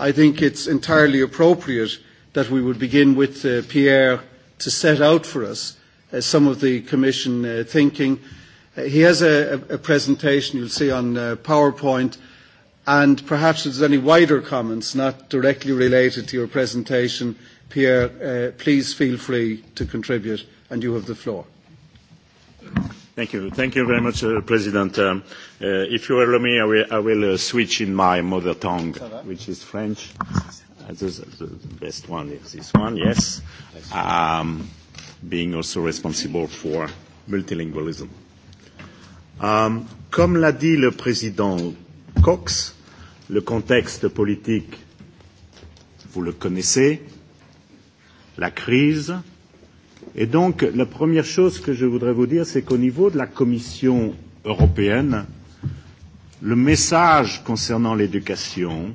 I think it's entirely appropriate that we would begin with Pierre to set out for us some of the Commission thinking. He has a presentation you'll see on PowerPoint, and perhaps if there's any wider comments not directly related to your presentation, Pierre, please feel free to contribute, and you have the floor. Thank you. Thank you very much, President. If you allow me, I will switch in my mother tongue, which is French. The best one is this one, yes. Being also responsible for multilingualism. Comme l'a dit le président Cox, le contexte politique, vous le connaissez, la crise Et donc, la première chose que je voudrais vous dire, c'est qu'au niveau de la Commission européenne, le message concernant l'éducation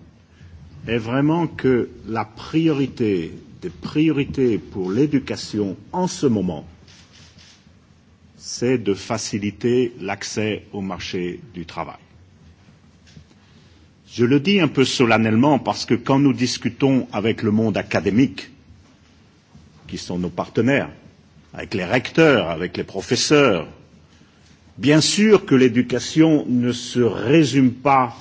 est vraiment que la priorité des priorités pour l'éducation en ce moment, c'est de faciliter l'accès au marché du travail. Je le dis un peu solennellement parce que quand nous discutons avec le monde académique, qui sont nos partenaires, avec les recteurs, avec les professeurs. Bien sûr que l'éducation ne se résume pas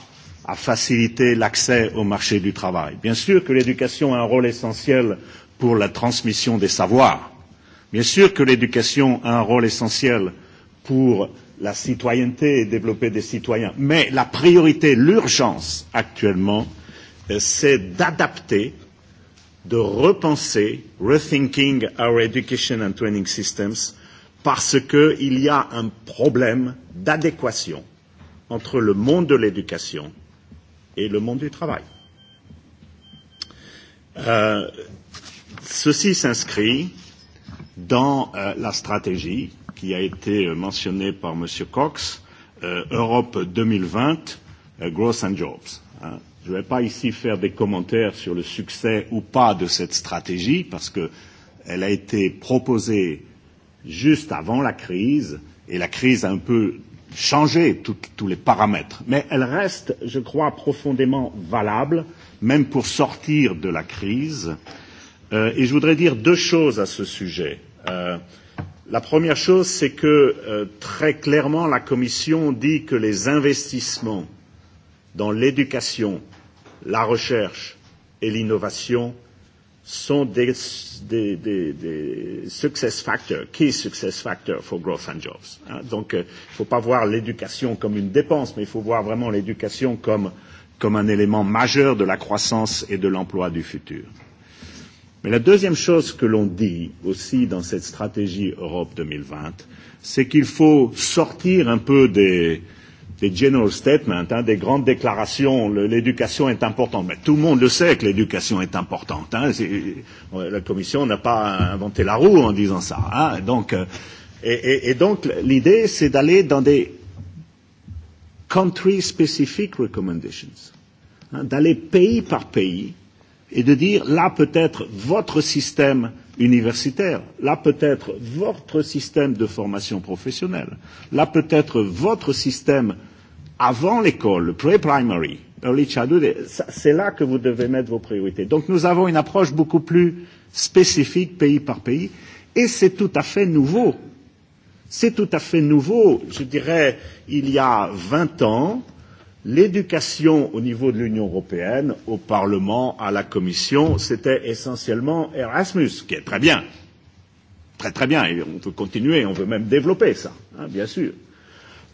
à faciliter l'accès au marché du travail. Bien sûr que l'éducation a un rôle essentiel pour la transmission des savoirs. Bien sûr que l'éducation a un rôle essentiel pour la citoyenneté et développer des citoyens. Mais la priorité, l'urgence actuellement, c'est d'adapter de repenser, rethinking our education and training systems, parce qu'il y a un problème d'adéquation entre le monde de l'éducation et le monde du travail. Ceci s'inscrit dans la stratégie qui a été mentionnée par M. Cox, Europe 2020, Growth and Jobs. Je ne vais pas ici faire des commentaires sur le succès ou pas de cette stratégie, parce qu'elle a été proposée juste avant la crise, et la crise a un peu changé tous les paramètres. Mais elle reste, je crois, profondément valable, même pour sortir de la crise. Et je voudrais dire deux choses à ce sujet. La première chose, c'est que très clairement, la Commission dit que les investissements dans l'éducation la recherche et l'innovation sont des, des, des, des success factors, key success factors for growth and jobs. Donc, il ne faut pas voir l'éducation comme une dépense, mais il faut voir vraiment l'éducation comme, comme un élément majeur de la croissance et de l'emploi du futur. Mais la deuxième chose que l'on dit aussi dans cette stratégie Europe 2020, c'est qu'il faut sortir un peu des, des general statements, des grandes déclarations, l'éducation est importante. Mais tout le monde le sait que l'éducation est importante. Hein, la Commission n'a pas inventé la roue en disant ça. Hein, donc, et, et, et donc l'idée, c'est d'aller dans des country-specific recommendations, d'aller pays par pays et de dire là peut-être votre système universitaire, là peut-être votre système de formation professionnelle, là peut-être votre système avant l'école, le pre-primary, early childhood, c'est là que vous devez mettre vos priorités. Donc nous avons une approche beaucoup plus spécifique pays par pays et c'est tout à fait nouveau. C'est tout à fait nouveau. Je dirais, il y a 20 ans, L'éducation au niveau de l'Union européenne, au Parlement, à la Commission, c'était essentiellement Erasmus, qui est très bien. Très très bien, et on peut continuer, on veut même développer ça, bien sûr.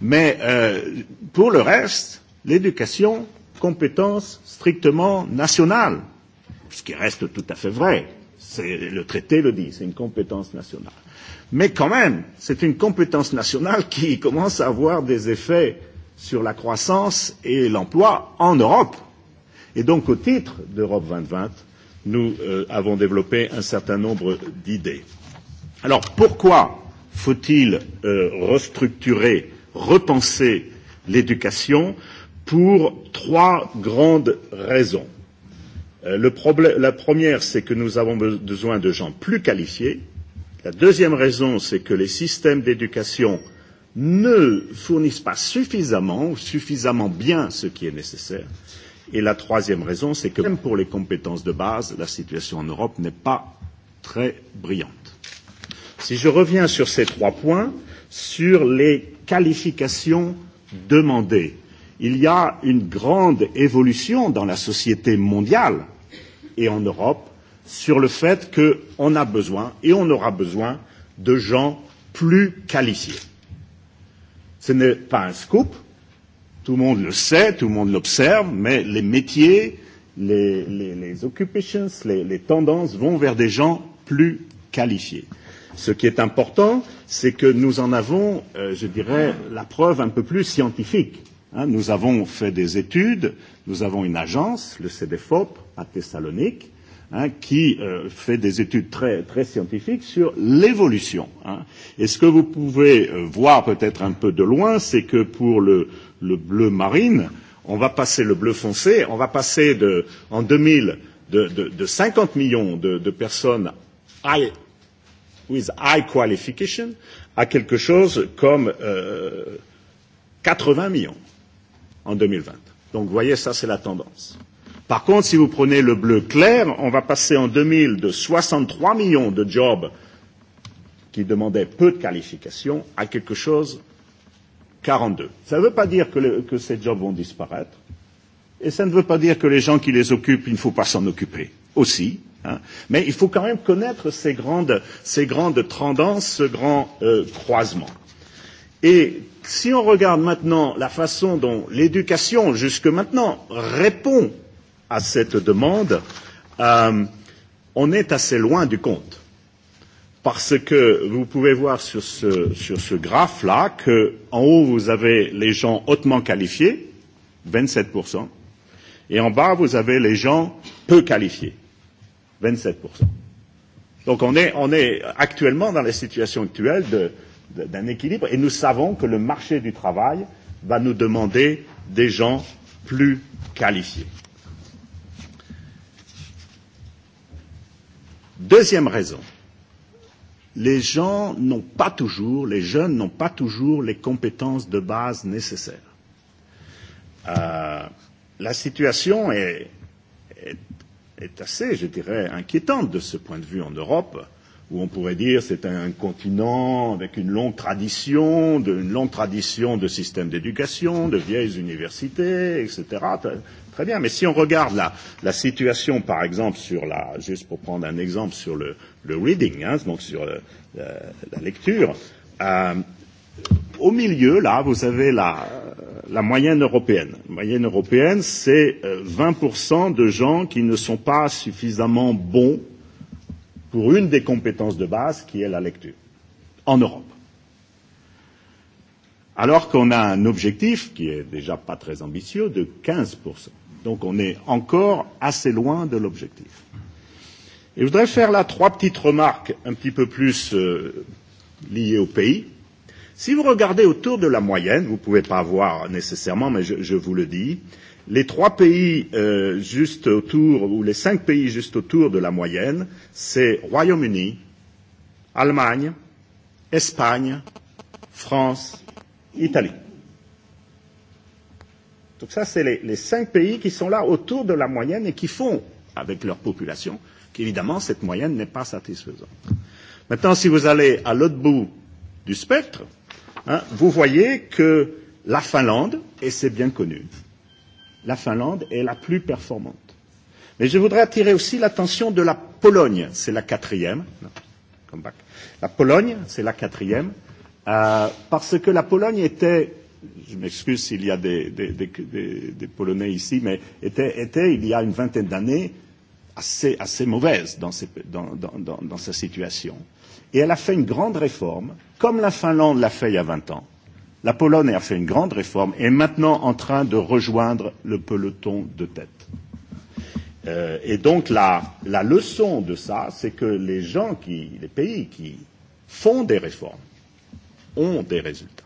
Mais pour le reste, l'éducation, compétence strictement nationale, ce qui reste tout à fait vrai. Le traité le dit, c'est une compétence nationale. Mais quand même, c'est une compétence nationale qui commence à avoir des effets sur la croissance et l'emploi en Europe. Et donc, au titre d'Europe 2020, nous avons développé un certain nombre d'idées. Alors, pourquoi faut-il restructurer, repenser l'éducation pour trois grandes raisons. La première, c'est que nous avons besoin de gens plus qualifiés. La deuxième raison, c'est que les systèmes d'éducation ne fournissent pas suffisamment ou suffisamment bien ce qui est nécessaire. Et la troisième raison, c'est que même pour les compétences de base, la situation en Europe n'est pas très brillante. Si je reviens sur ces trois points, sur les qualifications demandées, il y a une grande évolution dans la société mondiale et en Europe sur le fait qu'on a besoin et on aura besoin de gens plus qualifiés. Ce n'est pas un scoop, tout le monde le sait, tout le monde l'observe, mais les métiers, les, les, les occupations, les, les tendances vont vers des gens plus qualifiés. Ce qui est important, c'est que nous en avons, je dirais, la preuve un peu plus scientifique. Nous avons fait des études, nous avons une agence, le CDFOP, à Thessalonique, qui fait des études très très scientifiques sur l'évolution. Et ce que vous pouvez voir peut-être un peu de loin, c'est que pour le bleu marine, on va passer le bleu foncé, on va passer de en 2000 de 50 millions de personnes with high qualification à quelque chose comme 80 millions en 2020. Donc vous voyez, ça c'est la tendance. Par contre, si vous prenez le bleu clair, on va passer en 2000 de 63 millions de jobs qui demandaient peu de qualifications à quelque chose 42. Ça ne veut pas dire que, ces jobs vont disparaître. Et ça ne veut pas dire que les gens qui les occupent, il ne faut pas s'en occuper aussi. Mais il faut quand même connaître ces grandes, ces grandes tendances, ce grand croisement. Et si on regarde maintenant la façon dont l'éducation, jusque maintenant, répond à cette demande, on est assez loin du compte. Parce que vous pouvez voir sur ce graphe-là qu'en haut, vous avez les gens hautement qualifiés, 27%, et en bas, vous avez les gens peu qualifiés, 27%. Donc on est actuellement dans la situation actuelle d'un équilibre et nous savons que le marché du travail va nous demander des gens plus qualifiés. Deuxième raison, les gens n'ont pas toujours, les jeunes n'ont pas toujours les compétences de base nécessaires. La situation est assez, je dirais, inquiétante de ce point de vue en Europe, où on pourrait dire c'est un continent avec une longue tradition, une longue tradition de systèmes d'éducation, de vieilles universités, etc très bien. Mais si on regarde la, la situation, par exemple, sur la, juste pour prendre un exemple sur le, le reading, donc sur le, la lecture, au milieu, là, vous avez la, la moyenne européenne. La moyenne européenne, c'est 20% de gens qui ne sont pas suffisamment bons pour une des compétences de base qui est la lecture, en Europe. Alors qu'on a un objectif qui est déjà pas très ambitieux de 15%. Donc on est encore assez loin de l'objectif. Et je voudrais faire là trois petites remarques un petit peu plus liées au pays. Si vous regardez autour de la moyenne, vous ne pouvez pas voir nécessairement, mais je vous le dis, les trois pays juste autour, ou les cinq pays juste autour de la moyenne, c'est Royaume-Uni, Allemagne, Espagne, France, Italie. Donc ça, c'est les cinq pays qui sont là autour de la moyenne et qui font avec leur population, qu'évidemment, cette moyenne n'est pas satisfaisante. Maintenant, si vous allez à l'autre bout du spectre, vous voyez que la Finlande, et c'est bien connu, la Finlande est la plus performante. Mais je voudrais attirer aussi l'attention de la Pologne, c'est la quatrième. La Pologne, c'est la quatrième, parce que la Pologne était je m'excuse s'il y a des, des, des, des, Polonais ici, mais était, était il y a une vingtaine d'années assez, assez mauvaise dans, dans, dans, dans, dans sa situation. Et elle a fait une grande réforme, comme la Finlande l'a fait il y a 20 ans. La Pologne a fait une grande réforme et est maintenant en train de rejoindre le peloton de tête. Euh, et donc la, la leçon de ça, c'est que les gens qui, les pays qui font des réformes ont des résultats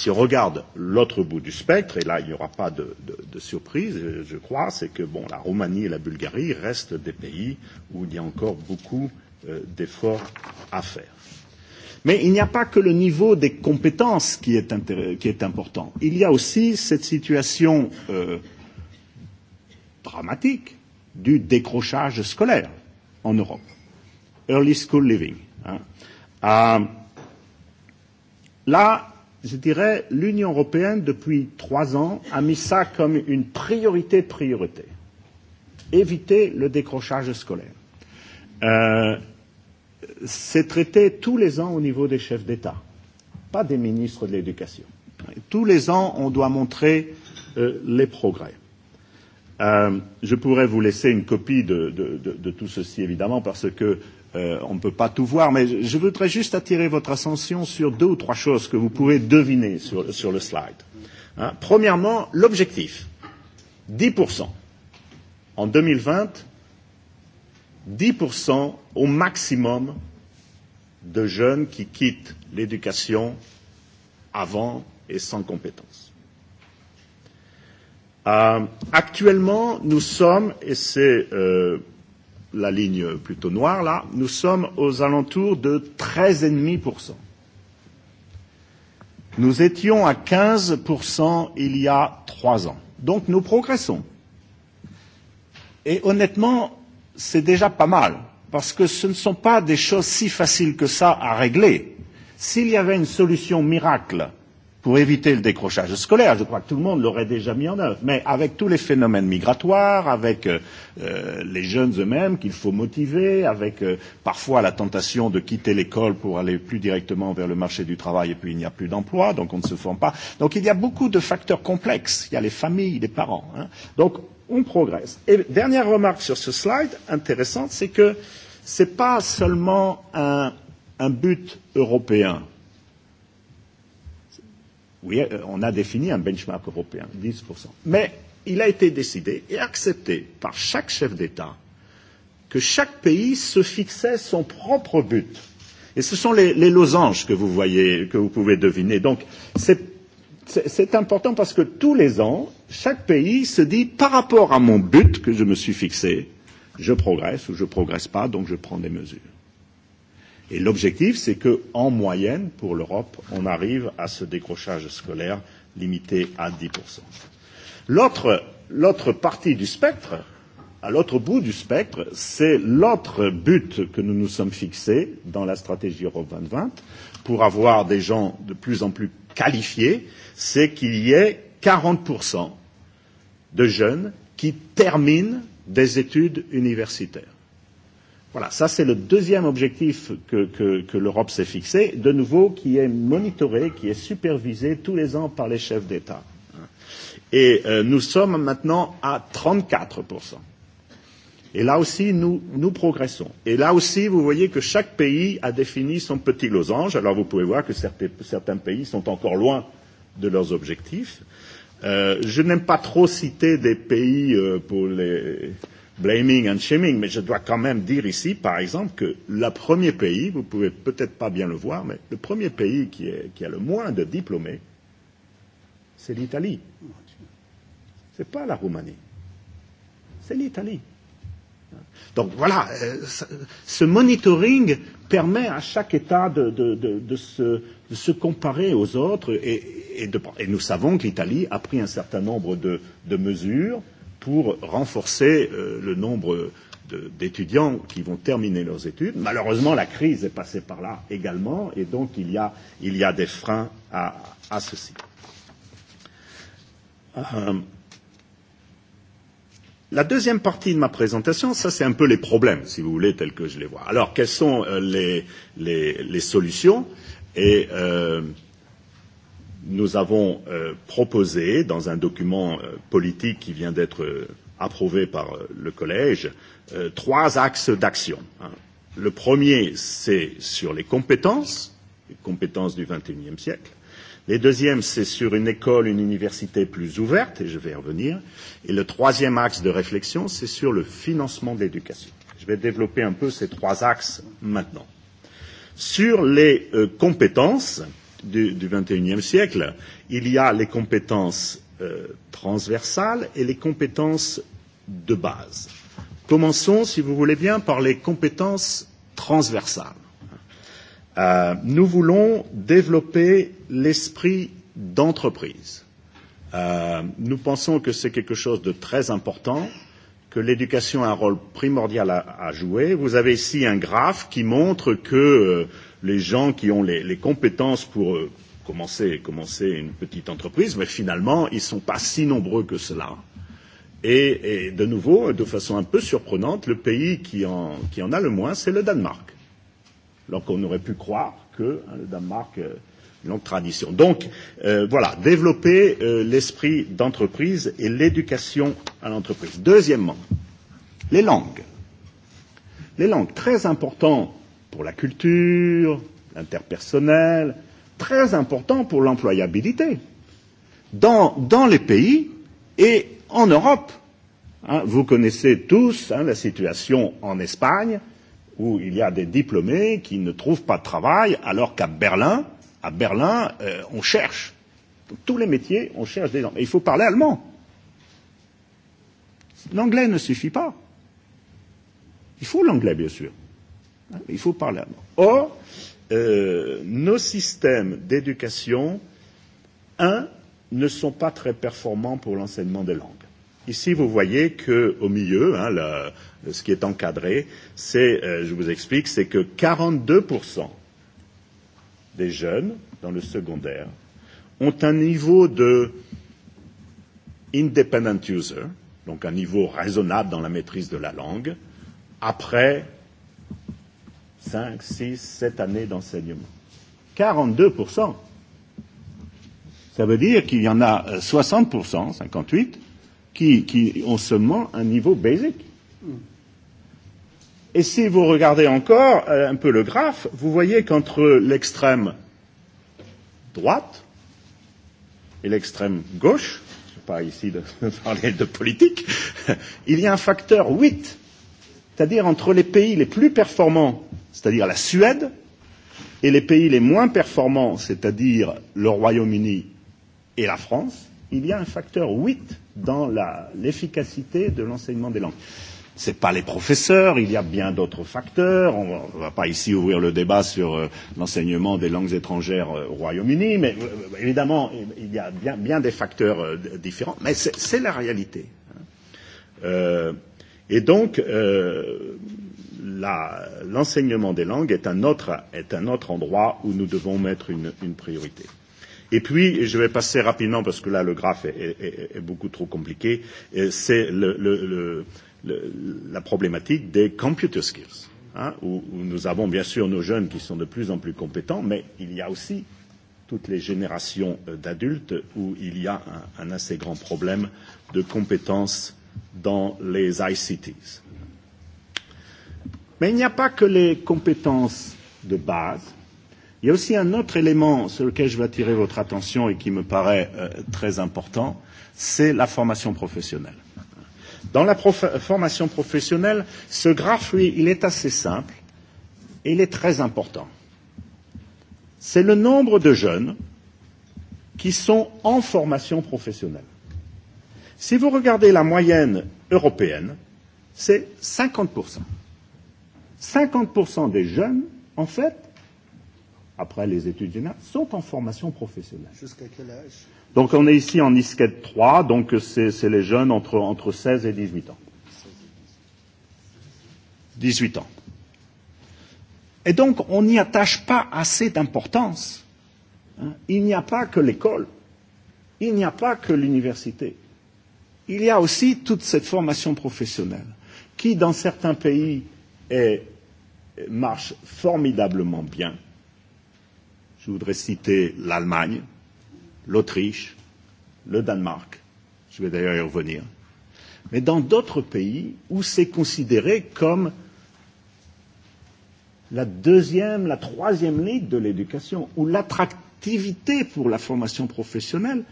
si on regarde l'autre bout du spectre, et là il n'y aura pas de, de, de surprise, je crois, c'est que bon, la Roumanie et la Bulgarie restent des pays où il y a encore beaucoup d'efforts à faire. Mais il n'y a pas que le niveau des compétences qui est, qui est important. Il y a aussi cette situation dramatique du décrochage scolaire en Europe. Early school living. Là, je dirais, l'Union européenne, depuis trois ans, a mis ça comme une priorité priorité. Éviter le décrochage scolaire. Euh, c'est traité tous les ans au niveau des chefs d'État, pas des ministres de l'Éducation. Tous les ans, on doit montrer les progrès. Je pourrais vous laisser une copie de tout ceci, évidemment, parce que on ne peut pas tout voir, mais je voudrais juste attirer votre attention sur deux ou trois choses que vous pouvez deviner sur le slide. Premièrement, l'objectif. 10%. En 2020, 10% au maximum de jeunes qui quittent l'éducation avant et sans compétences. Actuellement, nous sommes, et c'est la ligne plutôt noire là, nous sommes aux alentours de 13,5%. Nous étions à 15% il y a trois ans. Donc nous progressons. Et honnêtement, c'est déjà pas mal, parce que ce ne sont pas des choses si faciles que ça à régler. S'il y avait une solution miracle pour éviter le décrochage scolaire. Je crois que tout le monde l'aurait déjà mis en œuvre. Mais avec tous les phénomènes migratoires, avec les jeunes eux-mêmes qu'il faut motiver, avec parfois la tentation de quitter l'école pour aller plus directement vers le marché du travail et puis il n'y a plus d'emploi, donc on ne se forme pas. Donc il y a beaucoup de facteurs complexes. Il y a les familles, les parents. Donc on progresse. Et dernière remarque sur ce slide, intéressante, c'est que ce n'est pas seulement un, un but européen oui, on a défini un benchmark européen, 10%. Mais il a été décidé et accepté par chaque chef d'État que chaque pays se fixait son propre but. Et ce sont les, les losanges que vous voyez, que vous pouvez deviner. Donc, c'est c'est important parce que tous les ans, chaque pays se dit par rapport à mon but que je me suis fixé, je progresse ou je ne progresse pas, donc je prends des mesures. Et l'objectif, c'est que, en moyenne, pour l'Europe, on arrive à ce décrochage scolaire limité à 10%. L'autre, l'autre partie du spectre, à l'autre bout du spectre, c'est l'autre but que nous nous sommes fixés dans la stratégie Europe 2020 pour avoir des gens de plus en plus qualifiés, c'est qu'il y ait 40% de jeunes qui terminent des études universitaires. Voilà, ça c'est le deuxième objectif que, que, que l'Europe s'est fixé, de nouveau qui est monitoré, qui est supervisé tous les ans par les chefs d'État. Et nous sommes maintenant à 34%. Et là aussi, nous, nous progressons. Et là aussi, vous voyez que chaque pays a défini son petit losange. Alors vous pouvez voir que certains pays sont encore loin de leurs objectifs. Euh, je n'aime pas trop citer des pays pour les blaming and shaming, mais je dois quand même dire ici, par exemple, que le premier pays, vous ne pouvez peut-être pas bien le voir, mais le premier pays qui, est, qui a le moins de diplômés, c'est l'Italie. Ce n'est pas la Roumanie. C'est l'Italie. Donc voilà, ce monitoring permet à chaque État de, de, de, de, se, se comparer aux autres et, de, et nous savons que l'Italie a pris un certain nombre de, de mesures pour renforcer le nombre d'étudiants qui vont terminer leurs études. Malheureusement, la crise est passée par là également, et donc il y a, il y a des freins à, à ceci. La deuxième partie de ma présentation, ça c'est un peu les problèmes, si vous voulez, tels que je les vois. Alors, quelles sont les, les, les solutions Et nous avons proposé, dans un document politique qui vient d'être approuvé par le Collège, trois axes d'action. Le premier, c'est sur les compétences, les compétences du XXIe siècle. Le deuxième, c'est sur une école, une université plus ouverte, et je vais y revenir. Et le troisième axe de réflexion, c'est sur le financement de l'éducation. Je vais développer un peu ces trois axes maintenant. Sur les compétences, du 21e siècle. Il y a les compétences transversales et les compétences de base. Commençons, si vous voulez bien, par les compétences transversales. Nous voulons développer l'esprit d'entreprise. Nous pensons que c'est quelque chose de très important, que l'éducation a un rôle primordial à jouer. Vous avez ici un graphe qui montre que les gens qui ont les compétences pour commencer une petite entreprise, mais finalement, ils ne sont pas si nombreux que cela. Et de nouveau, de façon un peu surprenante, le pays qui en a le moins, c'est le Danemark. Alors qu'on aurait pu croire que le Danemark une longue tradition. Donc, voilà, développer l'esprit d'entreprise et l'éducation à l'entreprise. Deuxièmement, les langues. Les langues, très importantes pour la culture, l'interpersonnel, très important pour l'employabilité dans, dans les pays et en Europe. Hein, vous connaissez tous hein, la situation en Espagne où il y a des diplômés qui ne trouvent pas de travail alors qu'à Berlin, à Berlin, on cherche. tous les métiers, on cherche des gens. Mais il faut parler allemand. L'anglais ne suffit pas. Il faut l'anglais, bien sûr. Il faut parler allemand. Or, nos systèmes d'éducation, un, ne sont pas très performants pour l'enseignement des langues. Ici, vous voyez qu'au milieu, ce qui est encadré, c'est, je vous explique, c'est que 42% des jeunes dans le secondaire ont un niveau de independent user, donc un niveau raisonnable dans la maîtrise de la langue, après 5, 6, 7 années d'enseignement. 42%. Ça veut dire qu'il y en a 60%, 58, qui, qui ont seulement un niveau basic. Et si vous regardez encore un peu le graphe, vous voyez qu'entre l'extrême droite et l'extrême gauche, je ne pas ici de parler de politique, il y a un facteur 8, c'est-à-dire entre les pays les plus performants c'est-à-dire la Suède, et les pays les moins performants, c'est-à-dire le Royaume-Uni et la France, il y a un facteur 8 dans l'efficacité de l'enseignement des langues. Ce n'est pas les professeurs, il y a bien d'autres facteurs. On ne va pas ici ouvrir le débat sur l'enseignement des langues étrangères au Royaume-Uni, mais évidemment, il y a bien, bien des facteurs différents. Mais c'est la réalité. Euh, et donc, euh, l'enseignement des langues est un, autre, est un autre endroit où nous devons mettre une, une priorité. Et puis, je vais passer rapidement, parce que là, le graphe est, est, est beaucoup trop compliqué, c'est le, le, le, la problématique des computer skills, hein, où, nous avons bien sûr nos jeunes qui sont de plus en plus compétents, mais il y a aussi toutes les générations d'adultes où il y a un, un assez grand problème de compétences dans les ICTs Mais il n'y a pas que les compétences de base. Il y a aussi un autre élément sur lequel je vais attirer votre attention et qui me paraît très important, c'est la formation professionnelle. Dans la formation professionnelle, ce graphe, lui, il est assez simple et il est très important. C'est le nombre de jeunes qui sont en formation professionnelle. Si vous regardez la moyenne européenne, c'est 50%. 50% des jeunes, en fait, après les études générales, sont en formation professionnelle. Jusqu'à quel âge Donc on est ici en ISCED 3, donc c'est les jeunes entre, entre 16 et 18 ans. 18 ans. Et donc on n'y attache pas assez d'importance. Il n'y a pas que l'école, il n'y a pas que l'université. Il y a aussi toute cette formation professionnelle qui, dans certains pays, est marche formidablement bien. Je voudrais citer l'Allemagne, l'Autriche, le Danemark. Je vais d'ailleurs y revenir. Mais dans d'autres pays où c'est considéré comme la deuxième, la troisième ligue de l'éducation, où l'attractivité pour la formation professionnelle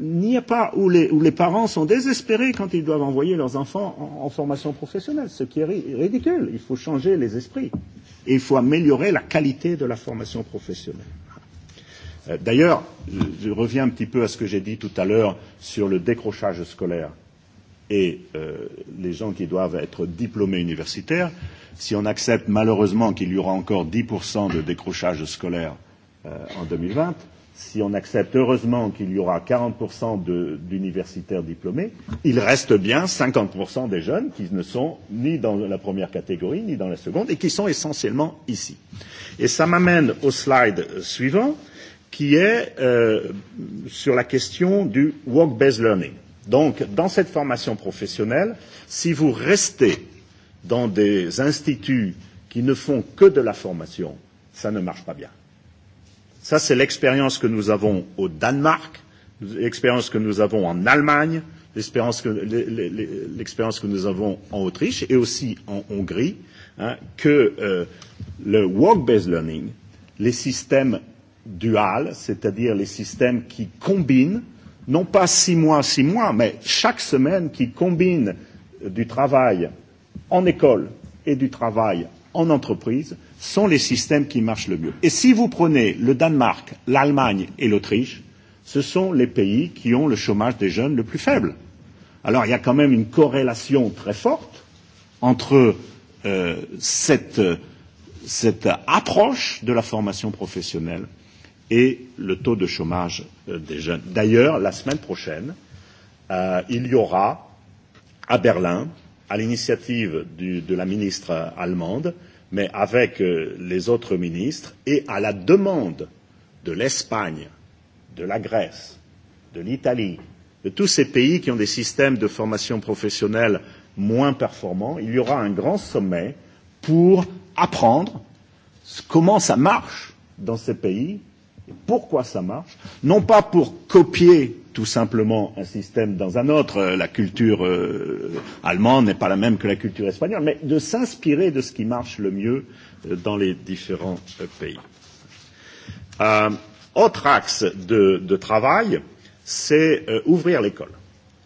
n'y a pas où les, parents sont désespérés quand ils doivent envoyer leurs enfants en, en formation professionnelle, ce qui est ridicule. Il faut changer les esprits et il faut améliorer la qualité de la formation professionnelle. D'ailleurs, je reviens un petit peu à ce que j'ai dit tout à l'heure sur le décrochage scolaire et les gens qui doivent être diplômés universitaires. Si on accepte malheureusement qu'il y aura encore 10% de décrochage scolaire en 2020, si on accepte heureusement qu'il y aura 40% d'universitaires diplômés, il reste bien 50% des jeunes qui ne sont ni dans la première catégorie, ni dans la seconde, et qui sont essentiellement ici. Et ça m'amène au slide suivant, qui est sur la question du work-based learning. Donc, dans cette formation professionnelle, si vous restez dans des instituts qui ne font que de la formation, ça ne marche pas bien. Ça, c'est l'expérience que nous avons au Danemark, l'expérience que nous avons en Allemagne, l'expérience que nous avons en Autriche et aussi en Hongrie, que le work-based learning, les systèmes duals, c'est-à-dire les systèmes qui combinent, non pas six mois, six mois, mais chaque semaine, qui combinent du travail en école et du travail en entreprise, sont les systèmes qui marchent le mieux. Et si vous prenez le Danemark, l'Allemagne et l'Autriche, ce sont les pays qui ont le chômage des jeunes le plus faible. Alors il y a quand même une corrélation très forte entre cette approche de la formation professionnelle et le taux de chômage des jeunes. D'ailleurs, la semaine prochaine, il y aura à Berlin, à l'initiative de la ministre allemande, mais avec les autres ministres, et à la demande de l'Espagne, de la Grèce, de l'Italie, de tous ces pays qui ont des systèmes de formation professionnelle moins performants, il y aura un grand sommet pour apprendre comment ça marche dans ces pays, et pourquoi ça marche, non pas pour copier tout simplement un système dans un autre. La culture allemande n'est pas la même que la culture espagnole, mais de s'inspirer de ce qui marche le mieux dans les différents pays. Autre axe de travail, c'est ouvrir l'école,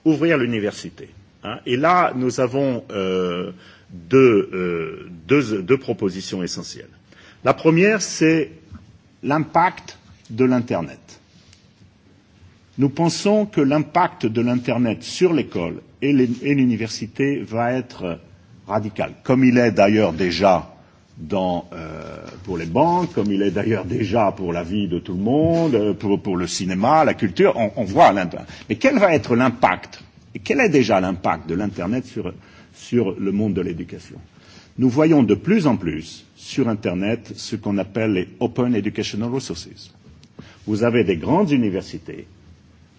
ouvrir l'université. Et là, nous avons deux propositions essentielles. La première, c'est l'impact de l'Internet Nous pensons que l'impact de l'Internet sur l'école et l'université va être radical, comme il est d'ailleurs déjà dans, pour les banques, comme il est d'ailleurs déjà pour la vie de tout le monde, pour, pour le cinéma, la culture, on, on voit l'impact. Mais quel va être l'impact Et quel est déjà l'impact de l'Internet sur, sur le monde de l'éducation Nous voyons de plus en plus sur Internet ce qu'on appelle les Open Educational Resources. Vous avez des grandes universités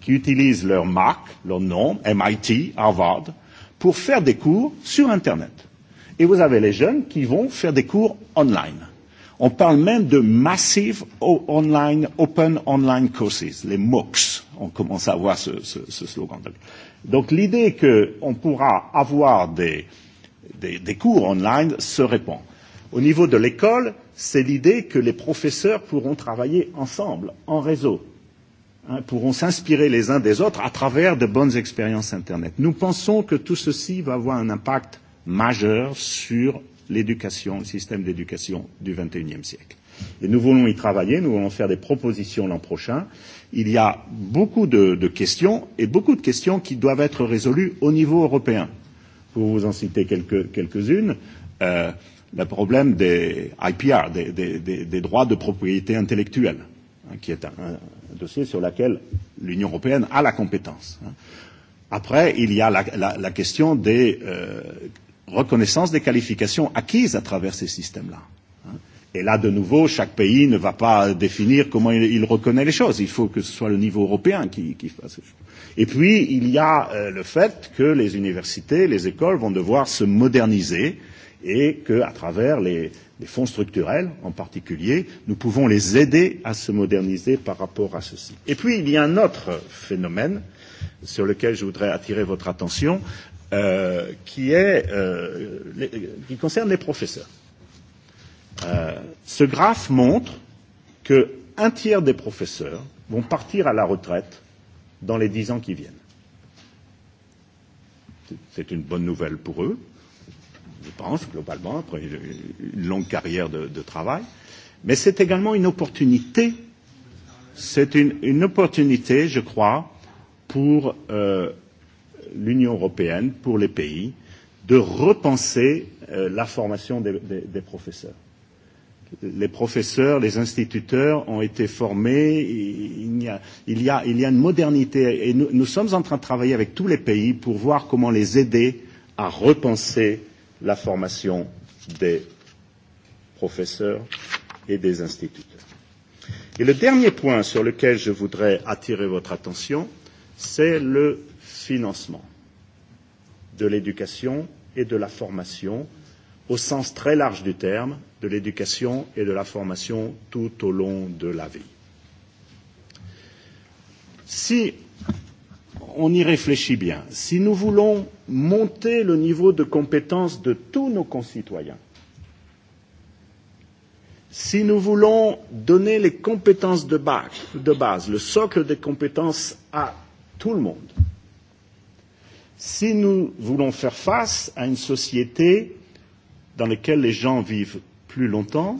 qui utilisent leur marque, leur nom, MIT, Harvard, pour faire des cours sur Internet. Et vous avez les jeunes qui vont faire des cours online. On parle même de massive online, open online courses, les MOOCs. On commence à voir ce, ce, ce slogan. Donc l'idée qu'on pourra avoir des, des, des cours online se répand. Au niveau de l'école, c'est l'idée que les professeurs pourront travailler ensemble, en réseau pourront s'inspirer les uns des autres à travers de bonnes expériences Internet. Nous pensons que tout ceci va avoir un impact majeur sur l'éducation, le système d'éducation du XXIe siècle. Et nous voulons y travailler, nous voulons faire des propositions l'an prochain. Il y a beaucoup de, de questions et beaucoup de questions qui doivent être résolues au niveau européen. Pour vous en citer quelques, quelques-unes, le problème des IPR, des, des, des, droits de propriété intellectuelle, qui est un, un dossier sur lequel l'Union européenne a la compétence. Après, il y a la question des reconnaissances des qualifications acquises à travers ces systèmes-là. Et là, de nouveau, chaque pays ne va pas définir comment il reconnaît les choses. Il faut que ce soit le niveau européen qui fasse les choses. Et puis, il y a le fait que les universités, les écoles vont devoir se moderniser et qu'à travers les les fonds structurels en particulier, nous pouvons les aider à se moderniser par rapport à ceci. Et puis, il y a un autre phénomène sur lequel je voudrais attirer votre attention, qui concerne les professeurs. Ce graphe montre qu'un tiers des professeurs vont partir à la retraite dans les dix ans qui viennent. C'est une bonne nouvelle pour eux je pense, globalement, après une longue carrière de, de travail. Mais c'est également une opportunité. C'est une, une opportunité, je crois, pour euh, l'Union européenne, pour les pays, de repenser la formation des, des, des professeurs. Les professeurs, les instituteurs ont été formés, il y a, il y a, il y a une modernité et nous, nous sommes en train de travailler avec tous les pays pour voir comment les aider à repenser la formation des professeurs et des instituteurs. Et le dernier point sur lequel je voudrais attirer votre attention, c'est le financement de l'éducation et de la formation au sens très large du terme, de l'éducation et de la formation tout au long de la vie. Si on y réfléchit bien, si nous voulons monter le niveau de compétence de tous nos concitoyens, si nous voulons donner les compétences de base, le socle des compétences à tout le monde, si nous voulons faire face à une société dans laquelle les gens vivent plus longtemps,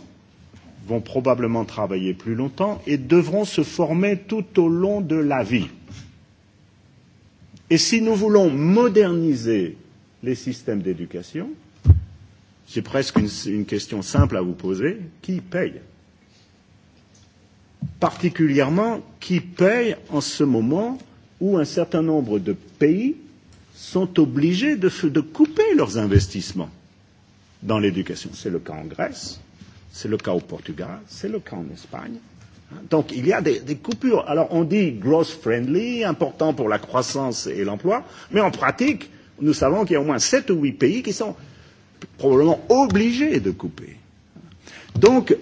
vont probablement travailler plus longtemps et devront se former tout au long de la vie. Et si nous voulons moderniser les systèmes d'éducation, c'est presque une question simple à vous poser, qui paye Particulièrement, qui paye en ce moment où un certain nombre de pays sont obligés de de couper leurs investissements dans l'éducation. C'est le cas en Grèce, c'est le cas au Portugal, c'est le cas en Espagne. Donc il y a des, des coupures. Alors on dit growth friendly, important pour la croissance et l'emploi, mais en pratique, nous savons qu'il y a au moins sept ou huit pays qui sont probablement obligés de couper. Donc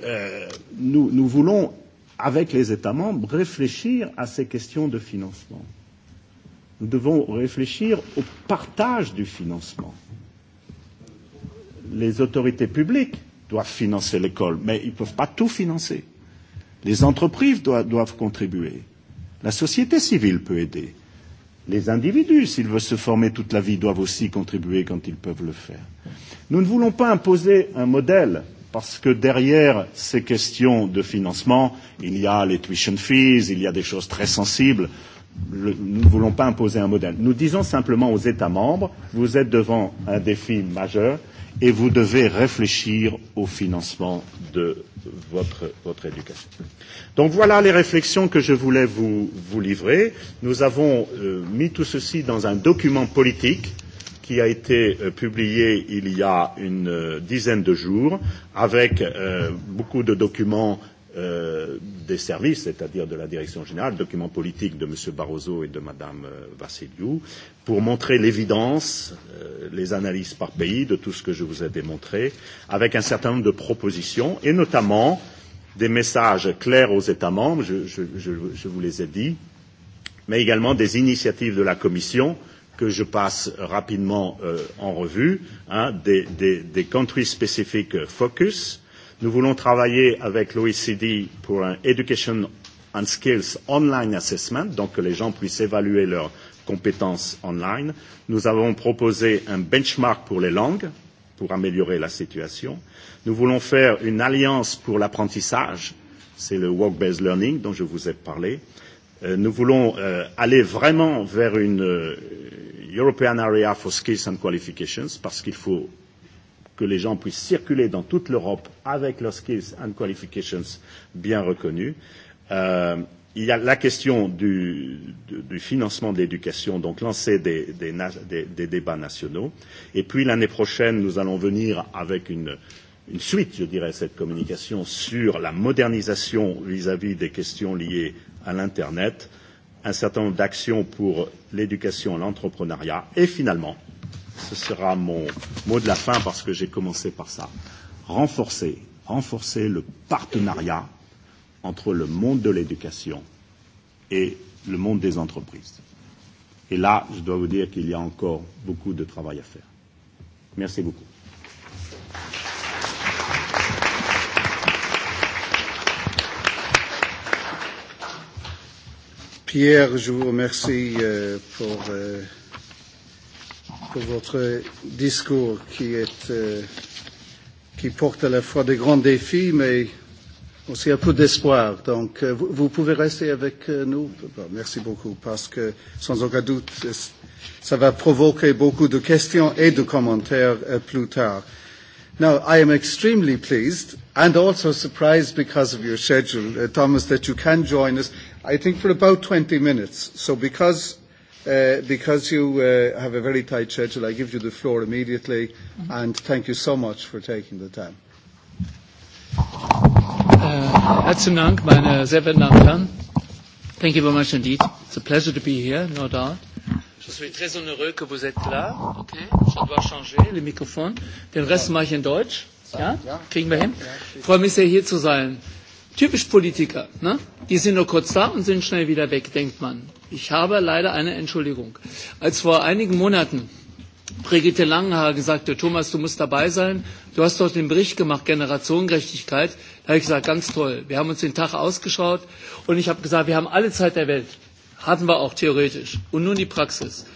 nous, nous voulons, avec les États membres, réfléchir à ces questions de financement. Nous devons réfléchir au partage du financement. Les autorités publiques doivent financer l'école, mais ils ne peuvent pas tout financer. Les entreprises doivent contribuer. La société civile peut aider. Les individus, s'ils veulent se former toute la vie, doivent aussi contribuer quand ils peuvent le faire. Nous ne voulons pas imposer un modèle, parce que derrière ces questions de financement, il y a les tuition fees, il y a des choses très sensibles nous ne voulons pas imposer un modèle. Nous disons simplement aux États membres, vous êtes devant un défi majeur et vous devez réfléchir au financement de votre, votre éducation. Donc voilà les réflexions que je voulais vous, vous livrer. Nous avons mis tout ceci dans un document politique qui a été publié il y a une dizaine de jours avec beaucoup de documents des services, c'est-à-dire de la direction générale, documents politique de M. Barroso et de Mme Vassiliou, pour montrer l'évidence, les analyses par pays de tout ce que je vous ai démontré, avec un certain nombre de propositions, et notamment des messages clairs aux États membres, je vous les ai dit, mais également des initiatives de la Commission, que je passe rapidement en revue, des country-specific focus, Nous voulons travailler avec l'OECD pour un Education and Skills Online Assessment, donc que les gens puissent évaluer leurs compétences online. Nous avons proposé un benchmark pour les langues, pour améliorer la situation. Nous voulons faire une alliance pour l'apprentissage, c'est le Work-Based Learning dont je vous ai parlé. Nous voulons aller vraiment vers une European Area for Skills and Qualifications, parce qu'il faut que les gens puissent circuler dans toute l'Europe avec leurs skills and qualifications bien reconnus. Il y a la question du financement de l'éducation, donc lancer des débats nationaux. Et puis l'année prochaine, nous allons venir avec une suite, je dirais, cette communication sur la modernisation vis-à-vis des questions liées à l'Internet, un certain nombre d'actions pour l'éducation, l'entrepreneuriat et finalement ce sera mon mot de la fin parce que j'ai commencé par ça, renforcer, renforcer le partenariat entre le monde de l'éducation et le monde des entreprises. Et là, je dois vous dire qu'il y a encore beaucoup de travail à faire. Merci beaucoup. Pierre, je vous remercie pour pour votre discours qui est qui porte à la fois des grands défis mais aussi un peu d'espoir. Donc vous pouvez rester avec nous. Merci beaucoup parce que sans aucun doute ça va provoquer beaucoup de questions et de commentaires plus tard. Now, I am extremely pleased and also surprised because of your schedule, Thomas, that you can join us, I think, for about 20 minutes. So because Because you have a very tight schedule, I give you the floor immediately, and thank you so much for taking the time. Herzlichen Dank, meine sehr verehrten Damen und Herren. Thank you very much indeed. It's a pleasure to be here, no doubt. Je suis très honoreux que vous êtes là. Okay, je doit changer, le Mikrofon. Den Rest mache ich in Deutsch. Ja, kriegen wir hin. Ich freue mich sehr, hier zu sein. Typisch Politiker, ne? Die sind nur kurz da und sind schnell wieder weg, denkt man. Ich habe leider eine Entschuldigung. Als vor einigen Monaten Brigitte Langenhagen sagte, Thomas, du musst dabei sein, du hast doch den Bericht gemacht, Generationengerechtigkeit, da habe ich gesagt, ganz toll, wir haben uns den Tag ausgeschaut und ich habe gesagt, wir haben alle Zeit der Welt. Hatten wir auch theoretisch. Und nun die Praxis.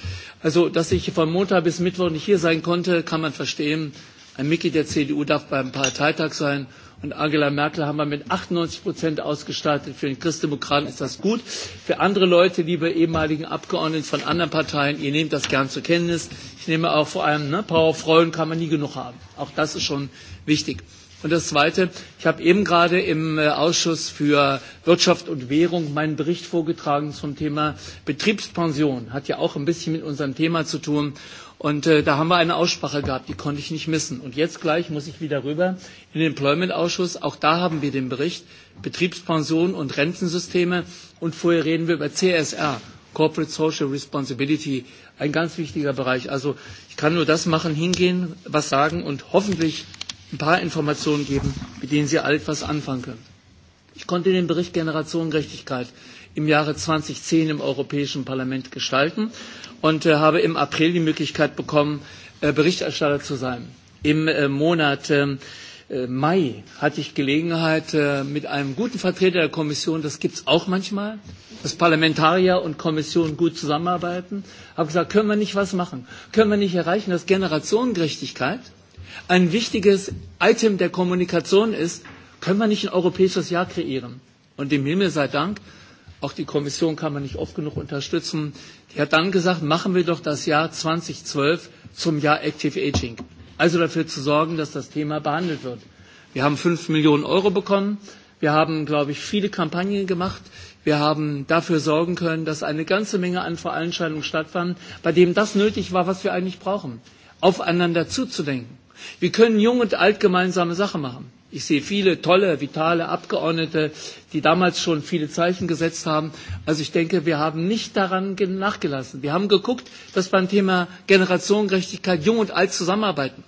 Also, dass ich von Montag bis Mittwoch nicht hier sein konnte, kann man verstehen. Ein Mitglied der CDU darf beim Parteitag sein und Angela Merkel haben wir mit 98 ausgestattet. Für den Christdemokraten ist das gut. Für andere Leute, liebe ehemaligen Abgeordneten von anderen Parteien, ihr nehmt das gern zur Kenntnis. Ich nehme auch vor allem, ne, Power kann man nie genug haben. Auch das ist schon wichtig. Und das Zweite, ich habe eben gerade im Ausschuss für Wirtschaft und Währung meinen Bericht vorgetragen zum Thema Betriebspension. Hat ja auch ein bisschen mit unserem Thema zu tun. Und da haben wir eine Aussprache gehabt, die konnte ich nicht missen. Und jetzt gleich muss ich wieder rüber in den Employment-Ausschuss. Auch da haben wir den Bericht Betriebspensionen und Rentensysteme. Und vorher reden wir über CSR, Corporate Social Responsibility, ein ganz wichtiger Bereich. Also ich kann nur das machen, hingehen, was sagen und hoffentlich ein paar Informationen geben, mit denen Sie all etwas anfangen können. Ich konnte den Bericht Generationengerechtigkeit im Jahre 2010 im Europäischen Parlament gestalten und habe im April die Möglichkeit bekommen, Berichterstatter zu sein. Im Monat Mai hatte ich Gelegenheit, mit einem guten Vertreter der Kommission, das gibt es auch manchmal, dass Parlamentarier und Kommission gut zusammenarbeiten, habe gesagt, können wir nicht was machen? Können wir nicht erreichen, dass Generationengerechtigkeit ein wichtiges Item der Kommunikation ist? Können wir nicht ein europäisches Jahr kreieren? Und dem Himmel sei Dank Auch die Kommission kann man nicht oft genug unterstützen. Die hat dann gesagt, machen wir doch das Jahr 2012 zum Jahr Active Aging. Also dafür zu sorgen, dass das Thema behandelt wird. Wir haben fünf Millionen Euro bekommen. Wir haben, glaube ich, viele Kampagnen gemacht. Wir haben dafür sorgen können, dass eine ganze Menge an Vereinscheinungen stattfand, bei dem das nötig war, was wir eigentlich brauchen. Aufeinander zuzudenken. Wir können jung und alt gemeinsame Sachen machen. Ich sehe viele tolle, vitale Abgeordnete, die damals schon viele Zeichen gesetzt haben. Also ich denke, wir haben nicht daran nachgelassen. Wir haben geguckt, dass beim Thema Generationengerechtigkeit Jung und Alt zusammenarbeiten.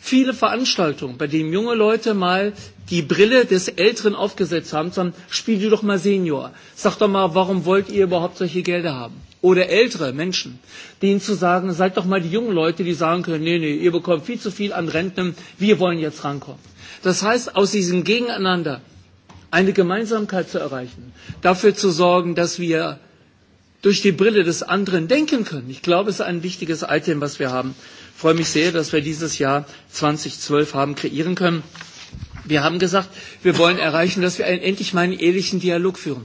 Viele Veranstaltungen, bei denen junge Leute mal die Brille des Älteren aufgesetzt haben, sagen, spiel du doch mal Senior. Sag doch mal, warum wollt ihr überhaupt solche Gelder haben? Oder ältere Menschen, denen zu sagen, seid doch mal die jungen Leute, die sagen können, nee, nee, ihr bekommt viel zu viel an Renten, wir wollen jetzt rankommen. Das heißt, aus diesem Gegeneinander eine Gemeinsamkeit zu erreichen, dafür zu sorgen, dass wir durch die Brille des anderen denken können. Ich glaube, es ist ein wichtiges Item, was wir haben. Ich freue mich sehr, dass wir dieses Jahr 2012 haben kreieren können. Wir haben gesagt, wir wollen erreichen, dass wir endlich mal einen ehrlichen Dialog führen.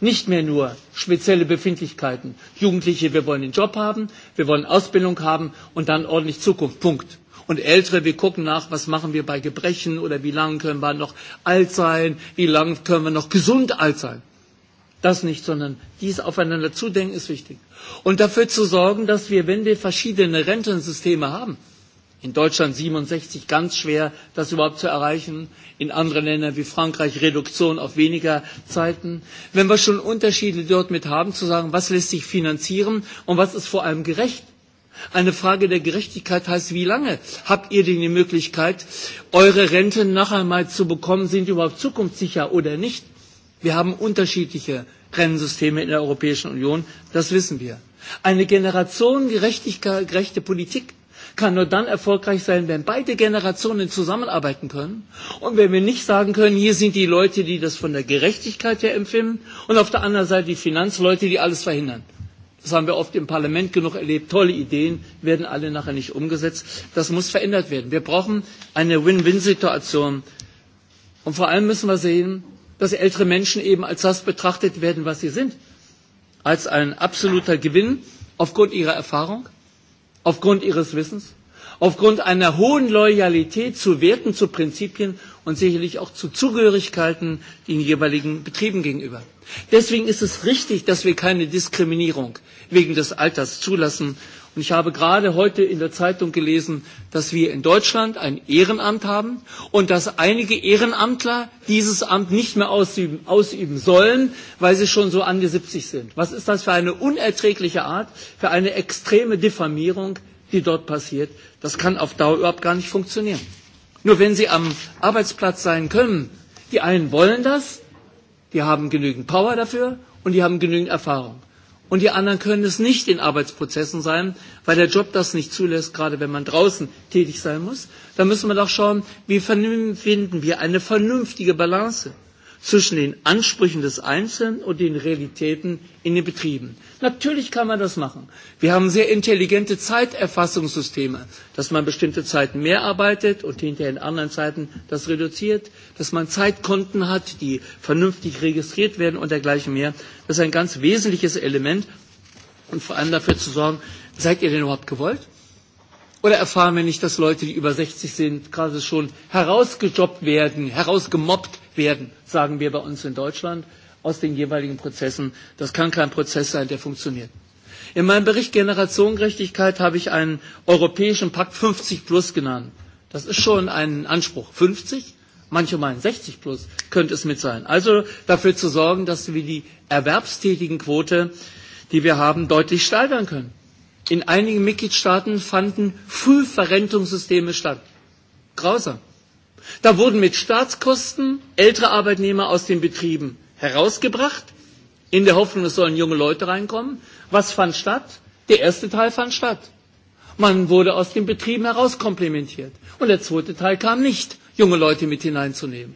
Nicht mehr nur spezielle Befindlichkeiten. Jugendliche, wir wollen den Job haben, wir wollen Ausbildung haben und dann ordentlich Zukunft. Punkt. Und Ältere, wir gucken nach, was machen wir bei Gebrechen oder wie lange können wir noch alt sein, wie lange können wir noch gesund alt sein. Das nicht, sondern dies aufeinander zudenken ist wichtig. Und dafür zu sorgen, dass wir, wenn wir verschiedene Rentensysteme haben, in Deutschland 67 ganz schwer, das überhaupt zu erreichen, in anderen Ländern wie Frankreich Reduktion auf weniger Zeiten, wenn wir schon Unterschiede dort mit haben, zu sagen, was lässt sich finanzieren und was ist vor allem gerecht Eine Frage der Gerechtigkeit heißt, wie lange habt ihr denn die Möglichkeit, eure Renten noch einmal zu bekommen? Sind die überhaupt zukunftssicher oder nicht? Wir haben unterschiedliche Rentensysteme in der Europäischen Union, das wissen wir. Eine generationengerechte Politik kann nur dann erfolgreich sein, wenn beide Generationen zusammenarbeiten können und wenn wir nicht sagen können, hier sind die Leute, die das von der Gerechtigkeit her empfinden und auf der anderen Seite die Finanzleute, die alles verhindern. Das haben wir oft im Parlament genug erlebt. Tolle Ideen werden alle nachher nicht umgesetzt. Das muss verändert werden. Wir brauchen eine Win-Win-Situation. Und vor allem müssen wir sehen, dass ältere Menschen eben als das betrachtet werden, was sie sind. Als ein absoluter Gewinn aufgrund ihrer Erfahrung, aufgrund ihres Wissens, aufgrund einer hohen Loyalität zu Werten, zu Prinzipien und sicherlich auch zu Zugehörigkeiten den jeweiligen Betrieben gegenüber. Deswegen ist es richtig, dass wir keine Diskriminierung wegen des Alters zulassen. Und ich habe gerade heute in der Zeitung gelesen, dass wir in Deutschland ein Ehrenamt haben und dass einige Ehrenamtler dieses Amt nicht mehr ausüben sollen, weil sie schon so an die 70 sind. Was ist das für eine unerträgliche Art, für eine extreme Diffamierung, die dort passiert? Das kann auf Dauer überhaupt gar nicht funktionieren. Nur wenn sie am Arbeitsplatz sein können, die einen wollen das, die haben genügend Power dafür und die haben genügend Erfahrung. Und die anderen können es nicht in Arbeitsprozessen sein, weil der Job das nicht zulässt, gerade wenn man draußen tätig sein muss. Da müssen wir doch schauen, wie finden wir eine vernünftige Balance zwischen den Ansprüchen des Einzelnen und den Realitäten in den Betrieben. Natürlich kann man das machen. Wir haben sehr intelligente Zeiterfassungssysteme, dass man bestimmte Zeiten mehr arbeitet und hinterher in anderen Zeiten das reduziert, dass man Zeitkonten hat, die vernünftig registriert werden und dergleichen mehr. Das ist ein ganz wesentliches Element und vor allem dafür zu sorgen, seid ihr denn überhaupt gewollt? Oder erfahren wir nicht, dass Leute, die über 60 sind, gerade schon herausgejobbt werden, herausgemobbt werden, sagen wir bei uns in Deutschland, aus den jeweiligen Prozessen. Das kann kein Prozess sein, der funktioniert. In meinem Bericht Generationengerechtigkeit habe ich einen europäischen Pakt 50 plus genannt. Das ist schon ein Anspruch. 50? Manche meinen 60 plus könnte es mit sein. Also dafür zu sorgen, dass wir die erwerbstätigen Quote, die wir haben, deutlich steigern können. In einigen Mitgliedstaaten fanden Frühverrentungssysteme statt. Grausam. Da wurden mit Staatskosten ältere Arbeitnehmer aus den Betrieben herausgebracht, in der Hoffnung, es sollen junge Leute reinkommen. Was fand statt? Der erste Teil fand statt. Man wurde aus den Betrieben herauskomplementiert. Und der zweite Teil kam nicht, junge Leute mit hineinzunehmen.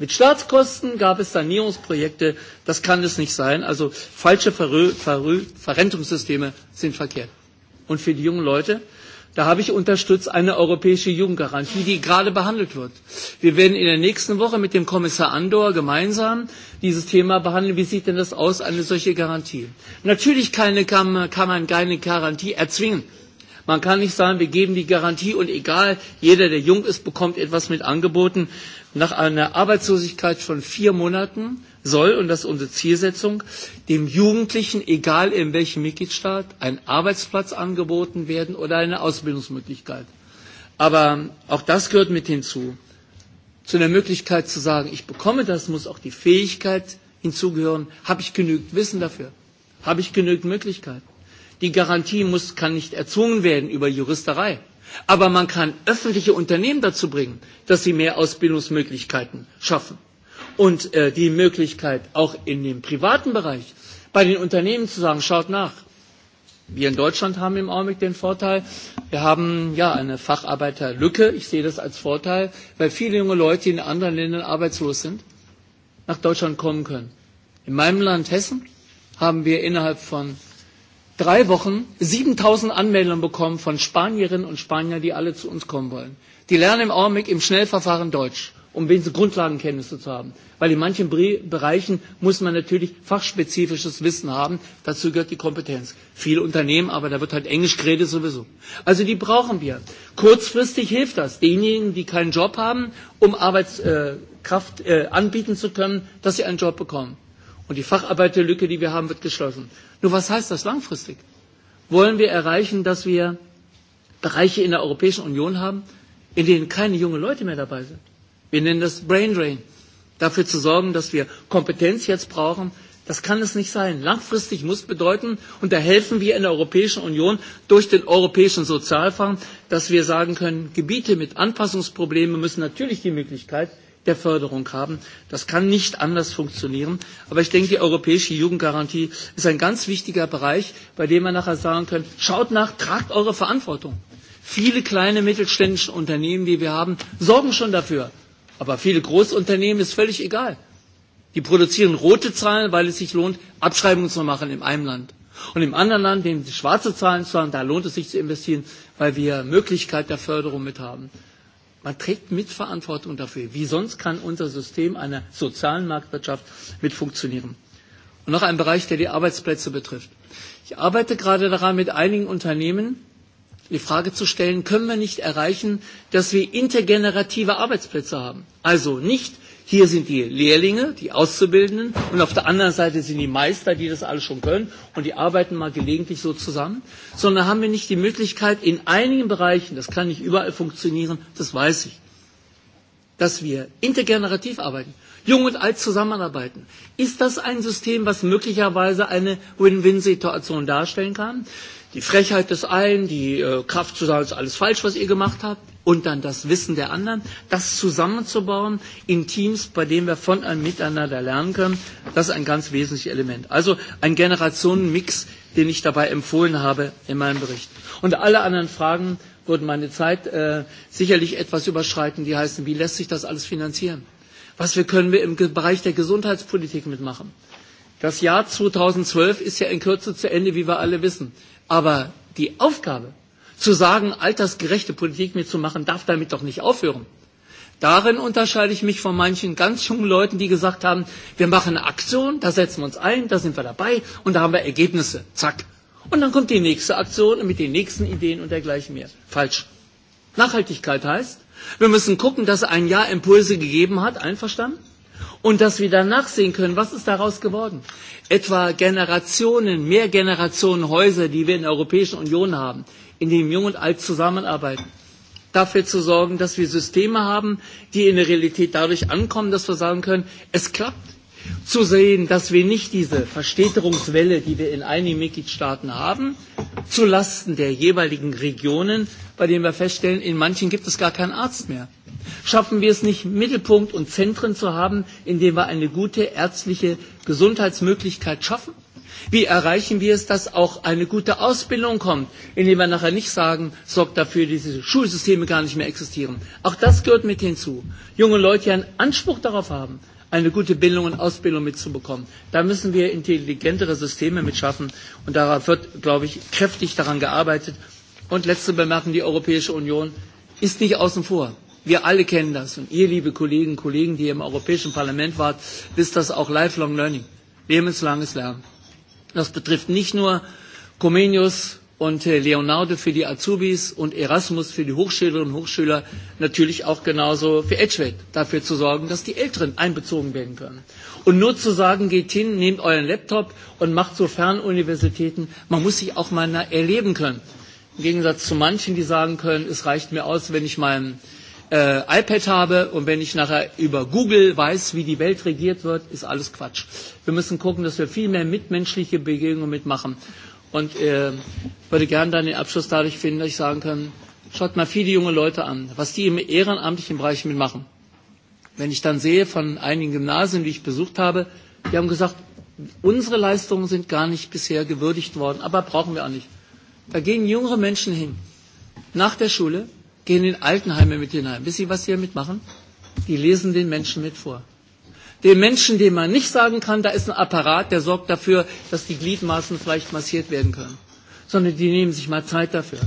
Mit Staatskosten gab es Sanierungsprojekte. Das kann es nicht sein. Also falsche Verrentungssysteme sind verkehrt und für die jungen Leute. Da habe ich unterstützt eine europäische Jugendgarantie, die gerade behandelt wird. Wir werden in der nächsten Woche mit dem Kommissar Andor gemeinsam dieses Thema behandeln. Wie sieht denn das aus, eine solche Garantie? Natürlich kann man keine Garantie erzwingen. Man kann nicht sagen, wir geben die Garantie und egal, jeder, der jung ist, bekommt etwas mit angeboten nach einer Arbeitslosigkeit von vier Monaten soll, und das ist unsere Zielsetzung, dem Jugendlichen, egal in welchem Mitgliedstaat, ein Arbeitsplatz angeboten werden oder eine Ausbildungsmöglichkeit. Aber auch das gehört mit hinzu. Zu der Möglichkeit zu sagen, ich bekomme das, muss auch die Fähigkeit hinzugehören. Habe ich genügend Wissen dafür? Habe ich genügend Möglichkeiten? Die Garantie kann nicht erzwungen werden über Juristerei. Aber man kann öffentliche Unternehmen dazu bringen, dass sie mehr Ausbildungsmöglichkeiten schaffen. Und die Möglichkeit auch in dem privaten Bereich bei den Unternehmen zu sagen, schaut nach. Wir in Deutschland haben im Augenblick den Vorteil, wir haben ja eine Facharbeiterlücke. Ich sehe das als Vorteil, weil viele junge Leute, die in anderen Ländern arbeitslos sind, nach Deutschland kommen können. In meinem Land Hessen haben wir innerhalb von drei Wochen 7.000 Anmeldungen bekommen von Spanierinnen und Spaniern, die alle zu uns kommen wollen. Die lernen im Augenblick im Schnellverfahren Deutsch, um wenigstens Grundlagenkenntnisse zu haben. Weil in manchen Bereichen muss man natürlich fachspezifisches Wissen haben. Dazu gehört die Kompetenz. Viele Unternehmen, aber da wird halt Englisch geredet sowieso. Also die brauchen wir. Kurzfristig hilft das denjenigen, die keinen Job haben, um Arbeitskraft anbieten zu können, dass sie einen Job bekommen. Und die Facharbeiterlücke, die wir haben, wird geschlossen. Nur was heißt das langfristig? Wollen wir erreichen, dass wir Bereiche in der Europäischen Union haben, in denen keine jungen Leute mehr dabei sind? Wir nennen das Brain Drain. Dafür zu sorgen, dass wir Kompetenz jetzt brauchen, das kann es nicht sein. Langfristig muss bedeuten, und da helfen wir in der Europäischen Union durch den Europäischen Sozialfonds, dass wir sagen können, Gebiete mit Anpassungsproblemen müssen natürlich die Möglichkeit der Förderung haben. Das kann nicht anders funktionieren. Aber ich denke, die europäische Jugendgarantie ist ein ganz wichtiger Bereich, bei dem man nachher sagen kann schaut nach, tragt eure Verantwortung. Viele kleine mittelständische Unternehmen, die wir haben, sorgen schon dafür. Aber viele Großunternehmen ist völlig egal. Die produzieren rote Zahlen, weil es sich lohnt, Abschreibungen zu machen in einem Land. Und im anderen Land, dem schwarze Zahlen zu da lohnt es sich zu investieren, weil wir Möglichkeit der Förderung mit haben. Man trägt Mitverantwortung dafür. Wie sonst kann unser System einer sozialen Marktwirtschaft mit funktionieren? Und noch ein Bereich, der die Arbeitsplätze betrifft. Ich arbeite gerade daran, mit einigen Unternehmen die Frage zu stellen, können wir nicht erreichen, dass wir intergenerative Arbeitsplätze haben? Also nicht Hier sind die Lehrlinge, die Auszubildenden und auf der anderen Seite sind die Meister, die das alles schon können und die arbeiten mal gelegentlich so zusammen, sondern haben wir nicht die Möglichkeit in einigen Bereichen, das kann nicht überall funktionieren, das weiß ich, dass wir intergenerativ arbeiten, jung und alt zusammenarbeiten. Ist das ein System, was möglicherweise eine Win-Win-Situation darstellen kann? die Frechheit des einen, die Kraft zu sagen, es ist alles falsch, was ihr gemacht habt, und dann das Wissen der anderen, das zusammenzubauen in Teams, bei denen wir von einem Miteinander lernen können, das ist ein ganz wesentliches Element. Also ein Generationenmix, den ich dabei empfohlen habe in meinem Bericht. Und alle anderen Fragen würden meine Zeit sicherlich etwas überschreiten, die heißen, wie lässt sich das alles finanzieren? Was können wir im Bereich der Gesundheitspolitik mitmachen? Das Jahr 2012 ist ja in Kürze zu Ende, wie wir alle wissen. Aber die Aufgabe, zu sagen, altersgerechte Politik mitzumachen, darf damit doch nicht aufhören. Darin unterscheide ich mich von manchen ganz jungen Leuten, die gesagt haben, wir machen eine Aktion, da setzen wir uns ein, da sind wir dabei und da haben wir Ergebnisse. Zack. Und dann kommt die nächste Aktion mit den nächsten Ideen und dergleichen mehr. Falsch. Nachhaltigkeit heißt, wir müssen gucken, dass ein Jahr Impulse gegeben hat, einverstanden? und dass wir dann nachsehen können, was ist daraus geworden. Etwa Generationen, mehr Generationen Häuser, die wir in der Europäischen Union haben, in denen Jung und Alt zusammenarbeiten. Dafür zu sorgen, dass wir Systeme haben, die in der Realität dadurch ankommen, dass wir sagen können, es klappt. Zu sehen, dass wir nicht diese Verstädterungswelle, die wir in einigen Mitgliedstaaten haben, zulasten der jeweiligen Regionen, bei denen wir feststellen, in manchen gibt es gar keinen Arzt mehr schaffen wir es nicht, Mittelpunkt und Zentren zu haben, indem wir eine gute ärztliche Gesundheitsmöglichkeit schaffen? Wie erreichen wir es, dass auch eine gute Ausbildung kommt, indem wir nachher nicht sagen, sorgt dafür, dass diese Schulsysteme gar nicht mehr existieren. Auch das gehört mit hinzu. Junge Leute, einen Anspruch darauf haben, eine gute Bildung und Ausbildung mitzubekommen. Da müssen wir intelligentere Systeme mitschaffen Und da wird, glaube ich, kräftig daran gearbeitet. Und letzte Bemerkung, die Europäische Union ist nicht außen vor. Wir alle kennen das. Und ihr, liebe Kolleginnen und Kollegen, die im Europäischen Parlament wart, wisst das auch Lifelong Learning. Lebenslanges Lernen. Das betrifft nicht nur Comenius und Leonardo für die Azubis und Erasmus für die Hochschülerinnen und Hochschüler, natürlich auch genauso für EDGEWET, dafür zu sorgen, dass die Älteren einbezogen werden können. Und nur zu sagen, geht hin, nehmt euren Laptop und macht so Fernuniversitäten, man muss sich auch mal erleben können. Im Gegensatz zu manchen, die sagen können, es reicht mir aus, wenn ich meinen iPad habe und wenn ich nachher über Google weiß, wie die Welt regiert wird, ist alles Quatsch. Wir müssen gucken, dass wir viel mehr mitmenschliche Begegnungen mitmachen. Und äh, würde gerne dann den Abschluss dadurch finden, dass ich sagen kann, schaut mal viele junge Leute an, was die im ehrenamtlichen Bereich mitmachen. Wenn ich dann sehe von einigen Gymnasien, die ich besucht habe, die haben gesagt, unsere Leistungen sind gar nicht bisher gewürdigt worden, aber brauchen wir auch nicht. Da gehen jüngere Menschen hin, nach der Schule, gehen in Altenheime mit hinein. Wisst ihr, was die hier mitmachen? Die lesen den Menschen mit vor. Den Menschen, dem man nicht sagen kann, da ist ein Apparat, der sorgt dafür, dass die Gliedmaßen vielleicht massiert werden können. Sondern die nehmen sich mal Zeit dafür,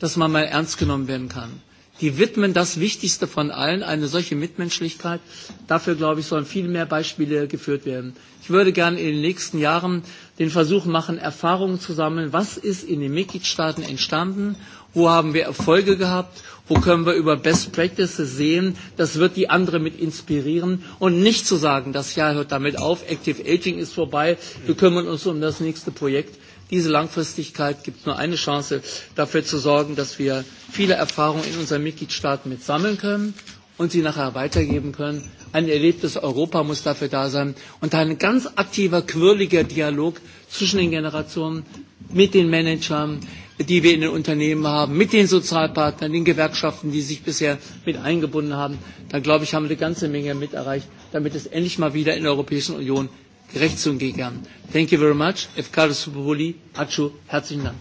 dass man mal ernst genommen werden kann. Die widmen das Wichtigste von allen, eine solche Mitmenschlichkeit. Dafür, glaube ich, sollen viel mehr Beispiele geführt werden. Ich würde gerne in den nächsten Jahren den Versuch machen, Erfahrungen zu sammeln. Was ist in den Mitgliedstaaten entstanden wo haben wir Erfolge gehabt, wo können wir über Best Practices sehen, das wird die andere mit inspirieren und nicht zu sagen, das Jahr hört damit auf, Active Aging ist vorbei, wir kümmern uns um das nächste Projekt. Diese Langfristigkeit gibt nur eine Chance, dafür zu sorgen, dass wir viele Erfahrungen in unseren Mitgliedstaaten mit sammeln können und sie nachher weitergeben können. Ein erlebtes Europa muss dafür da sein und ein ganz aktiver, quirliger Dialog zwischen den Generationen, mit den Managern, die wir in den Unternehmen haben, mit den Sozialpartnern, den Gewerkschaften, die sich bisher mit eingebunden haben, dann glaube ich, haben wir eine ganze Menge mit erreicht, damit es endlich mal wieder in der Europäischen Union gerecht zugehen kann. Thank you very much. Achu, herzlichen Dank.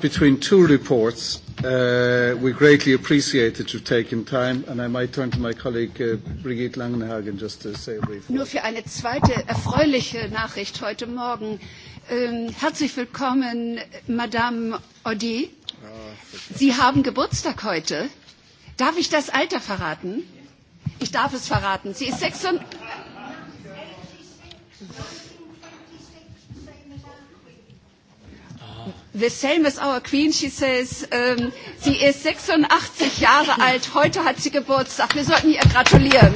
between two reports, We greatly appreciate that you've taken time, and I might turn to my colleague Brigitte Langenhagen just to say a brief word. Nur für eine zweite erfreuliche Nachricht heute Morgen. Herzlich willkommen, Madame Odi. Sie haben Geburtstag heute. Darf ich das Alter verraten? Ich darf es verraten. Sie ist 60. The same as our Queen, she says, sie ist 86 Jahre alt, heute hat sie Geburtstag. Wir sollten ihr gratulieren.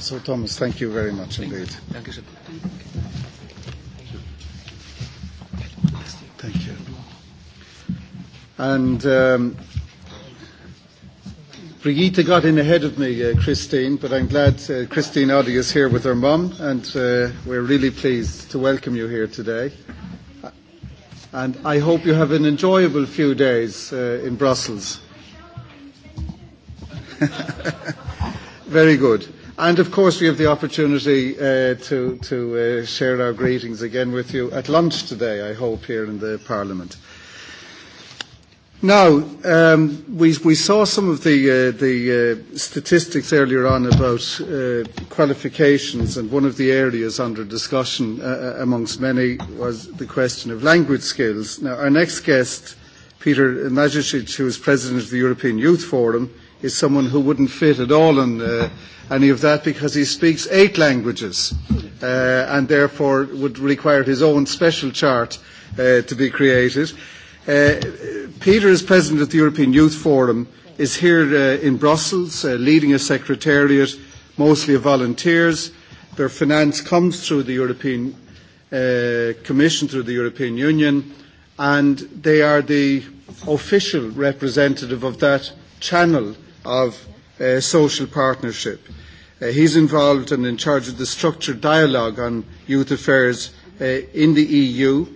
So, Thomas, thank you very much indeed. Thank you. And Brigitte got in ahead of me, Christine, but I'm glad Christine Oddy is here with her mum, and we're really pleased to welcome you here today. And I hope you have an enjoyable few days in Brussels. Very good. And of course we have the opportunity to share our greetings again with you at lunch today, I hope, here in the Parliament. Now, we we saw some of the the statistics earlier on about qualifications, and one of the areas under discussion amongst many was the question of language skills. Now, our next guest, Peter Majicic, who is president of the European Youth Forum, is someone who wouldn't fit at all in any of that because he speaks eight languages, and therefore would require his own special chart to be created. Peter is president of the European Youth Forum, is here in Brussels, leading a secretariat, mostly of volunteers. Their finance comes through the European Commission, through the European Union, and they are the official representative of that channel of social partnership. He's involved and in charge of the structured dialogue on youth affairs in the EU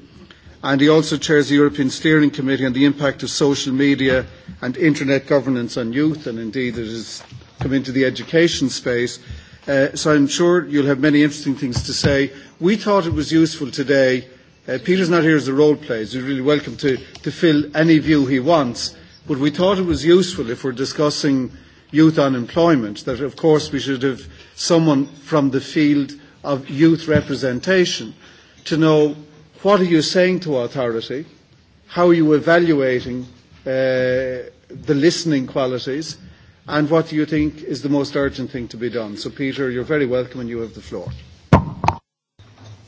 and he also chairs the European Steering Committee on the impact of social media and internet governance on youth, and indeed it has come into the education space. So I'm sure you'll have many interesting things to say. We thought it was useful today. Peter's not here as a role player. is really welcome to fill any view he wants. But we thought it was useful if we're discussing youth unemployment that, of course, we should have someone from the field of youth representation to know What are you saying to authority? How are you evaluating the listening qualities? And what do you think is the most urgent thing to be done? So, Peter, you're very welcome and you have the floor.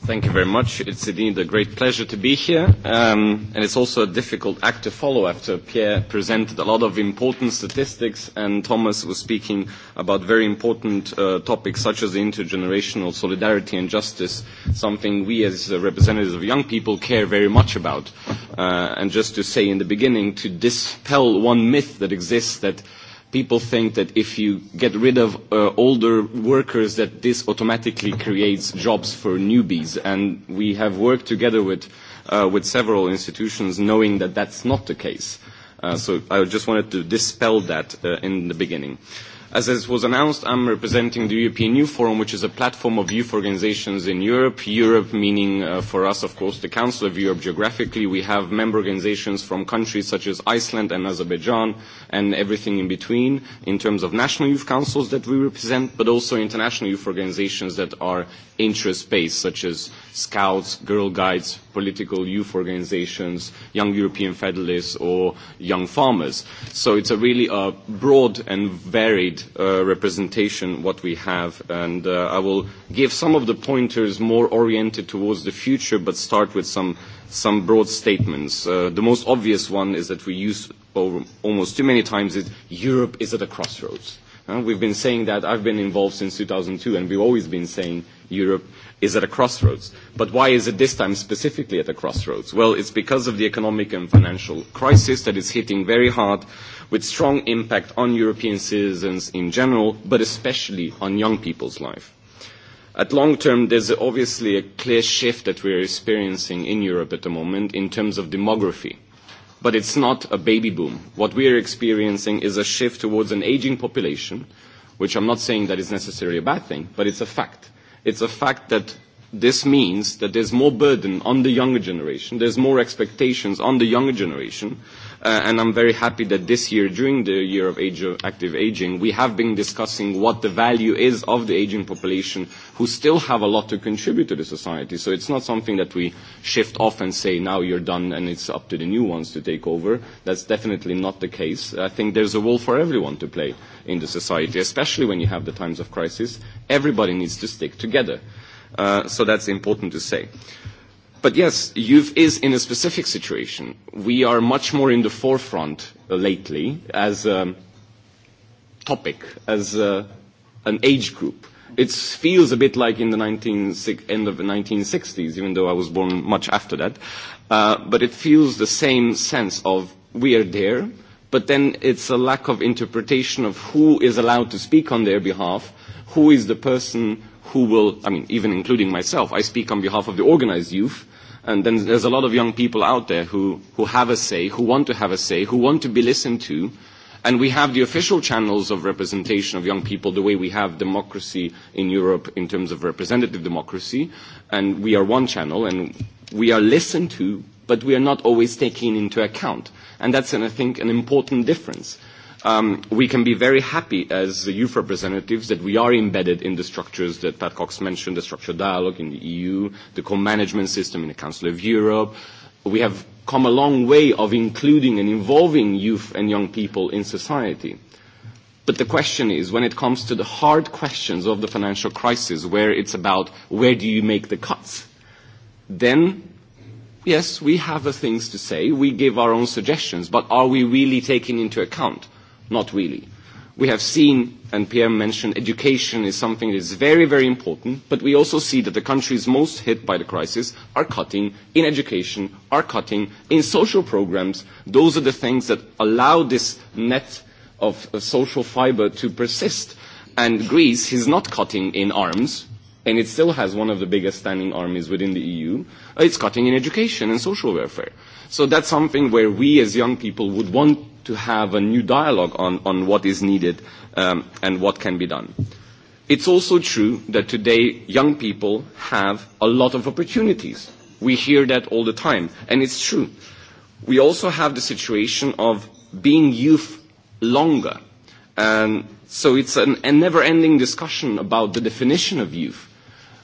Thank you very much. It's indeed a great pleasure to be here, and it's also a difficult act to follow after Pierre presented a lot of important statistics and Thomas was speaking about very important topics such as intergenerational solidarity and justice, something we as representatives of young people care very much about. And just to say in the beginning, to dispel one myth that exists that people think that if you get rid of older workers that this automatically creates jobs for newbies and we have worked together with with several institutions knowing that that's not the case so i just wanted to dispel that in the beginning As was announced, I'm representing the European Youth Forum, which is a platform of youth organizations in Europe. Europe meaning for us, of course, the Council of Europe geographically. We have member organizations from countries such as Iceland and Azerbaijan and everything in between in terms of national youth councils that we represent, but also international youth organizations that are interest-based, such as scouts, girl guides, political youth organizations, young European federalists, or young farmers. So it's a really broad and varied representation what we have, and I will give some of the pointers more oriented towards the future, but start with some some broad statements. The most obvious one is that we use almost too many times is Europe is at a crossroads. We've been saying that. I've been involved since 2002, and we've always been saying Europe is at a crossroads. But why is it this time specifically at a crossroads? Well, it's because of the economic and financial crisis that is hitting very hard with strong impact on European citizens in general, but especially on young people's life. At long term, there's obviously a clear shift that we are experiencing in Europe at the moment in terms of demography. But it's not a baby boom. What we are experiencing is a shift towards an aging population, which I'm not saying that is necessarily a bad thing, but it's a fact. It's a fact that this means that there's more burden on the younger generation, there's more expectations on the younger generation, and I'm very happy that this year, during the year of of active aging, we have been discussing what the value is of the aging population who still have a lot to contribute to the society. So it's not something that we shift off and say, now you're done and it's up to the new ones to take over. That's definitely not the case. I think there's a role for everyone to play in the society, especially when you have the times of crisis. Everybody needs to stick together. So that's important to say. But yes, youth is in a specific situation. We are much more in the forefront lately as a topic, as an age group. It feels a bit like in the end of the 1960s, even though I was born much after that. But it feels the same sense of we are there, but then it's a lack of interpretation of who is allowed to speak on their behalf, who is the person who will, I mean, even including myself, I speak on behalf of the organized youth, and then there's a lot of young people out there who have a say, who want to have a say, who want to be listened to, and we have the official channels of representation of young people, the way we have democracy in Europe in terms of representative democracy, and we are one channel, and we are listened to, but we are not always taken into account. And that's, I think, an important difference we can be very happy as youth representatives that we are embedded in the structures that Pat Cox mentioned, the structured dialogue in the EU, the co-management system in the Council of Europe. We have come a long way of including and involving youth and young people in society. But the question is, when it comes to the hard questions of the financial crisis, where it's about where do you make the cuts, then, yes, we have things to say, we give our own suggestions, but are we really taking into account Not really. We have seen, and Pierre mentioned, education is something that is very, very important, but we also see that the countries most hit by the crisis are cutting in education, are cutting in social programs. Those are the things that allow this net of social fibre to persist. And Greece is not cutting in arms and it still has one of the biggest standing armies within the EU, it's cutting in education and social welfare. So that's something where we as young people would want to have a new dialogue on what is needed and what can be done. It's also true that today young people have a lot of opportunities. We hear that all the time, and it's true. We also have the situation of being youth longer. And so it's a never-ending discussion about the definition of youth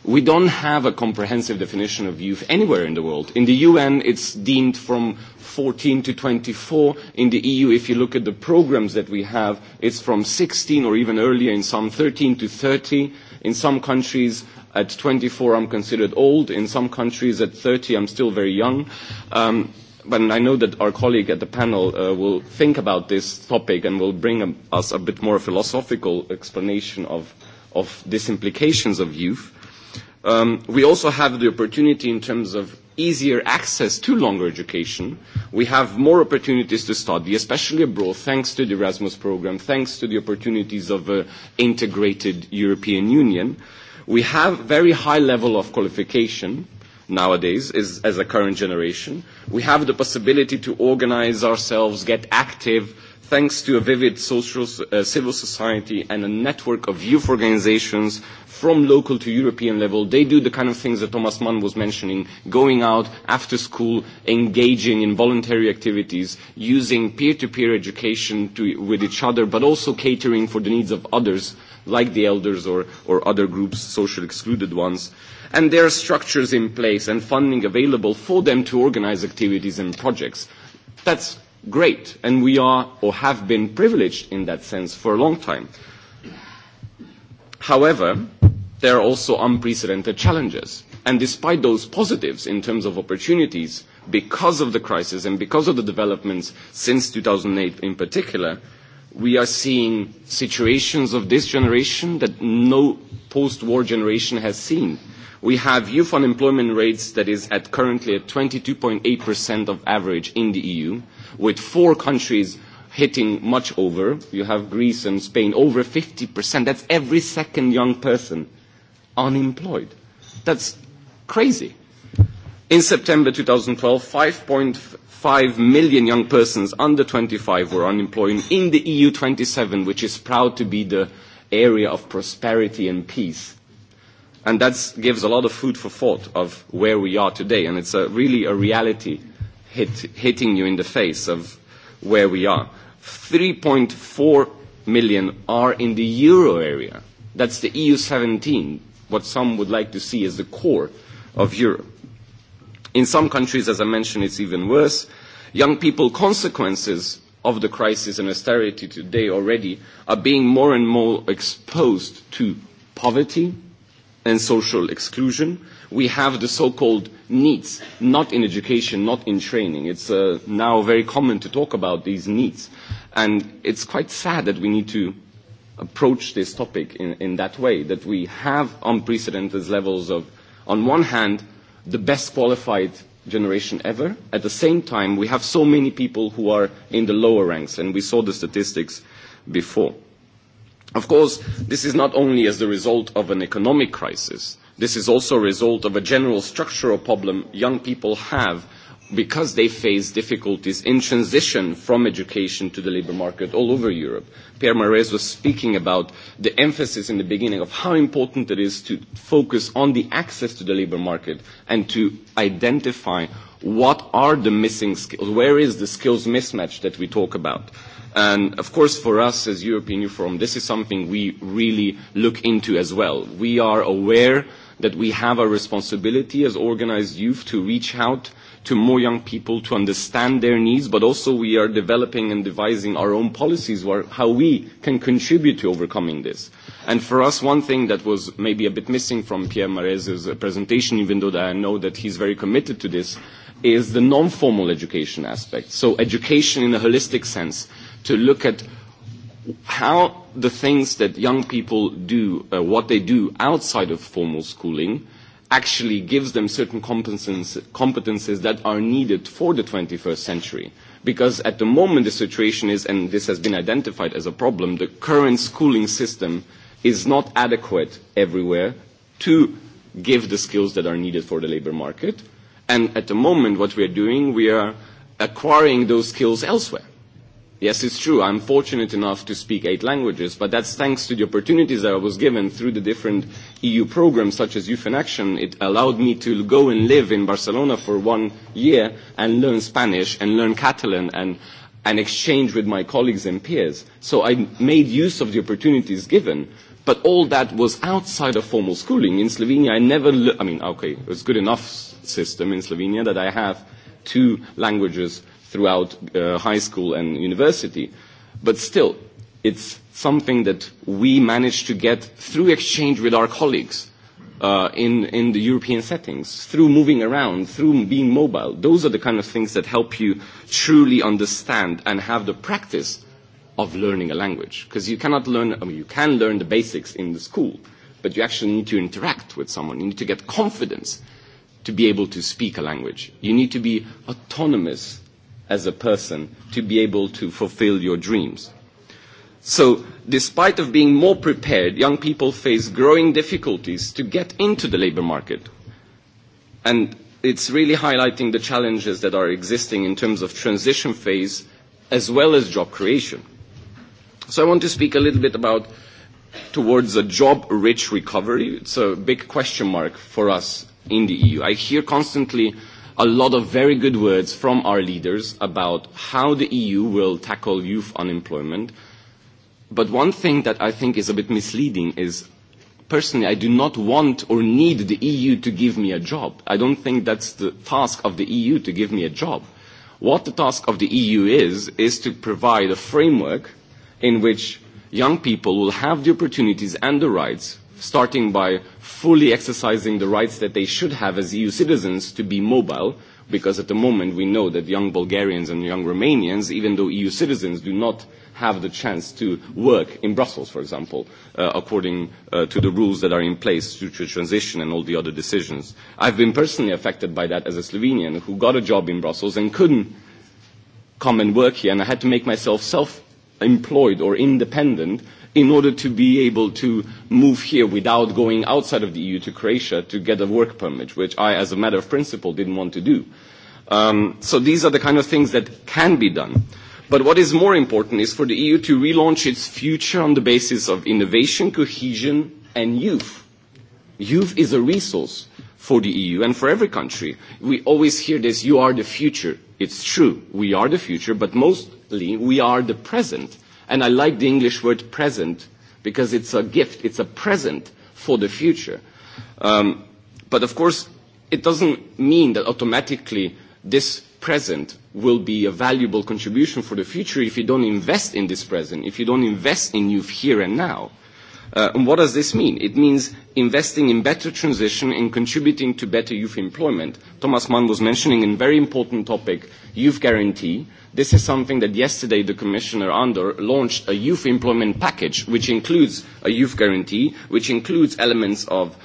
We don't have a comprehensive definition of youth anywhere in the world. In the UN, it's deemed from 14 to 24. In the EU, if you look at the programs that we have, it's from 16 or even earlier in some 13 to 30. In some countries, at 24, I'm considered old. In some countries, at 30, I'm still very young. But I know that our colleague at the panel will think about this topic and will bring us a bit more philosophical explanation of these implications of youth. We also have the opportunity in terms of easier access to longer education. We have more opportunities to study, especially abroad, thanks to the Erasmus program, thanks to the opportunities of an integrated European Union. We have very high level of qualification nowadays as a current generation. We have the possibility to organize ourselves, get active thanks to a vivid civil society and a network of youth organizations from local to European level. They do the kind of things that Thomas Mann was mentioning, going out after school, engaging in voluntary activities, using peer-to-peer education with each other, but also catering for the needs of others, like the elders or other groups, socially excluded ones. And there are structures in place and funding available for them to organize activities and projects. That's great, and we are or have been privileged in that sense for a long time. However, there are also unprecedented challenges, and despite those positives in terms of opportunities, because of the crisis and because of the developments since 2008 in particular, we are seeing situations of this generation that no post-war generation has seen. We have youth unemployment rates that is at currently at 22.8% of average in the EU with four countries hitting much over. You have Greece and Spain over 50%. That's every second young person unemployed. That's crazy. In September 2012, 5.5 million young persons under 25 were unemployed in the EU27, which is proud to be the area of prosperity and peace. And that gives a lot of food for thought of where we are today. And it's really a reality hitting you in the face of where we are. 3.4 million are in the euro area. That's the EU 17, what some would like to see as the core of Europe. In some countries, as I mentioned, it's even worse. Young people, consequences of the crisis and austerity today already, are being more and more exposed to poverty and social exclusion we have the so-called needs, not in education, not in training. It's now very common to talk about these needs. And it's quite sad that we need to approach this topic in that way, that we have unprecedented levels of, on one hand, the best qualified generation ever. At the same time, we have so many people who are in the lower ranks, and we saw the statistics before. Of course, this is not only as the result of an economic crisis. This is also a result of a general structural problem young people have because they face difficulties in transition from education to the labour market all over Europe. Pierre Marais was speaking about the emphasis in the beginning of how important it is to focus on the access to the labour market and to identify what are the missing skills, where is the skills mismatch that we talk about. And of course for us as European Youth Forum, this is something we really look into as well. We are aware that we have a responsibility as organized youth to reach out to more young people to understand their needs, but also we are developing and devising our own policies where how we can contribute to overcoming this. And for us, one thing that was maybe a bit missing from Pierre Marez's presentation, even though I know that he's very committed to this, is the non-formal education aspect. So education in a holistic sense, to look at how the things that young people do, what they do outside of formal schooling, actually gives them certain competences that are needed for the 21st century. Because at the moment the situation is, and this has been identified as a problem, the current schooling system is not adequate everywhere to give the skills that are needed for the labour market. And at the moment what we are doing, we are acquiring those skills elsewhere. Yes, it's true. I'm fortunate enough to speak eight languages, but that's thanks to the opportunities that I was given through the different EU programs, such as Youth in Action. It allowed me to go and live in Barcelona for one year and learn Spanish and learn Catalan and and exchange with my colleagues and peers. So I made use of the opportunities given. But all that was outside of formal schooling. In Slovenia, I never, I mean, okay, it was good enough system in Slovenia that I have two languages throughout high school and university. But still, it's something that we manage to get through exchange with our colleagues in in the European settings, through moving around, through being mobile. Those are the kind of things that help you truly understand and have the practice of learning a language. Because you cannot learn, I mean, you can learn the basics in the school, but you actually need to interact with someone. You need to get confidence to be able to speak a language. You need to be autonomous as a person to be able to fulfill your dreams. So despite of being more prepared, young people face growing difficulties to get into the labour market. And it's really highlighting the challenges that are existing in terms of transition phase as well as job creation. So I want to speak a little bit about towards a job-rich recovery. It's a big question mark for us in the EU. I hear constantly a lot of very good words from our leaders about how the EU will tackle youth unemployment. But one thing that I think is a bit misleading is, personally, I do not want or need the EU to give me a job. I don't think that's the task of the EU to give me a job. What the task of the EU is, is to provide a framework in which young people will have the opportunities and the rights starting by fully exercising the rights that they should have as EU citizens to be mobile, because at the moment we know that young Bulgarians and young Romanians, even though EU citizens, do not have the chance to work in Brussels, for example, according to the rules that are in place due to transition and all the other decisions. I've been personally affected by that as a Slovenian who got a job in Brussels and couldn't come and work here, and I had to make myself self-employed or independent in order to be able to move here without going outside of the EU to Croatia to get a work permit, which I, as a matter of principle, didn't want to do. So these are the kind of things that can be done. But what is more important is for the EU to relaunch its future on the basis of innovation, cohesion, and youth. Youth is a resource for the EU and for every country. We always hear this, you are the future. It's true, we are the future, but mostly we are the present. And I like the English word present because it's a gift, it's a present for the future. But of course, it doesn't mean that automatically this present will be a valuable contribution for the future if you don't invest in this present, if you don't invest in youth here and now. And what does this mean? It means investing in better transition and contributing to better youth employment. Thomas Mann was mentioning a very important topic, youth guarantee. This is something that yesterday the Commissioner Andor launched a youth employment package, which includes a youth guarantee, which includes elements of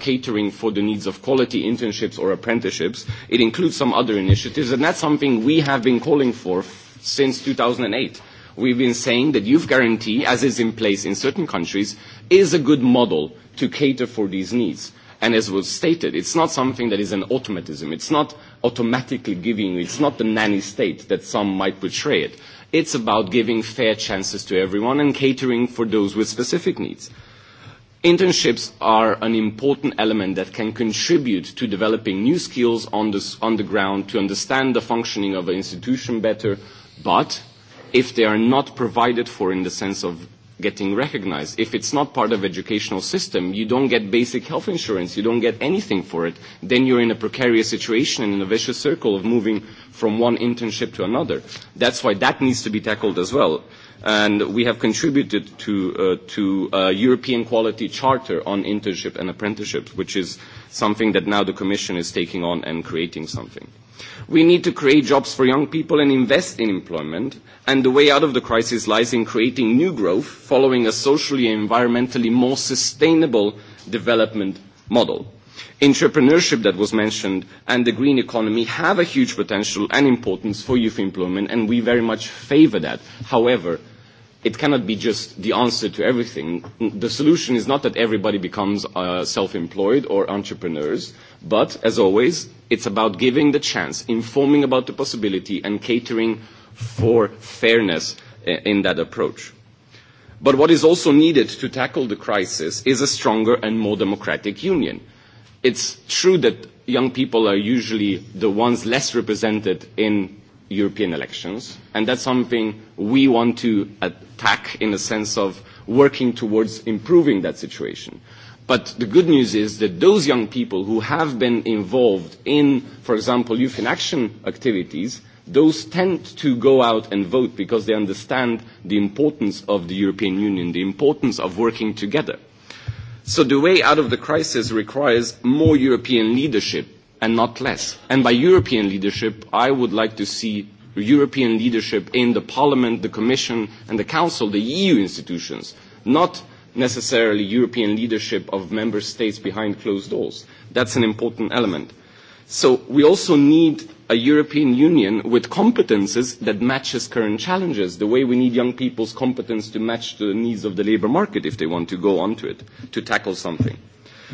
catering for the needs of quality internships or apprenticeships. It includes some other initiatives, and that's something we have been calling for since 2008 we've been saying that youth guarantee, as is in place in certain countries, is a good model to cater for these needs. And as was stated, it's not something that is an automatism. It's not automatically giving. It's not the nanny state that some might portray it. It's about giving fair chances to everyone and catering for those with specific needs. Internships are an important element that can contribute to developing new skills on the ground, to understand the functioning of an institution better, but if they are not provided for in the sense of getting recognized. If it's not part of educational system, you don't get basic health insurance, you don't get anything for it, then you're in a precarious situation and in a vicious circle of moving from one internship to another. That's why that needs to be tackled as well. And we have contributed to a European Quality Charter on internship and apprenticeships, which is something that now the Commission is taking on and creating something. We need to create jobs for young people and invest in employment, and the way out of the crisis lies in creating new growth following a socially and environmentally more sustainable development model. Entrepreneurship that was mentioned and the green economy have a huge potential and importance for youth employment, and we very much favour that. However, it cannot be just the answer to everything. The solution is not that everybody becomes self-employed or entrepreneurs, But, as always, it's about giving the chance, informing about the possibility, and catering for fairness in that approach. But what is also needed to tackle the crisis is a stronger and more democratic union. It's true that young people are usually the ones less represented in European elections, and that's something we want to attack in the sense of working towards improving that situation. But the good news is that those young people who have been involved in, for example, youth in action activities, those tend to go out and vote because they understand the importance of the European Union, the importance of working together. So the way out of the crisis requires more European leadership and not less. And by European leadership, I would like to see European leadership in the Parliament, the Commission and the Council, the EU institutions, not necessarily European leadership of member states behind closed doors. That's an important element. So we also need a European Union with competences that matches current challenges, the way we need young people's competence to match the needs of the labour market if they want to go onto it, to tackle something.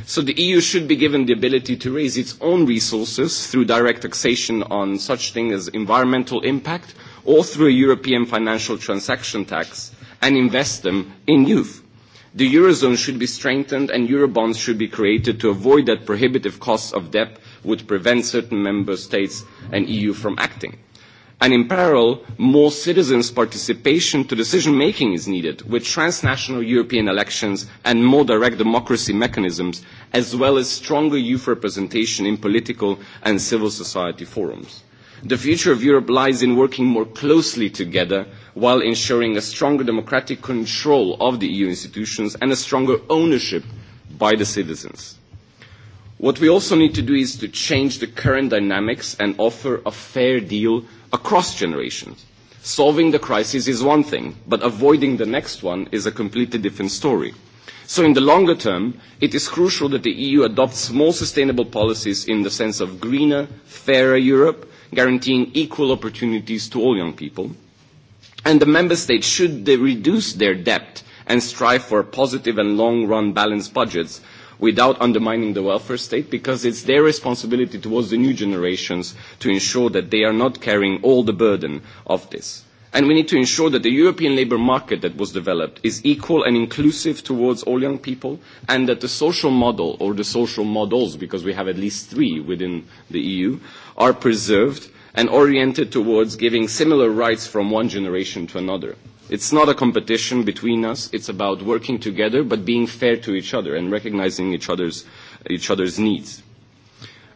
So the EU should be given the ability to raise its own resources through direct taxation on such things as environmental impact or through a European financial transaction tax and invest them in youth. The Eurozone should be strengthened and Eurobonds should be created to avoid that prohibitive costs of debt would prevent certain member states and EU from acting. And in parallel, more citizens' participation to decision-making is needed, with transnational European elections and more direct democracy mechanisms, as well as stronger youth representation in political and civil society forums. The future of Europe lies in working more closely together while ensuring a stronger democratic control of the EU institutions and a stronger ownership by the citizens. What we also need to do is to change the current dynamics and offer a fair deal across generations. Solving the crisis is one thing, but avoiding the next one is a completely different story. So in the longer term, it is crucial that the EU adopts more sustainable policies in the sense of greener, fairer Europe, guaranteeing equal opportunities to all young people. And the member states should reduce their debt and strive for positive and long-run balanced budgets without undermining the welfare state because it's their responsibility towards the new generations to ensure that they are not carrying all the burden of this. And we need to ensure that the European labour market that was developed is equal and inclusive towards all young people and that the social model or the social models, because we have at least three within the EU, are preserved and oriented towards giving similar rights from one generation to another. It's not a competition between us. It's about working together, but being fair to each other and recognizing each other's needs.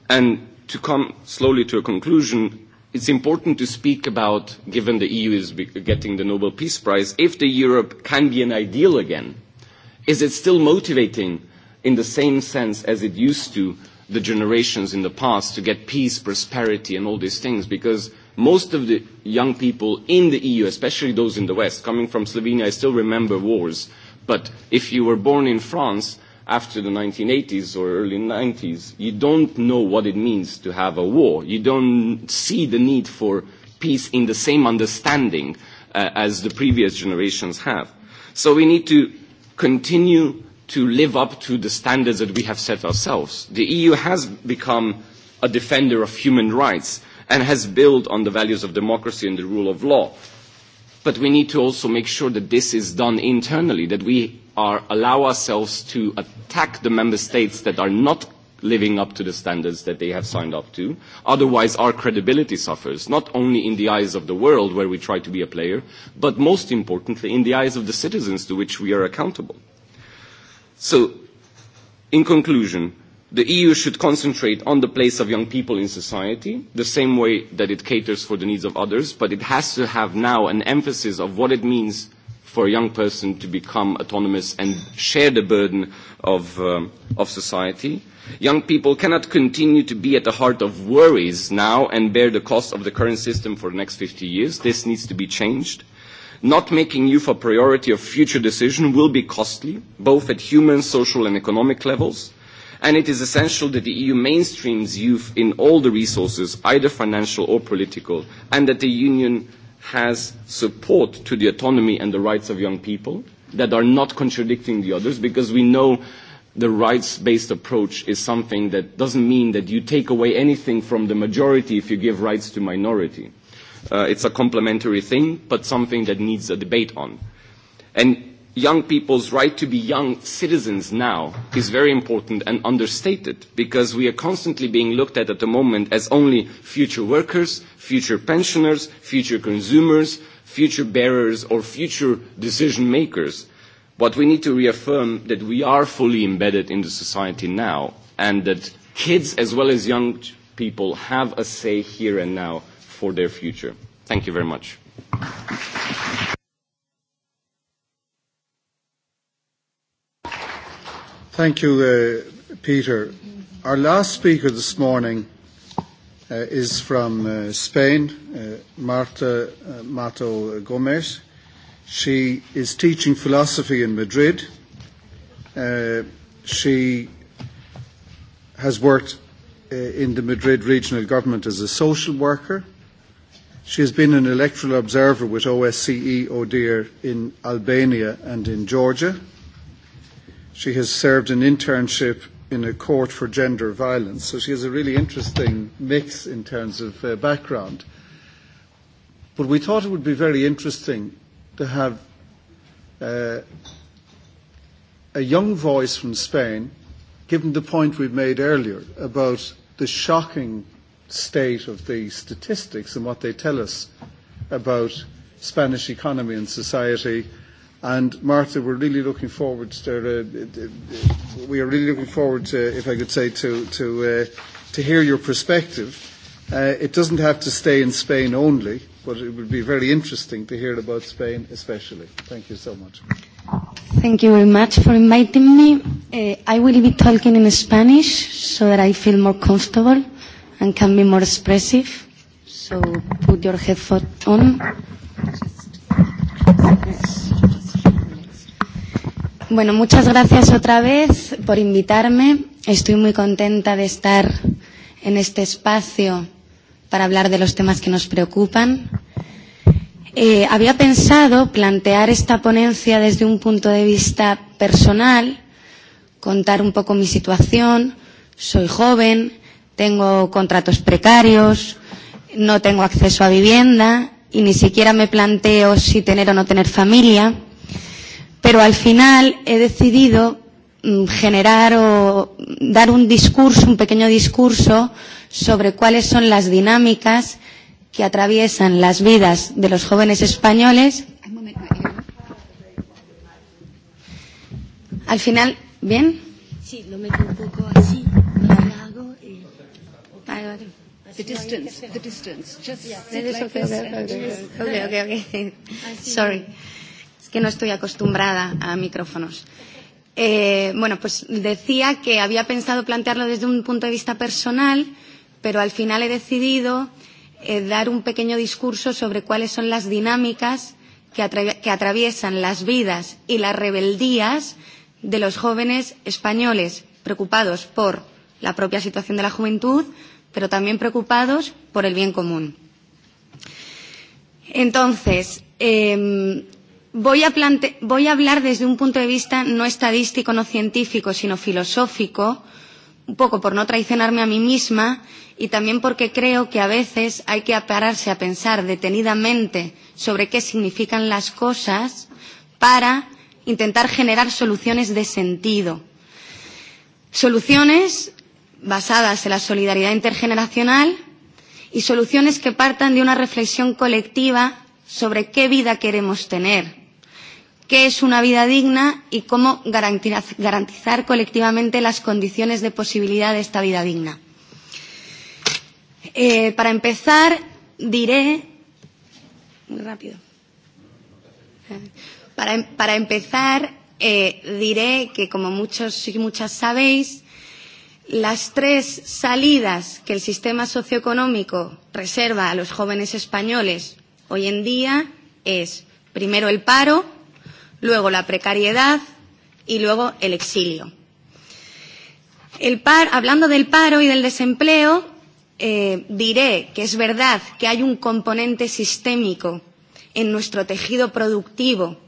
And to come slowly to a conclusion, it's important to speak about, given the EU is getting the Nobel Peace Prize, if the Europe can be an ideal again. Is it still motivating in the same sense as it used to the generations in the past to get peace, prosperity and all these things, because most of the young people in the EU, especially those in the West, coming from Slovenia, I still remember wars. But if you were born in France after the 1980s or early 90s, you don't know what it means to have a war. You don't see the need for peace in the same understanding as the previous generations have. So we need to continue to live up to the standards that we have set ourselves. The EU has become a defender of human rights and has built on the values of democracy and the rule of law. But we need to also make sure that this is done internally, that we allow ourselves to attack the member states that are not living up to the standards that they have signed up to. Otherwise, our credibility suffers, not only in the eyes of the world where we try to be a player, but most importantly in the eyes of the citizens to which we are accountable. So, in conclusion, the EU should concentrate on the place of young people in society, the same way that it caters for the needs of others, but it has to have now an emphasis of what it means for a young person to become autonomous and share the burden of society. Young people cannot continue to be at the heart of worries now and bear the cost of the current system for the next 50 years. This needs to be changed. Not making youth a priority of future decision will be costly, both at human, social and economic levels, and it is essential that the EU mainstreams youth in all the resources, either financial or political, and that the Union has support to the autonomy and the rights of young people that are not contradicting the others, because we know the rights-based approach is something that doesn't mean that you take away anything from the majority if you give rights to minority. It's a complementary thing, but something that needs a debate on. And young people's right to be young citizens now is very important and understated because we are constantly being looked at at the moment as only future workers, future pensioners, future consumers, future bearers or future decision makers. But we need to reaffirm that we are fully embedded in the society now and that kids as well as young people have a say here and now for their future. Thank you very much. Thank you, Peter. Our last speaker this morning is from Spain, Marta Mato Gomez. She is teaching philosophy in Madrid. She has worked in the Madrid regional government as a social worker. She has been an electoral observer with OSCE ODIHR in Albania and in Georgia. She has served an internship in a court for gender violence, so she has a really interesting mix in terms of background. But we thought it would be very interesting to have a young voice from Spain, given the point we made earlier about the shocking state of the statistics and what they tell us about Spanish economy and society. And Martha, we're really looking forward to, we are really looking forward to, if I could say, to, to, to hear your perspective. It doesn't have to stay in Spain only, but it would be very interesting to hear about Spain especially. Thank you so much. Thank you very much for inviting me. I will be talking in Spanish so that I feel more comfortable and can be more expressive. So put your headphone on. Bueno, muchas gracias otra vez por invitarme. Estoy muy contenta de estar en este espacio para hablar de los temas que nos preocupan. Eh, había pensado plantear esta ponencia desde un punto de vista personal, contar un poco mi situación. Soy joven, tengo contratos precarios, no tengo acceso a vivienda y ni siquiera me planteo si tener o no tener familia. Pero al final he decidido generar o dar un discurso, un pequeño discurso sobre cuáles son las dinámicas que atraviesan las vidas de los jóvenes españoles. Al final, ¿bien? Sí, lo meto un poco así. The distance, the distance. Just okay, okay, okay. Sorry. Es que no estoy acostumbrada a micrófonos. Eh, bueno, pues decía que había pensado plantearlo desde un punto de vista personal, pero al final he decidido dar un pequeño discurso sobre cuáles son las dinámicas que atraviesan las vidas y las rebeldías de los jóvenes españoles preocupados por la propia situación de la juventud, pero también preocupados por el bien común. Entonces, voy a voy a hablar desde un punto de vista no estadístico, no científico, sino filosófico, un poco por no traicionarme a mí misma y también porque creo que a veces hay que pararse a pensar detenidamente sobre qué significan las cosas para intentar generar soluciones de sentido. Soluciones basadas en la solidaridad intergeneracional y soluciones que partan de una reflexión colectiva sobre qué vida queremos tener, qué es una vida digna y cómo garantizar colectivamente las condiciones de posibilidad de esta vida digna. Eh, para empezar, diré muy rápido. Para, para empezar, eh, diré que, como muchos y muchas sabéis, las tres salidas que el sistema socioeconómico reserva a los jóvenes españoles hoy en día es primero el paro, luego la precariedad y luego el exilio. El par, hablando del paro y del desempleo, eh, diré que es verdad que hay un componente sistémico en nuestro tejido productivo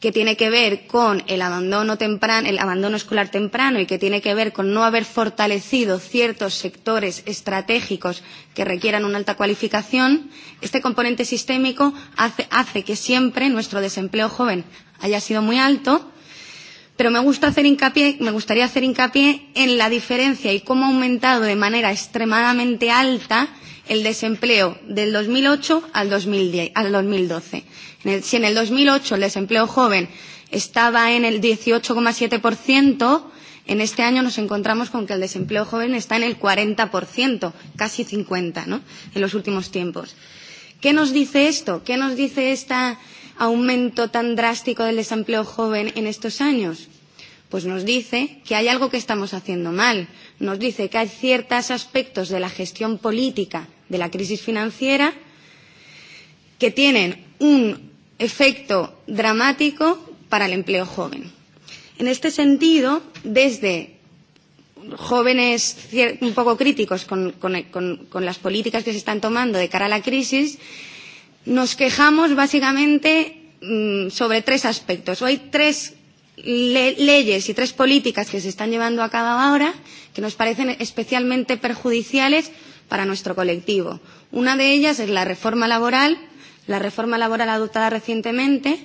que tiene que ver con el abandono temprano el abandono escolar temprano y que tiene que ver con no haber fortalecido ciertos sectores estratégicos que requieran una alta cualificación este componente sistémico hace hace que siempre nuestro desempleo joven haya sido muy alto pero me gusta hacer hincapié me gustaría hacer hincapié en la diferencia y cómo ha aumentado de manera extremadamente alta el desempleo del 2008 al 2010 al 2012 si en el 2008 el desempleo joven estaba en el 18,7% en este año nos encontramos con que el desempleo joven está en el 40%, casi 50, ¿no? En los últimos tiempos. ¿Qué nos dice esto? ¿Qué nos dice este aumento tan drástico del desempleo joven en estos años? Pues nos dice que hay algo que estamos haciendo mal. Nos dice que hay ciertos aspectos de la gestión política de la crisis financiera, que tienen un efecto dramático para el empleo joven. En este sentido, desde jóvenes un poco críticos con, con, con, las políticas que se están tomando de cara a la crisis, nos quejamos básicamente sobre tres aspectos. Hay tres leyes y tres políticas que se están llevando a cabo ahora que nos parecen especialmente perjudiciales para nuestro colectivo. Una de ellas es la reforma laboral, la reforma laboral adoptada recientemente,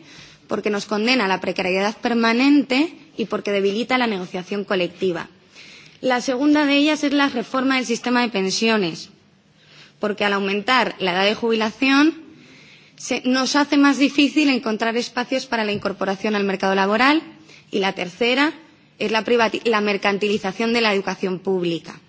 porque nos condena a la precariedad permanente y porque debilita la negociación colectiva. La segunda de ellas es la reforma del sistema de pensiones, porque al aumentar la edad de jubilación nos hace más difícil encontrar espacios para la incorporación al mercado laboral. Y la tercera es la mercantilización de la educación pública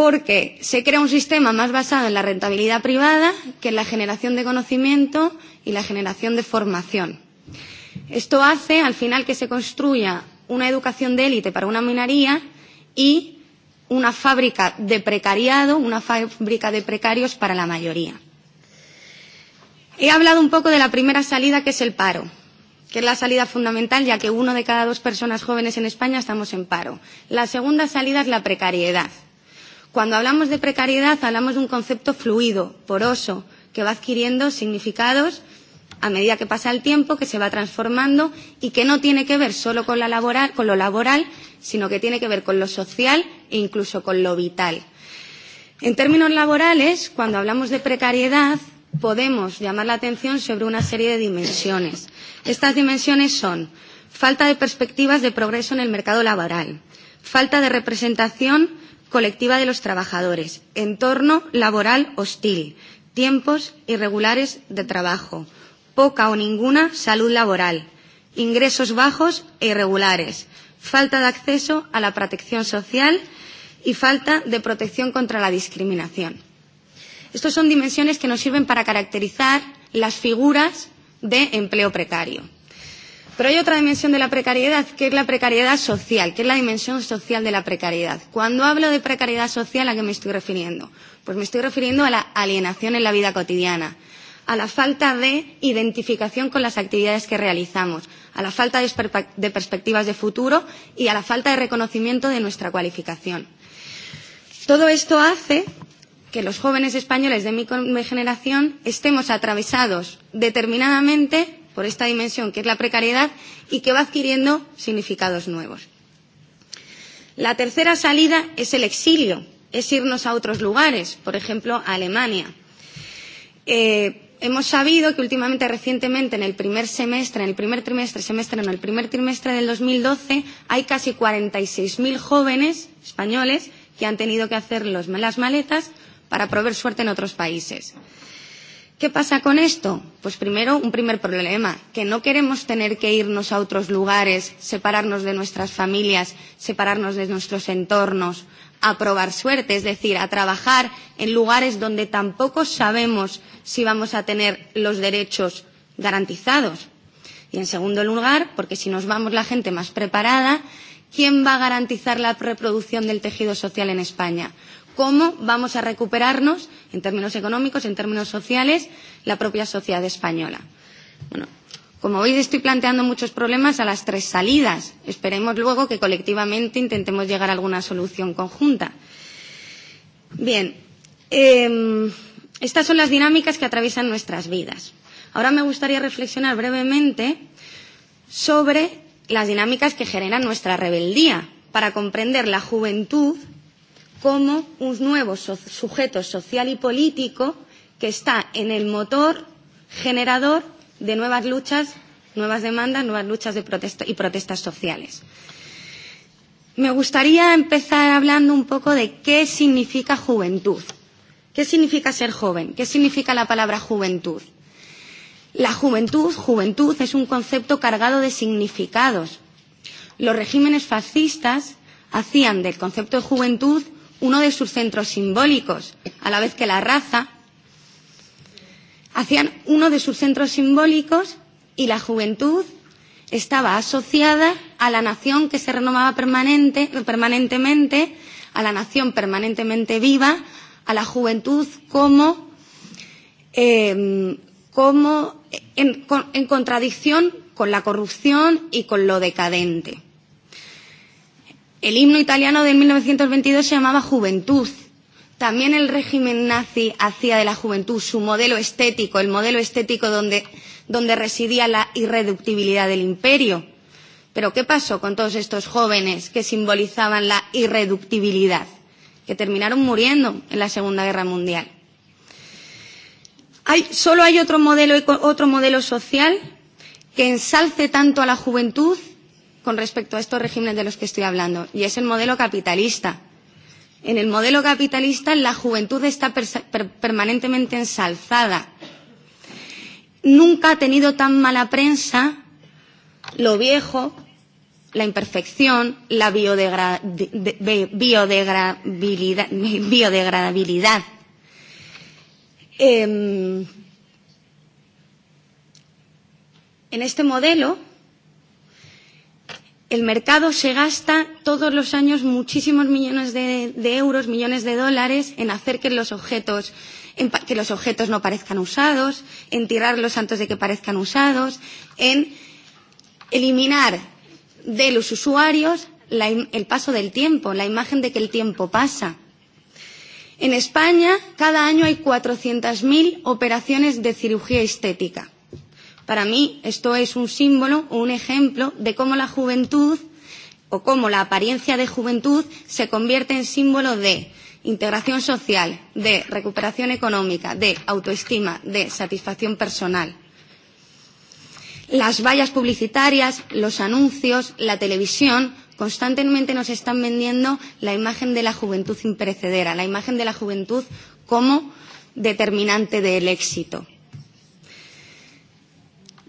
porque se crea un sistema más basado en la rentabilidad privada que en la generación de conocimiento y la generación de formación. Esto hace, al final, que se construya una educación de élite para una minería y una fábrica de precariado, una fábrica de precarios para la mayoría. He hablado un poco de la primera salida, que es el paro, que es la salida fundamental, ya que uno de cada dos personas jóvenes en España estamos en paro. La segunda salida es la precariedad Cuando hablamos de precariedad hablamos de un concepto fluido, poroso, que va adquiriendo significados a medida que pasa el tiempo, que se va transformando y que no tiene que ver solo con, la laboral, con lo laboral, sino que tiene que ver con lo social e incluso con lo vital. En términos laborales, cuando hablamos de precariedad, podemos llamar la atención sobre una serie de dimensiones. Estas dimensiones son falta de perspectivas de progreso en el mercado laboral, falta de representación colectiva de los trabajadores, entorno laboral hostil, tiempos irregulares de trabajo, poca o ninguna salud laboral, ingresos bajos e irregulares, falta de acceso a la protección social y falta de protección contra la discriminación. Estas son dimensiones que nos sirven para caracterizar las figuras de empleo precario. Pero hay otra dimensión de la precariedad, que es la precariedad social, que es la dimensión social de la precariedad. Cuando hablo de precariedad social, ¿a qué me estoy refiriendo? Pues me estoy refiriendo a la alienación en la vida cotidiana, a la falta de identificación con las actividades que realizamos, a la falta de perspectivas de futuro y a la falta de reconocimiento de nuestra cualificación. Todo esto hace que los jóvenes españoles de mi generación estemos atravesados determinadamente por esta dimensión que es la precariedad y que va adquiriendo significados nuevos. La tercera salida es el exilio, es irnos a otros lugares, por ejemplo, a Alemania. Hemos sabido que últimamente, recientemente, en el primer semestre, en el primer trimestre, semestre, no, el primer trimestre del 2012, hay casi 46.000 jóvenes españoles que han tenido que hacer las maletas para proveer suerte en otros países. ¿Qué pasa con esto? Pues primero, un primer problema, que no queremos tener que irnos a otros lugares, separarnos de nuestras familias, separarnos de nuestros entornos, a probar suerte, es decir, a trabajar en lugares donde tampoco sabemos si vamos a tener los derechos garantizados. Y en segundo lugar, porque si nos vamos la gente más preparada, ¿quién va a garantizar la reproducción del tejido social en España? cómo vamos a recuperarnos, en términos económicos, en términos sociales, la propia sociedad española. Bueno, como veis, estoy planteando muchos problemas a las tres salidas. Esperemos luego que colectivamente intentemos llegar a alguna solución conjunta. Bien, estas son las dinámicas que atraviesan nuestras vidas. Ahora me gustaría reflexionar brevemente sobre las dinámicas que generan nuestra rebeldía para comprender la juventud como un nuevo sujeto social y político que está en el motor generador de nuevas luchas, nuevas demandas, nuevas luchas de protesta y protestas sociales. Me gustaría empezar hablando un poco de qué significa juventud. ¿Qué significa ser joven? ¿Qué significa la palabra juventud? La juventud, juventud, es un concepto cargado de significados. Los regímenes fascistas hacían del concepto de juventud uno de sus centros simbólicos, a la vez que la raza, hacían uno de sus centros simbólicos y la juventud estaba asociada a la nación que se renovaba permanente, permanentemente, a la nación permanentemente viva, a la juventud como, eh, como en, en contradicción con la corrupción y con lo decadente. El himno italiano de 1922 se llamaba Juventud. También el régimen nazi hacía de la juventud su modelo estético, el modelo estético donde, donde residía la irreductibilidad del imperio. Pero ¿qué pasó con todos estos jóvenes que simbolizaban la irreductibilidad? Que terminaron muriendo en la Segunda Guerra Mundial. Hay, solo hay otro modelo, otro modelo social que ensalce tanto a la juventud con respecto a estos regímenes de los que estoy hablando, y es el modelo capitalista. En el modelo capitalista la juventud está permanentemente ensalzada. Nunca ha tenido tan mala prensa lo viejo, la imperfección, la biodegradabilidad. En este modelo el mercado se gasta todos los años muchísimos millones de, euros, millones de dólares en hacer que los objetos en que los objetos no parezcan usados, en tirarlos antes de que parezcan usados, en eliminar de los usuarios la, el paso del tiempo, la imagen de que el tiempo pasa. En España, cada año hay 400.000 operaciones de cirugía estética. Para mí esto es un símbolo o un ejemplo de cómo la juventud o cómo la apariencia de juventud se convierte en símbolo de integración social, de recuperación económica, de autoestima, de satisfacción personal. Las vallas publicitarias, los anuncios, la televisión constantemente nos están vendiendo la imagen de la juventud imperecedera, la imagen de la juventud como determinante del éxito.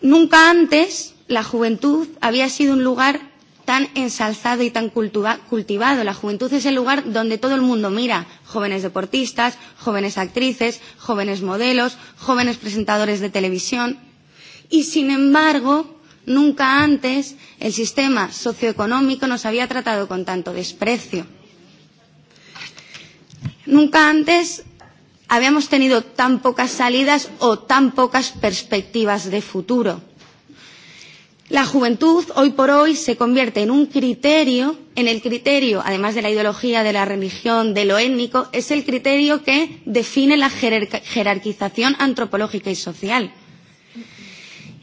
Nunca antes la juventud había sido un lugar tan ensalzado y tan cultivado. La juventud es el lugar donde todo el mundo mira. Jóvenes deportistas, jóvenes actrices, jóvenes modelos, jóvenes presentadores de televisión. Y sin embargo, nunca antes el sistema socioeconómico nos había tratado con tanto desprecio. Nunca antes habíamos tenido tan pocas salidas o tan pocas perspectivas de futuro. La juventud hoy por hoy se convierte en un criterio, en el criterio, además de la ideología, de la religión, de lo étnico, es el criterio que define la jerarquización antropológica y social.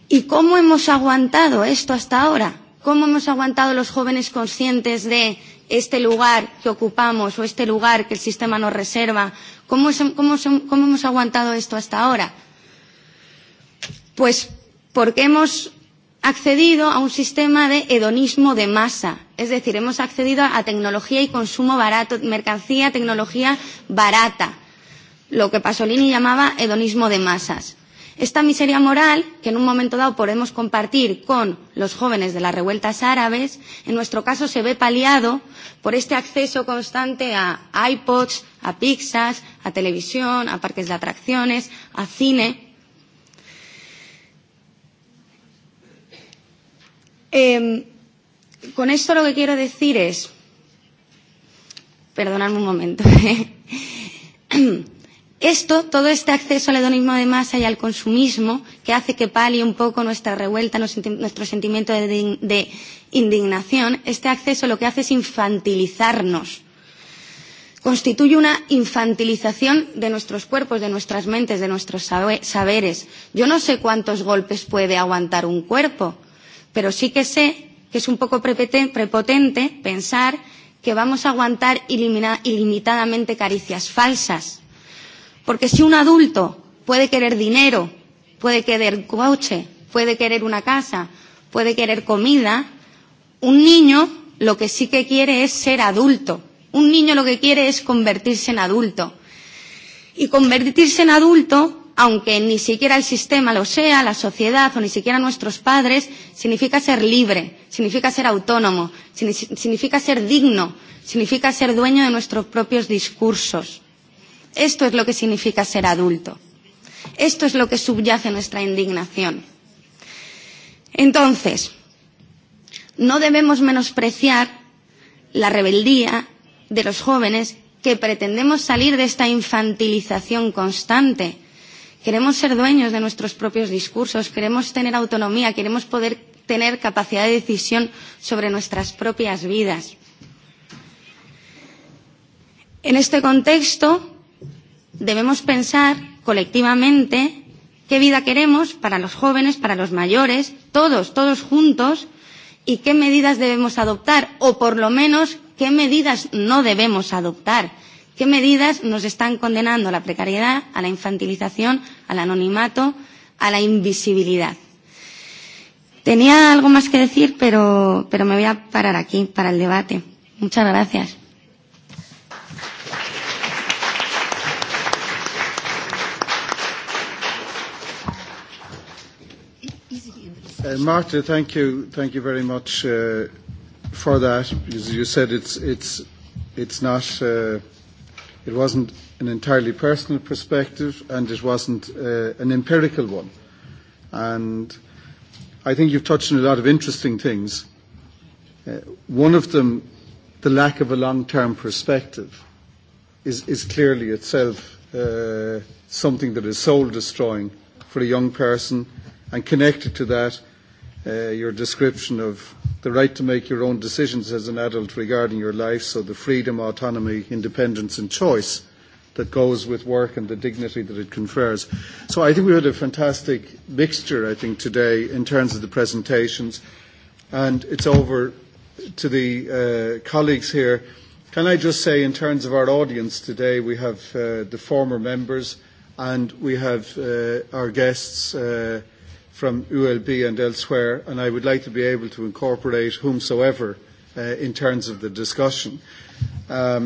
¿Y cómo hemos aguantado esto hasta ahora? ¿Cómo hemos aguantado los jóvenes conscientes de este lugar que ocupamos o este lugar que el sistema nos reserva, ¿cómo, cómo hemos aguantado esto hasta ahora? Pues porque hemos accedido a un sistema de hedonismo de masa, es decir, hemos accedido a tecnología y consumo barato, mercancía, tecnología barata, lo que Pasolini llamaba hedonismo de masas. Esta miseria moral, que en un momento dado podemos compartir con los jóvenes de las revueltas árabes, en nuestro caso se ve paliado por este acceso constante a iPods, a pizzas, a televisión, a parques de atracciones, a cine. Con esto lo que quiero decir es. Perdonadme un momento. Esto, todo este acceso al hedonismo de masa y al consumismo, que hace que palie un poco nuestra revuelta, nuestro sentimiento de indignación, este acceso lo que hace es infantilizarnos. Constituye una infantilización de nuestros cuerpos, de nuestras mentes, de nuestros saberes. Yo no sé cuántos golpes puede aguantar un cuerpo, pero sí que sé que es un poco prepotente pensar que vamos a aguantar ilimitadamente caricias falsas Porque si un adulto puede querer dinero, puede querer coche, puede querer una casa, puede querer comida, un niño lo que sí que quiere es ser adulto. Un niño lo que quiere es convertirse en adulto. Y convertirse en adulto, aunque ni siquiera el sistema lo sea, la sociedad o ni siquiera nuestros padres, significa ser libre, significa ser autónomo, significa ser digno, significa ser dueño de nuestros propios discursos. Esto es lo que significa ser adulto. Esto es lo que subyace nuestra indignación. Entonces, no debemos menospreciar la rebeldía de los jóvenes que pretendemos salir de esta infantilización constante. Queremos ser dueños de nuestros propios discursos, queremos tener autonomía, queremos poder tener capacidad de decisión sobre nuestras propias vidas. En este contexto, debemos pensar colectivamente qué vida queremos para los jóvenes, para los mayores, todos, todos juntos, y qué medidas debemos adoptar, o por lo menos qué medidas no debemos adoptar, qué medidas nos están condenando a la precariedad, a la infantilización, al anonimato, a la invisibilidad. Tenía algo más que decir, pero, pero me voy a parar aquí para el debate. Muchas gracias. Marta, thank you. Thank you very much for that. As you said, it's it's it's not it wasn't an entirely personal perspective and it wasn't an empirical one. And I think you've touched on a lot of interesting things. One of them, the lack of a long-term perspective, is is clearly itself something that is soul-destroying for a young person and connected to that your description of the right to make your own decisions as an adult regarding your life, so the freedom, autonomy, independence and choice that goes with work and the dignity that it confers. So I think we had a fantastic mixture, I think, today in terms of the presentations. And it's over to the colleagues here. Can I just say, in terms of our audience today, we have the former members and we have our guests from ULB and elsewhere, and I would like to be able to incorporate whomsoever in terms of the discussion. I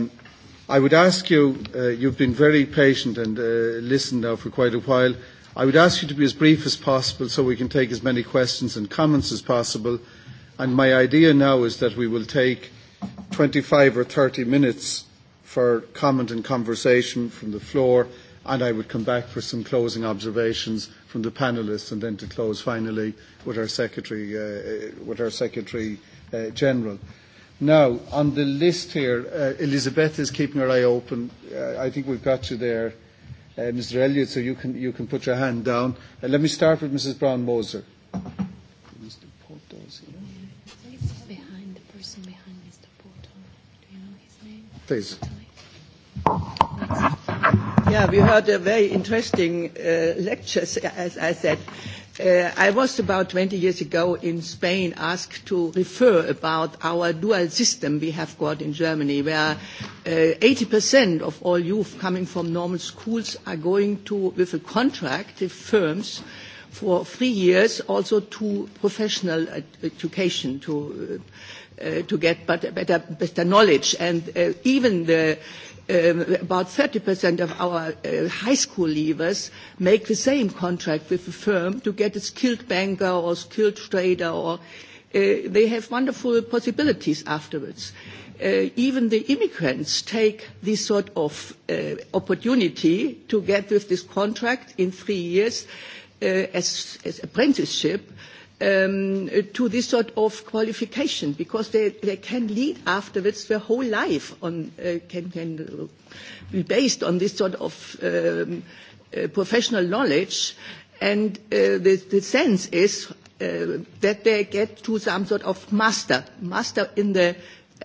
would ask you, you've been very patient and listened now for quite a while, I would ask you to be as brief as possible so we can take as many questions and comments as possible. And my idea now is that we will take 25 or 30 minutes for comment and conversation from the floor, and I would come back for some closing observations from the panelists, and then to close finally with our secretary, with our secretary general. Now, on the list here, Elizabeth is keeping her eye open. I think we've got you there, Mr. Elliott, so you can you can put your hand down. Let me start with Mrs. Brown Moser. Please. Yeah, we heard a very interesting lectures, as I said. I was about 20 years ago in Spain asked to refer about our dual system we have got in Germany, where 80% of all youth coming from normal schools are going to, with a contract, with firms, for three years, also to professional education, to to get better better knowledge. And even the about 30% of our high school leavers make the same contract with the firm to get a skilled banker or skilled trader or they have wonderful possibilities afterwards. Even the immigrants take this sort of opportunity to get with this contract in three years as apprenticeship to this sort of qualification because they can lead afterwards their whole life on can be based on this sort of professional knowledge and the the sense is that they get to some sort of master master in the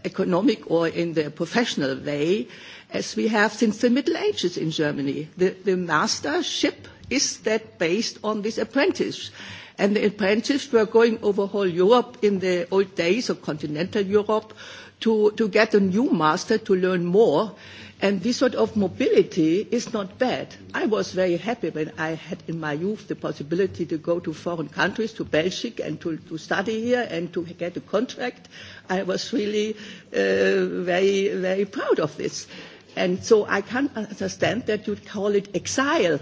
economic or in the professional way as we have since the Middle Ages in Germany. The mastership is that based on this apprentice And the apprentices were going over whole Europe in the old days of continental Europe to, to get a new master to learn more. And this sort of mobility is not bad. I was very happy when I had in my youth the possibility to go to foreign countries, to Belgium, and to, to study here and to get a contract. I was really very, very proud of this. And so I can understand that you call it exile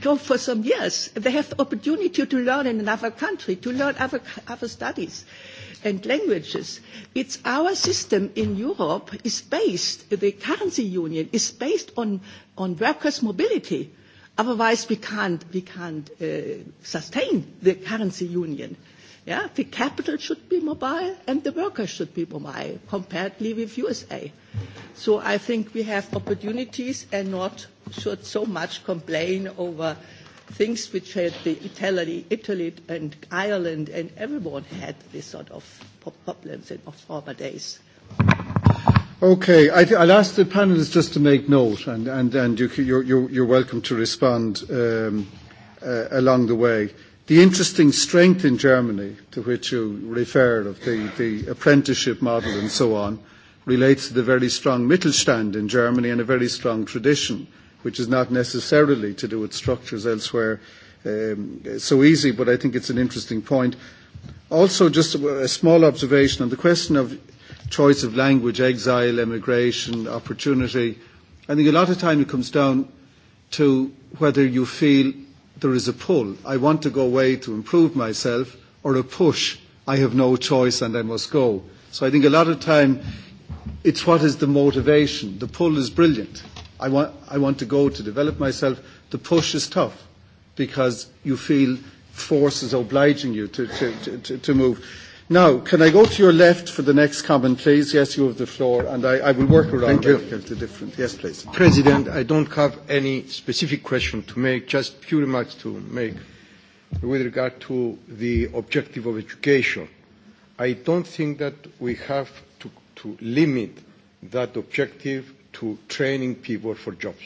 go for some years. They have the opportunity to learn in another country, to learn other, other studies and languages. It's our system in Europe is based, the currency union is based on, on workers' mobility. Otherwise, we can't, we can't sustain the currency union. Yeah, the capital should be mobile and the workers should be mobile comparatively with USA. So I think we have opportunities and not should so much complain over things which had the Italy, Italy and Ireland and everyone had this sort of problems in former days. Okay, I I'll ask the panelists just to make note and and and you you're welcome to respond along the way. The interesting strength in Germany, to which you refer, of the apprenticeship model and so on, relates to the very strong Mittelstand in Germany and a very strong tradition, which is not necessarily to do with structures elsewhere so easy, but I think it's an interesting point. Also, just a small observation on the question of choice of language, exile, emigration, opportunity. I think a lot of time it comes down to whether you feel there is a pull. I want to go away to improve myself, or a push. I have no choice and I must go. So I think a lot of time it's what is the motivation. The pull is brilliant. I want, I want to go to develop myself. The push is tough because you feel forces obliging you to, to, to, to move. Now, can I go to your left for the next comment, please? Yes, you have the floor, and I I will work around to different. Yes, please. President, I don't have any specific question to make, just few remarks to make with regard to the objective of education. I don't think that we have to limit that objective to training people for jobs.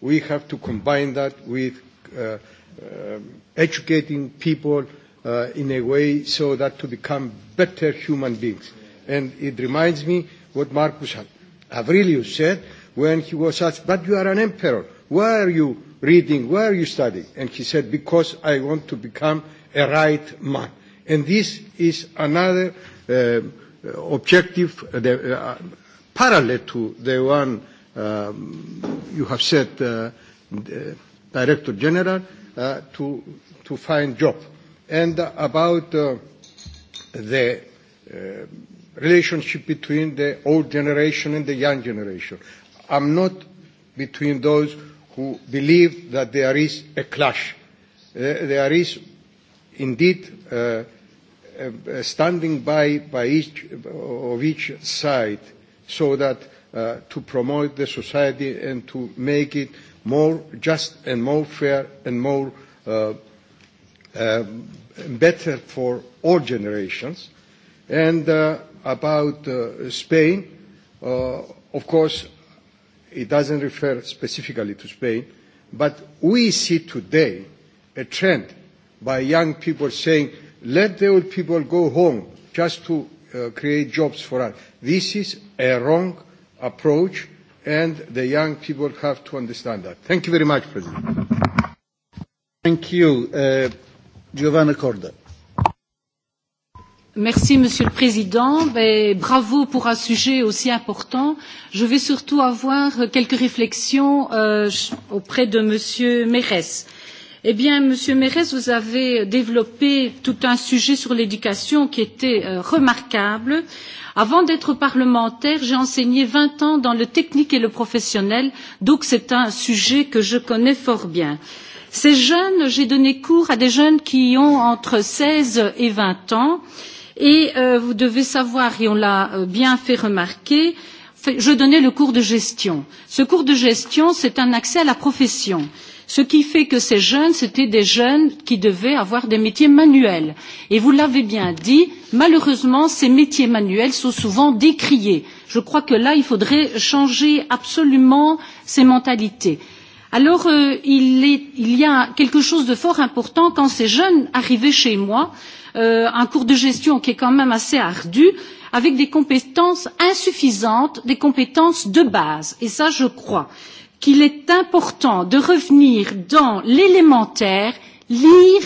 We have to combine that with educating people in a way so that to become better human beings. And it reminds me what Marcus Avrilius said when he was asked, but you are an emperor. Why are you reading? Why are you studying? And he said, because I want to become a right man. And this is another objective parallel to the one you have said, Director General, to find job and about the relationship between the old generation and the young generation. I'm not between those who believe that there is a clash. There is indeed standing by by each of each side so that to promote the society and to make it more just and more fair and more better for all generations. And about Spain, of course, it doesn't refer specifically to Spain, but we see today a trend by young people saying, let the old people go home just to create jobs for us. This is a wrong approach, and the young people have to understand that. Thank you very much, President. Thank you. Giovanna Corda. Merci, Monsieur le Président. Bravo pour un sujet aussi important. Je vais surtout avoir quelques réflexions auprès de Monsieur Mérès. Eh bien, Monsieur Mérès, vous avez développé tout un sujet sur l'éducation qui était remarquable. Avant d'être parlementaire, j'ai enseigné 20 ans dans le technique et le professionnel, donc c'est un sujet que je connais fort bien. Ces jeunes, j'ai donné cours à des jeunes qui ont entre 16 et 20 ans et vous devez savoir, et on l'a bien fait remarquer, je donnais le cours de gestion. Ce cours de gestion, c'est un accès à la profession. Ce qui fait que ces jeunes, c'était des jeunes qui devaient avoir des métiers manuels. Et vous l'avez bien dit, malheureusement, ces métiers manuels sont souvent décriés. Je crois que là, il faudrait changer absolument ces mentalités. Alors, il y a quelque chose de fort important quand ces jeunes arrivaient chez moi, un cours de gestion qui est quand même assez ardu, avec des compétences insuffisantes, des compétences de base. Et ça, je crois qu'il est important de revenir dans l'élémentaire, lire,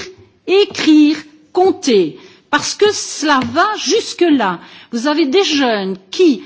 écrire, compter, parce que cela va jusque-là. Vous avez des jeunes qui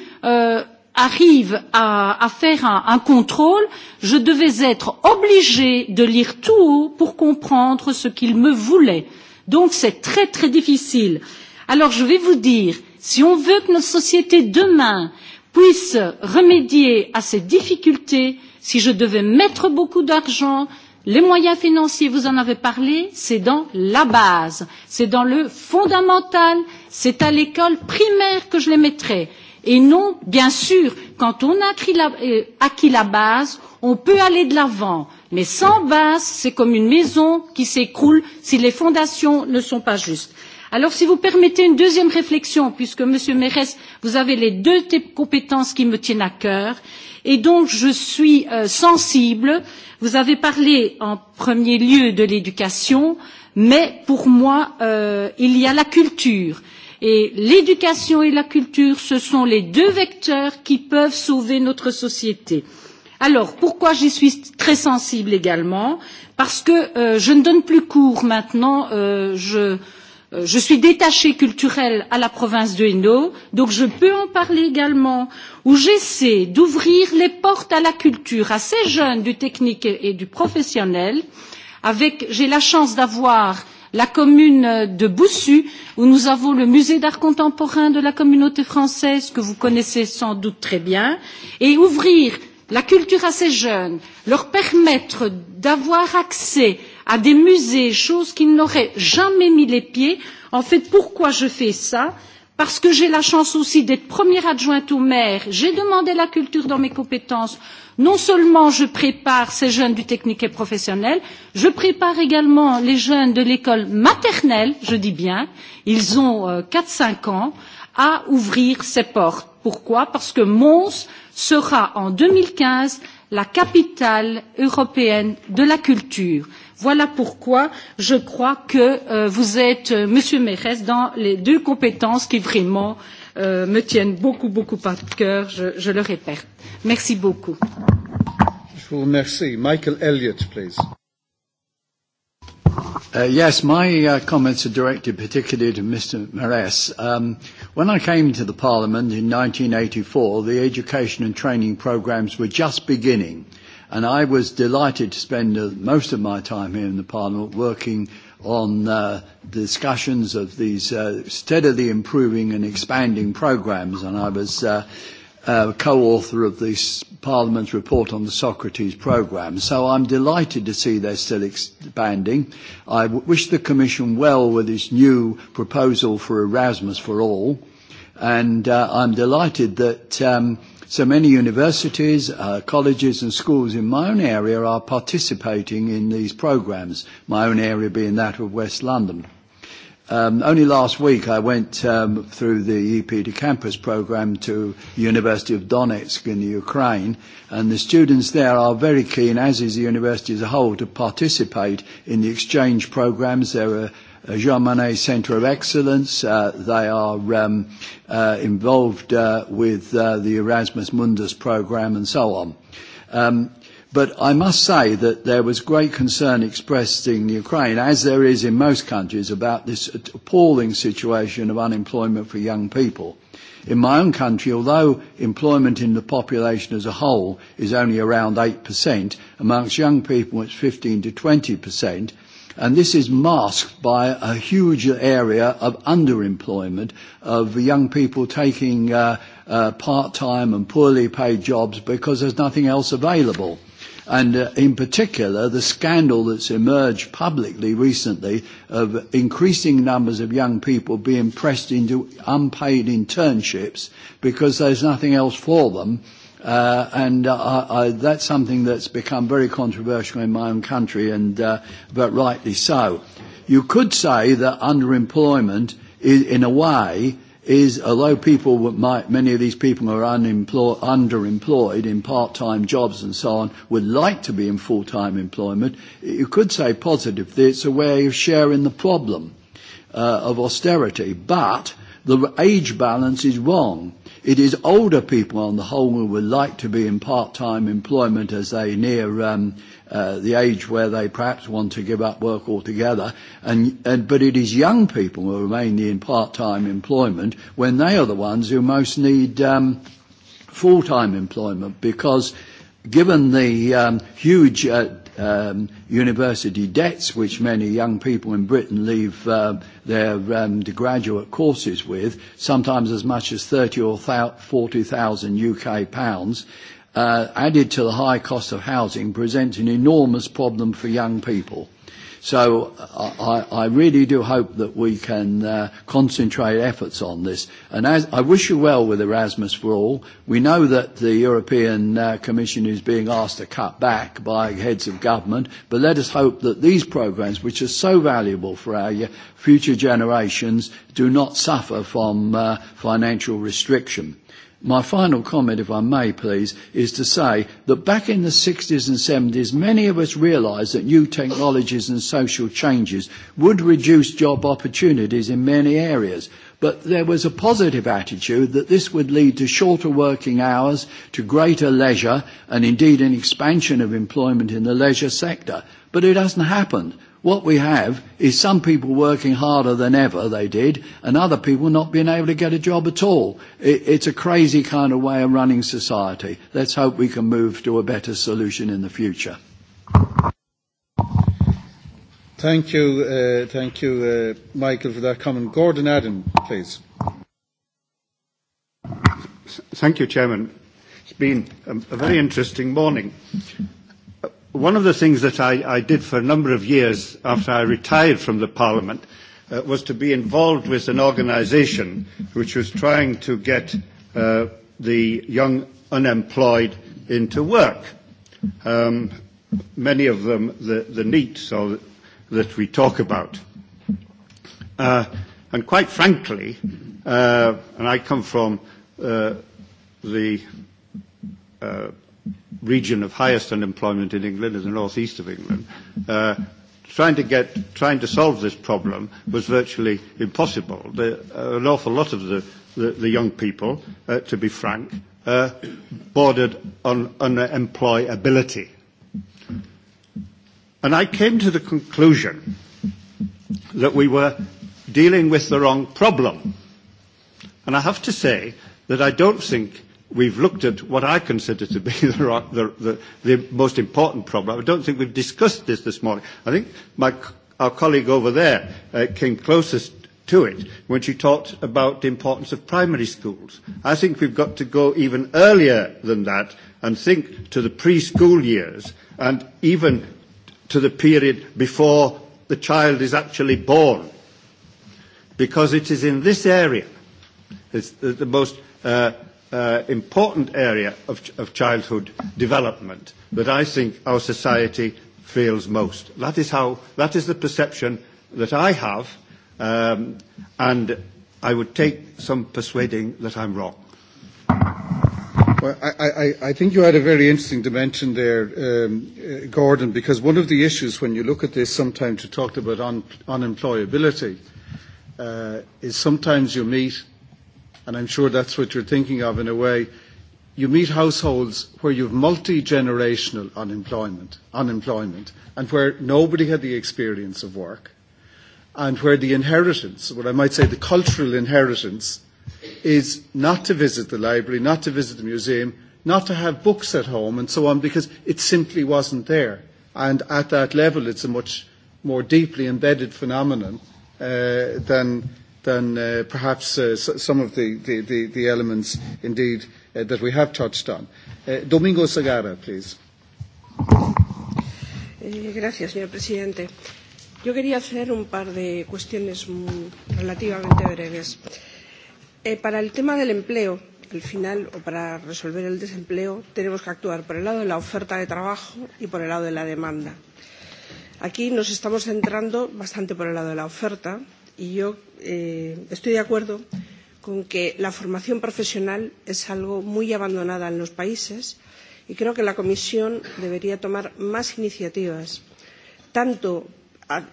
arrive à faire un contrôle, je devais être obligé de lire tout haut pour comprendre ce qu'il me voulait. Donc c'est très très difficile. Alors je vais vous dire, si on veut que notre société demain puisse remédier à ces difficultés, si je devais mettre beaucoup d'argent, les moyens financiers, vous en avez parlé, c'est dans la base, c'est dans le fondamental, c'est à l'école primaire que je les mettrais et non bien sûr quand on a acquis la base on peut aller de l'avant mais sans base c'est comme une maison qui s'écroule si les fondations ne sont pas justes. alors si vous permettez une deuxième réflexion puisque monsieur Mérès, vous avez les deux compétences qui me tiennent à cœur et donc je suis sensible vous avez parlé en premier lieu de l'éducation mais pour moi il y a la culture et l'éducation et la culture ce sont les deux vecteurs qui peuvent sauver notre société. alors pourquoi j'y suis très sensible également? parce que je ne donne plus cours maintenant je je suis détachée culturelle à la province de hainaut donc je peux en parler également où j'essaie d'ouvrir les portes à la culture à ces jeunes du technique et du professionnel avec j'ai la chance d'avoir la commune de Boussu, où nous avons le musée d'art contemporain de la communauté française, que vous connaissez sans doute très bien, et ouvrir la culture à ces jeunes, leur permettre d'avoir accès à des musées, choses qu'ils n'auraient jamais mis les pieds. En fait, pourquoi je fais ça Parce que j'ai la chance aussi d'être première adjointe au maire. J'ai demandé la culture dans mes compétences non seulement je prépare ces jeunes du technique et professionnel je prépare également les jeunes de l'école maternelle je dis bien ils ont quatre cinq ans à ouvrir ces portes. pourquoi? parce que mons sera en 2015 la capitale européenne de la culture. voilà pourquoi je crois que vous êtes monsieur Mérès dans les deux compétences qui vraiment me tiennent beaucoup, beaucoup à cœur, je le répète. Merci beaucoup. Je vous remercie. Michael Elliott, please. Yes, my comments are directed particularly to Mr. Mares. When I came to the Parliament in 1984, the education and training programmes were just beginning, and I was delighted to spend most of my time here in the Parliament working on discussions of these steadily improving and expanding programmes, and I was co-author of this Parliament's report on the Socrates program. So I'm delighted to see they're still expanding. I wish the Commission well with its new proposal for Erasmus for All, and I'm delighted that So many universities, colleges and schools in my own area are participating in these programmes, my own area being that of West London. Only last week I went through the EP to Campus programme to the University of Donetsk in the Ukraine, and the students there are very keen, as is the university as a whole, to participate in the exchange programmes. There are Jean Monnet Centre of Excellence. They are involved with the Erasmus Mundus programme and so on. But I must say that there was great concern expressed in Ukraine, as there is in most countries, about this appalling situation of unemployment for young people. In my own country, although employment in the population as a whole is only around 8%, amongst young people it's 15 to 20%, and this is masked by a huge area of underemployment of young people taking part-time and poorly paid jobs because there's nothing else available and in particular the scandal that's emerged publicly recently of increasing numbers of young people being pressed into unpaid internships because there's nothing else for them and that's something that's become very controversial in my own country, and but rightly so. You could say that underemployment, in a way, is although people might many of these people are underemployed in part-time jobs and so on would like to be in full-time employment you could say positively it's a way of sharing the problem of austerity but the age balance is wrong It is older people on the whole who would like to be in part-time employment as they near um, the age where they perhaps want to give up work altogether. And, and, but it is young people who remain in part-time employment when they are the ones who most need um, full-time employment because given the um, huge university debts, which many young people in Britain leave their graduate courses with, sometimes as much as 30 or 40,000 UK pounds, added to the high cost of housing, presents an enormous problem for young people. So I really do hope that we can concentrate efforts on this. And I wish you well with Erasmus for All. We know that the European Commission is being asked to cut back by heads of government, but let us hope that these programmes, which are so valuable for our future generations, do not suffer from financial restriction. My final comment, if I may please, is to say that back in the 60s and 70s, many of us realised that new technologies and social changes would reduce job opportunities in many areas. But there was a positive attitude that this would lead to shorter working hours, to greater leisure, and indeed an expansion of employment in the leisure sector. But it hasn't happened. What we have is some people working harder than ever they did and other people not being able to get a job at all. It's a crazy kind of way of running society. Let's hope we can move to a better solution in the future. Thank you, thank you, Michael, for that comment. Gordon Adam, please. Thank you, Chairman. It's been a very interesting morning. One of the things that I did for a number of years after I retired from the Parliament was to be involved with an organisation which was trying to get the young unemployed into work. Many of them the NEETs that we talk about. And quite frankly, and I come from the region of highest unemployment in England is the northeast of England. Trying to get, trying to solve this problem was virtually impossible. An awful lot of the the young people, to be frank, bordered on unemployability. And I came to the conclusion that we were dealing with the wrong problem. And I have to say that I don't think we've looked at what I consider to be the most important problem. I don't think we've discussed this this morning. I think our colleague over there came closest to it when she talked about the importance of primary schools. I think we've got to go even earlier than that and think to the preschool years and even to the period before the child is actually born because it is in this area the most important area of childhood development that I think our society feels most. That is how that is the perception that I have and I would take some persuading that I'm wrong. Well, I I think you had a very interesting dimension there, Gordon, because one of the issues when you look at this sometimes you talked about unemployability is sometimes you meet and I'm sure that's what you're thinking of in a way, you meet households where you have multi-generational unemployment and where nobody had the experience of work and where the inheritance, what I might say the cultural inheritance, is not to visit the library, not to visit the museum, not to have books at home and so on because it simply wasn't there. And at that level, it's a much more deeply embedded phenomenon than than perhaps some of the elements indeed that we have touched on. Domingo Sagara, please. Gracias, señor presidente. Yo quería hacer un par de cuestiones relativamente breves. Para el tema del empleo, al final, o para resolver el desempleo, tenemos que actuar por el lado de la oferta de trabajo y por el lado de la demanda. Aquí nos estamos centrando bastante por el lado de la oferta y yo estoy de acuerdo con que la formación profesional es algo muy abandonada en los países y creo que la comisión debería tomar más iniciativas tanto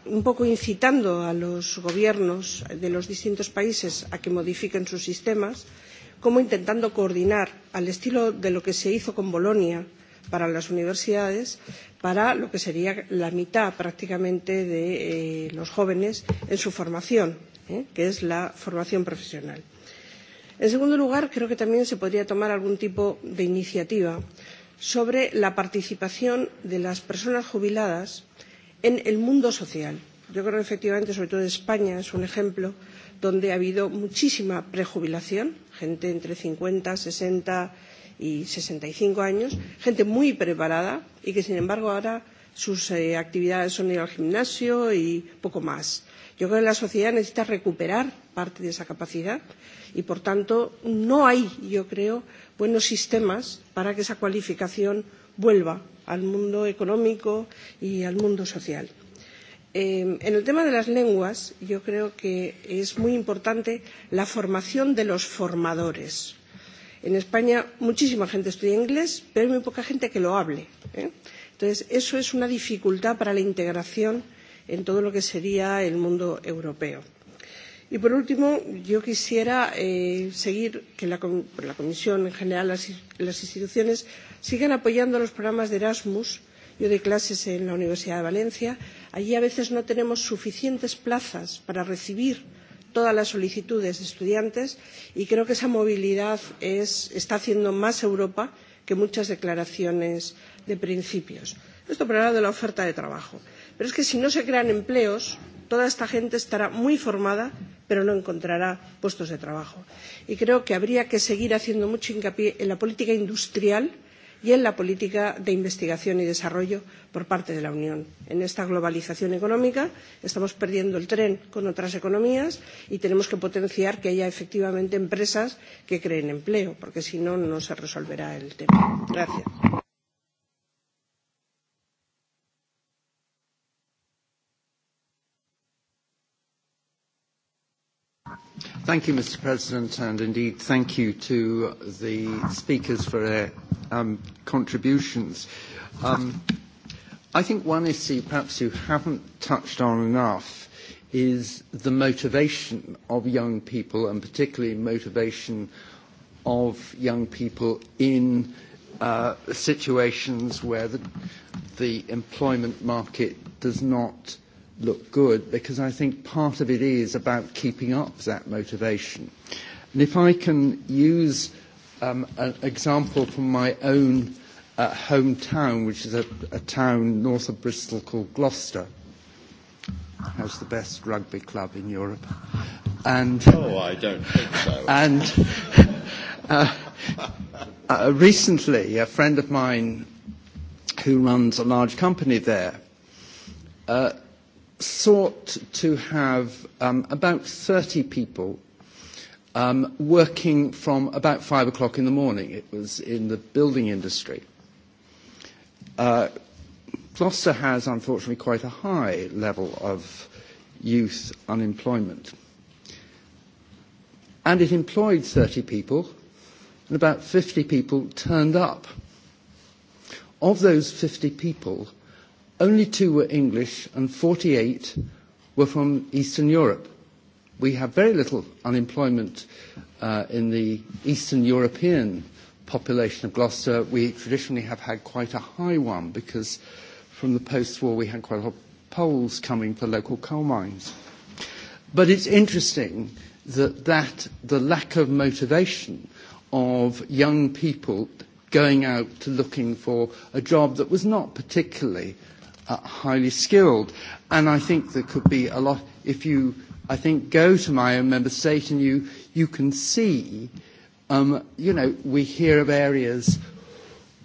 un poco incitando a los gobiernos de los distintos países a que modifiquen sus sistemas como intentando coordinar al estilo de lo que se hizo con bolonia para las universidades para lo que sería la mitad prácticamente de los jóvenes en su formación, que es la formación profesional. En segundo lugar, creo que también se podría tomar algún tipo de iniciativa sobre la participación de las personas jubiladas en el mundo social. Yo creo que efectivamente, sobre todo España, es un ejemplo donde ha habido muchísima prejubilación, gente entre 50, 60 y 65 años, gente muy preparada y que, sin embargo, ahora sus actividades son ir al gimnasio y poco más. Yo creo que la sociedad necesita recuperar parte de esa capacidad y, por tanto, no hay, yo creo, buenos sistemas para que esa cualificación vuelva al mundo económico y al mundo social. En el tema de las lenguas, yo creo que es muy importante la formación de los formadores En España muchísima gente estudia inglés, pero hay muy poca gente que lo hable. Entonces, eso es una dificultad para la integración en todo lo que sería el mundo europeo. Y, por último, yo quisiera seguir que la Comisión, en general, las instituciones sigan apoyando los programas de Erasmus. Yo de clases en la Universidad de Valencia. Allí a veces no tenemos suficientes plazas para recibir todas las solicitudes de estudiantes y creo que esa movilidad está haciendo más Europa que muchas declaraciones de principios. Esto por el lado de la oferta de trabajo. Pero es que si no se crean empleos, toda esta gente estará muy formada, pero no encontrará puestos de trabajo. Y creo que habría que seguir haciendo mucho hincapié en la política industrial y en la política de investigación y desarrollo por parte de la Unión. En esta globalización económica estamos perdiendo el tren con otras economías y tenemos que potenciar que haya efectivamente empresas que creen empleo, porque si no, no se resolverá el tema. Gracias. Thank you, Mr. President, and indeed thank you to the speakers for their contributions. I think one issue perhaps you haven't touched on enough is the motivation of young people, and particularly motivation of young people in situations where the employment market does not look good because I think part of it is about keeping up that motivation. And if I can use an example from my own hometown, which is a town north of Bristol called Gloucester, has the best rugby club in Europe. And oh, I don't think so. And recently, a friend of mine who runs a large company there sought to have about 30 people working from about 5 o'clock in the morning. It was in the building industry. Gloucester has, unfortunately, quite a high level of youth unemployment. And it employed 30 people, and about 50 people turned up. Of those 50 people, Only two were English and 48 were from Eastern Europe. We have very little unemployment in the Eastern European population of Gloucester. We traditionally have had quite a high one because from the post-war we had quite a lot of Poles coming for local coal mines. But it's interesting that that the lack of motivation of young people going out to looking for a job that was not particularly highly skilled. And I think there could be a lot, if you, I think, go to my own member state and you, you can see, you know, we hear of areas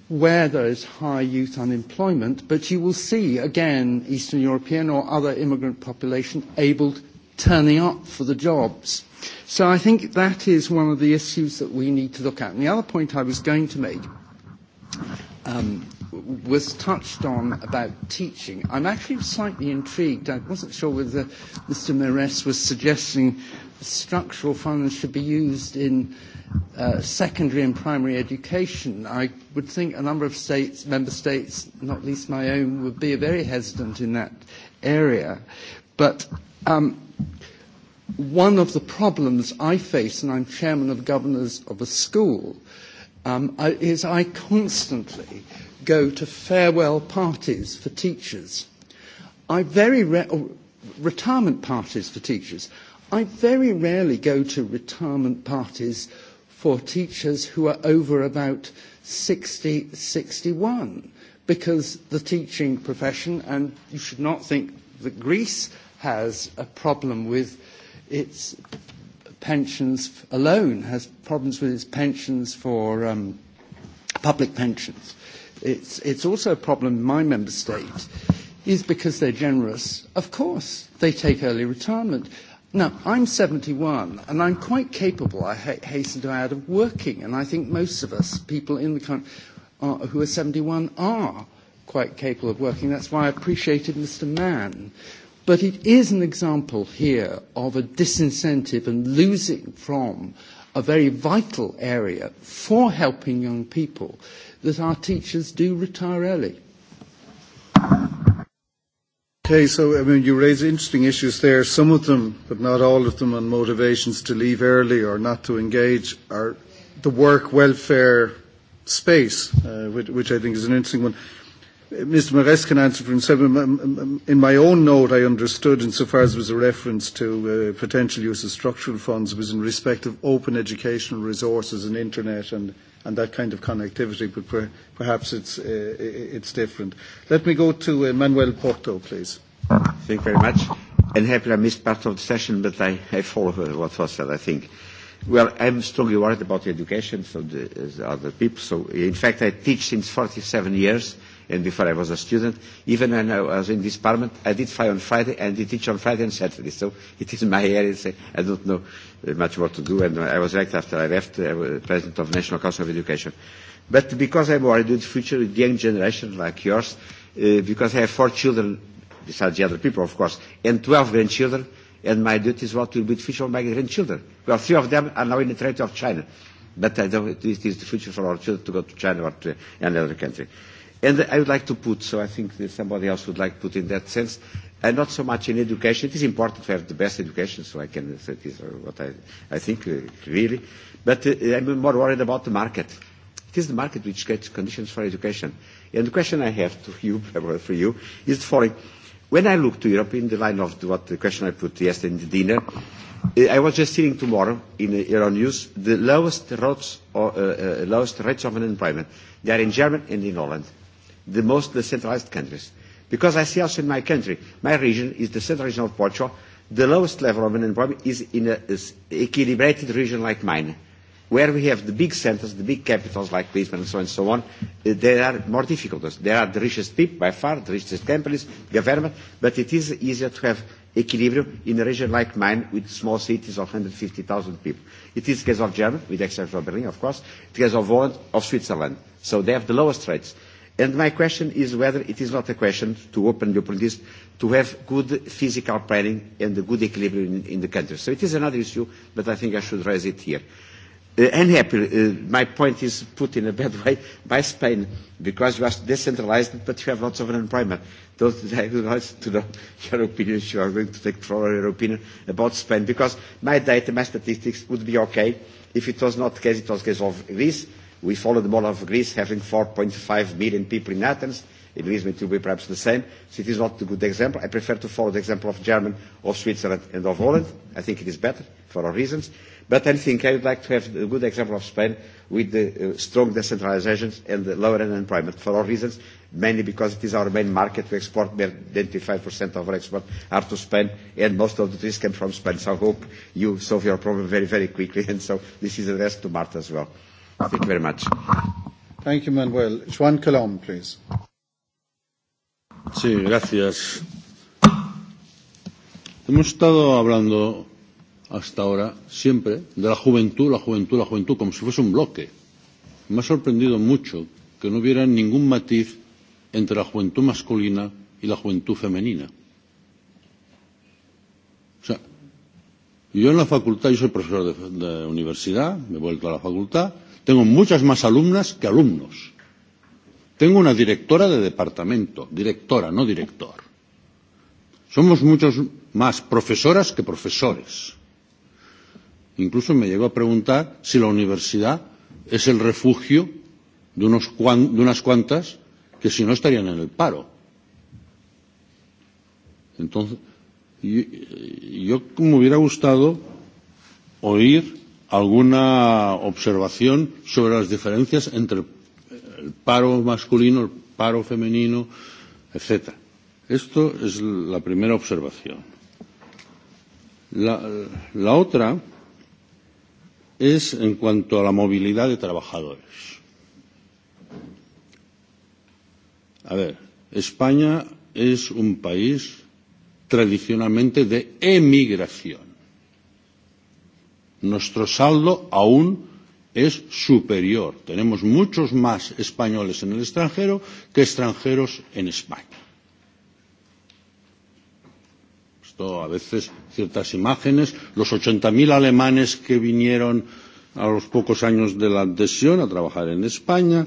where there is high youth unemployment, but you will see, again, Eastern European or other immigrant population able turning up for the jobs. So I think that is one of the issues that we need to look at. And the other point I was going to make was touched on about teaching. I'm actually slightly intrigued. I wasn't sure whether Mr. Mares was suggesting structural funds should be used in secondary and primary education. I would think a number of states, member states, not least my own, would be very hesitant in that area. But one of the problems I face, and I'm chairman of governors of a school, is I constantly go to farewell parties for teachers. I very retirement parties for teachers. I very rarely go to retirement parties for teachers who are over about 60, 61, because the teaching profession, and you should not think that Greece has a problem with its pensions alone, has problems with its pensions for public pensions. It's it's also a problem in my member state, is because they're generous. Of course, they take early retirement. Now, I'm 71, and I'm quite capable, I hasten to add, of working, and I think most of us, people in the country who are 71, are quite capable of working. That's why I appreciated Mr. Mann. But it is an example here of a disincentive and losing from a very vital area for helping young people that our teachers do retire early. Okay, so I mean, you raise interesting issues there. Some of them, but not all of them, on motivations to leave early or not to engage are the work welfare space, which I think is an interesting one. Mr. Mares can answer for himself. In my own note, I understood, insofar as it was a reference to potential use of structural funds, it was in respect of open educational resources and internet and that kind of connectivity, but perhaps it's different. Let me go to Manuel Porto, please. Thank you very much. And happy I missed part of the session, but I follow what was said, I think. Well, I'm strongly worried about the education of the other people. So, in fact, I teach since 47 years and before I was a student. Even when I was in this parliament, I did fly on Friday and did teach on Friday and Saturday. So it is my area. I don't know much what to do. And I was right after I left, president of National Council of Education. But because I'm worried with the future, with young generation like yours, because I have four children, besides the other people, of course, and 12 grandchildren, and my duty is what will be the future of my grandchildren. Well, three of them are now in the trade of China. But I don't, it is the future for our children to go to China or to another country. And I would like to put, so I think somebody else would like to put in that sense, and not so much in education. It is important to have the best education, so I can say this what I, I think really. But I'm more worried about the market. It is the market which creates conditions for education. And the question I have to you, for you, is the following. When I look to Europe, in the line of what the question I put yesterday in the dinner, I was just seeing tomorrow in Euronews the lowest rates of unemployment. They are in Germany and in Holland the most decentralized countries. Because I see also in my country, my region is the central region of Portugal, the lowest level of unemployment is in an equilibrated region like mine, where we have the big centers, the big capitals like Lisbon and so on and so on. They are more difficult. There are the richest people by far, the richest companies, government, but it is easier to have equilibrium in a region like mine with small cities of 150,000 people. It is the case of Germany, with the exception of Berlin, of course, the case of Holland, of Switzerland. So they have the lowest rates. And my question is whether it is not a question, to open the opportunities, to have good physical planning and a good equilibrium in the country. So it is another issue, but I think I should raise it here. Unhappy, my point is put in a bad way by Spain, because you are decentralized, but you have lots of unemployment. Don't I would to know your opinion, if you are going to take for your opinion about Spain, because my data, my statistics would be okay if it was not the case, it was the case of Greece We follow the model of Greece having 4.5 million people in Athens. In Lisbon it will be perhaps the same. So it is not a good example. I prefer to follow the example of Germany, of Switzerland and of Holland. I think it is better for our reasons. But I think I would like to have a good example of Spain with the strong decentralization and the lower unemployment for our reasons, mainly because it is our main market. We export more of our export are to Spain, and most of the trees come from Spain. So I hope you solve your problem very, very quickly. And so this is addressed to Marta as well. Thank you very much. Thank you, Manuel. Juan Colom, please. Sí, gracias. Hemos estado hablando hasta ahora siempre de la juventud, la juventud, la juventud, como si fuese un bloque. Me ha sorprendido mucho que no hubiera ningún matiz entre la juventud masculina y la juventud femenina. O sea, yo en la facultad, yo soy profesor de, de universidad, me he vuelto a la facultad, Tengo muchas más alumnas que alumnos. Tengo una directora de departamento, directora, no director. Somos muchos más profesoras que profesores. Incluso me llegó a preguntar si la universidad es el refugio de, unos cuan, de unas cuantas que si no estarían en el paro. Entonces, yo, yo me hubiera gustado oír alguna observación sobre las diferencias entre el paro masculino, el paro femenino, etc. Esto es la primera observación. La, la otra es en cuanto a la movilidad de trabajadores. A ver, España es un país tradicionalmente de emigración nuestro saldo aún es superior. Tenemos muchos más españoles en el extranjero que extranjeros en España. Esto a veces ciertas imágenes. Los 80.000 alemanes que vinieron a los pocos años de la adhesión a trabajar en España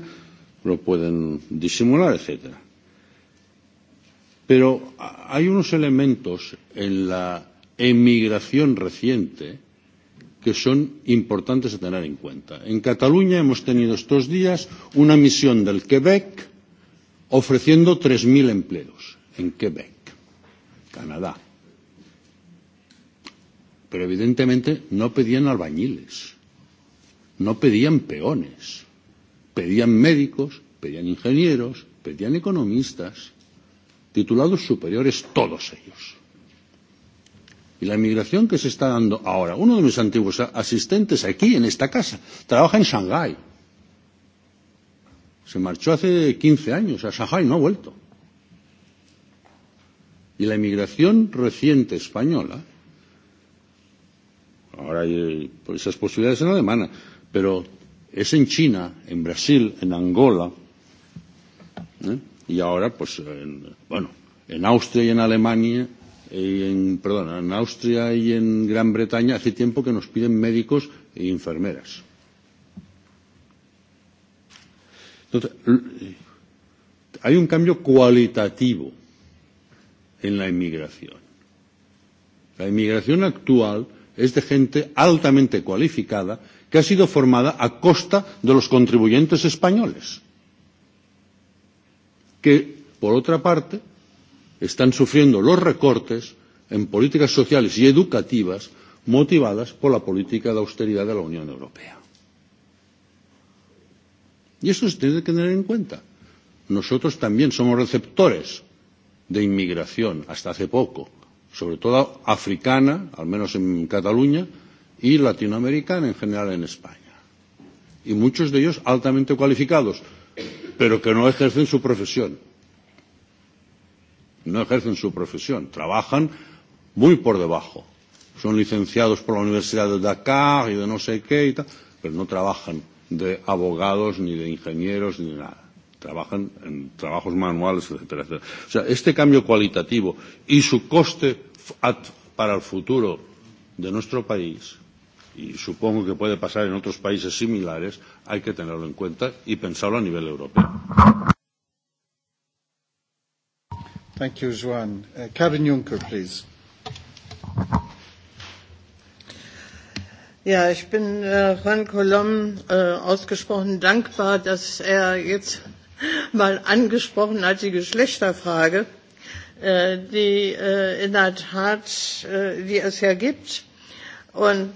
lo pueden disimular, etc. Pero hay unos elementos en la emigración reciente que son importantes a tener en cuenta. En Cataluña hemos tenido estos días una misión del Quebec ofreciendo 3.000 empleos en Quebec, Canadá. Pero evidentemente no pedían albañiles, no pedían peones, pedían médicos, pedían ingenieros, pedían economistas, titulados superiores todos ellos y la inmigración que se está dando ahora. Uno de mis antiguos asistentes aquí, en esta casa, trabaja en Shanghái. Se marchó hace 15 años a Shanghái, no ha vuelto. Y la inmigración reciente española, ahora hay esas posibilidades en alemana, pero es en China, en Brasil, en Angola, y ahora, pues, en bueno, en Austria y en Alemania en, perdón, en Austria y en Gran Bretaña hace tiempo que nos piden médicos e enfermeras. Entonces, hay un cambio cualitativo en la inmigración. La inmigración actual es de gente altamente cualificada que ha sido formada a costa de los contribuyentes españoles, que, por otra parte, están sufriendo los recortes en políticas sociales y educativas motivadas por la política de austeridad de la Unión Europea. Y esto se tiene que tener en cuenta. Nosotros también somos receptores de inmigración hasta hace poco, sobre todo africana, al menos en Cataluña, y latinoamericana en general en España. Y muchos de ellos altamente cualificados, pero que no ejercen su profesión no ejercen su profesión, trabajan muy por debajo. Son licenciados por la Universidad de Dakar y de no sé qué y tal, pero no trabajan de abogados ni de ingenieros ni de nada. Trabajan en trabajos manuales, etcétera, etcétera. O sea, este cambio cualitativo y su coste para el futuro de nuestro país, y supongo que puede pasar en otros países similares, hay que tenerlo en cuenta y pensarlo a nivel europeo. Thank you, Ja, ich bin Juan Colom ausgesprochen dankbar, dass er jetzt mal angesprochen hat die Geschlechterfrage, die in der Tat, die es ja gibt und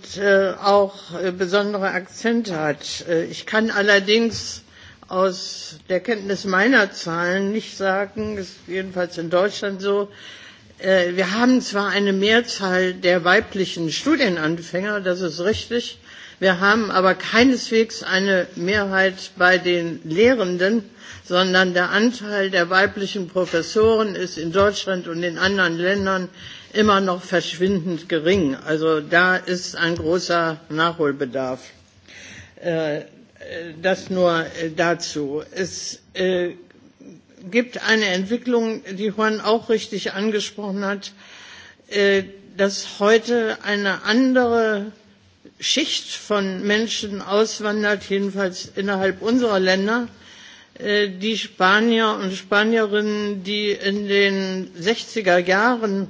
auch besondere Akzente hat. Ich kann allerdings aus der Kenntnis meiner Zahlen nicht sagen, ist jedenfalls in Deutschland so, wir haben zwar eine Mehrzahl der weiblichen Studienanfänger, das ist richtig, wir haben aber keineswegs eine Mehrheit bei den Lehrenden, sondern der Anteil der weiblichen Professoren ist in Deutschland und in anderen Ländern immer noch verschwindend gering. Also da ist ein großer Nachholbedarf das nur dazu. Es gibt eine Entwicklung, die Juan auch richtig angesprochen hat, dass heute eine andere Schicht von Menschen auswandert, jedenfalls innerhalb unserer Länder, die Spanier und Spanierinnen, die in den 60er Jahren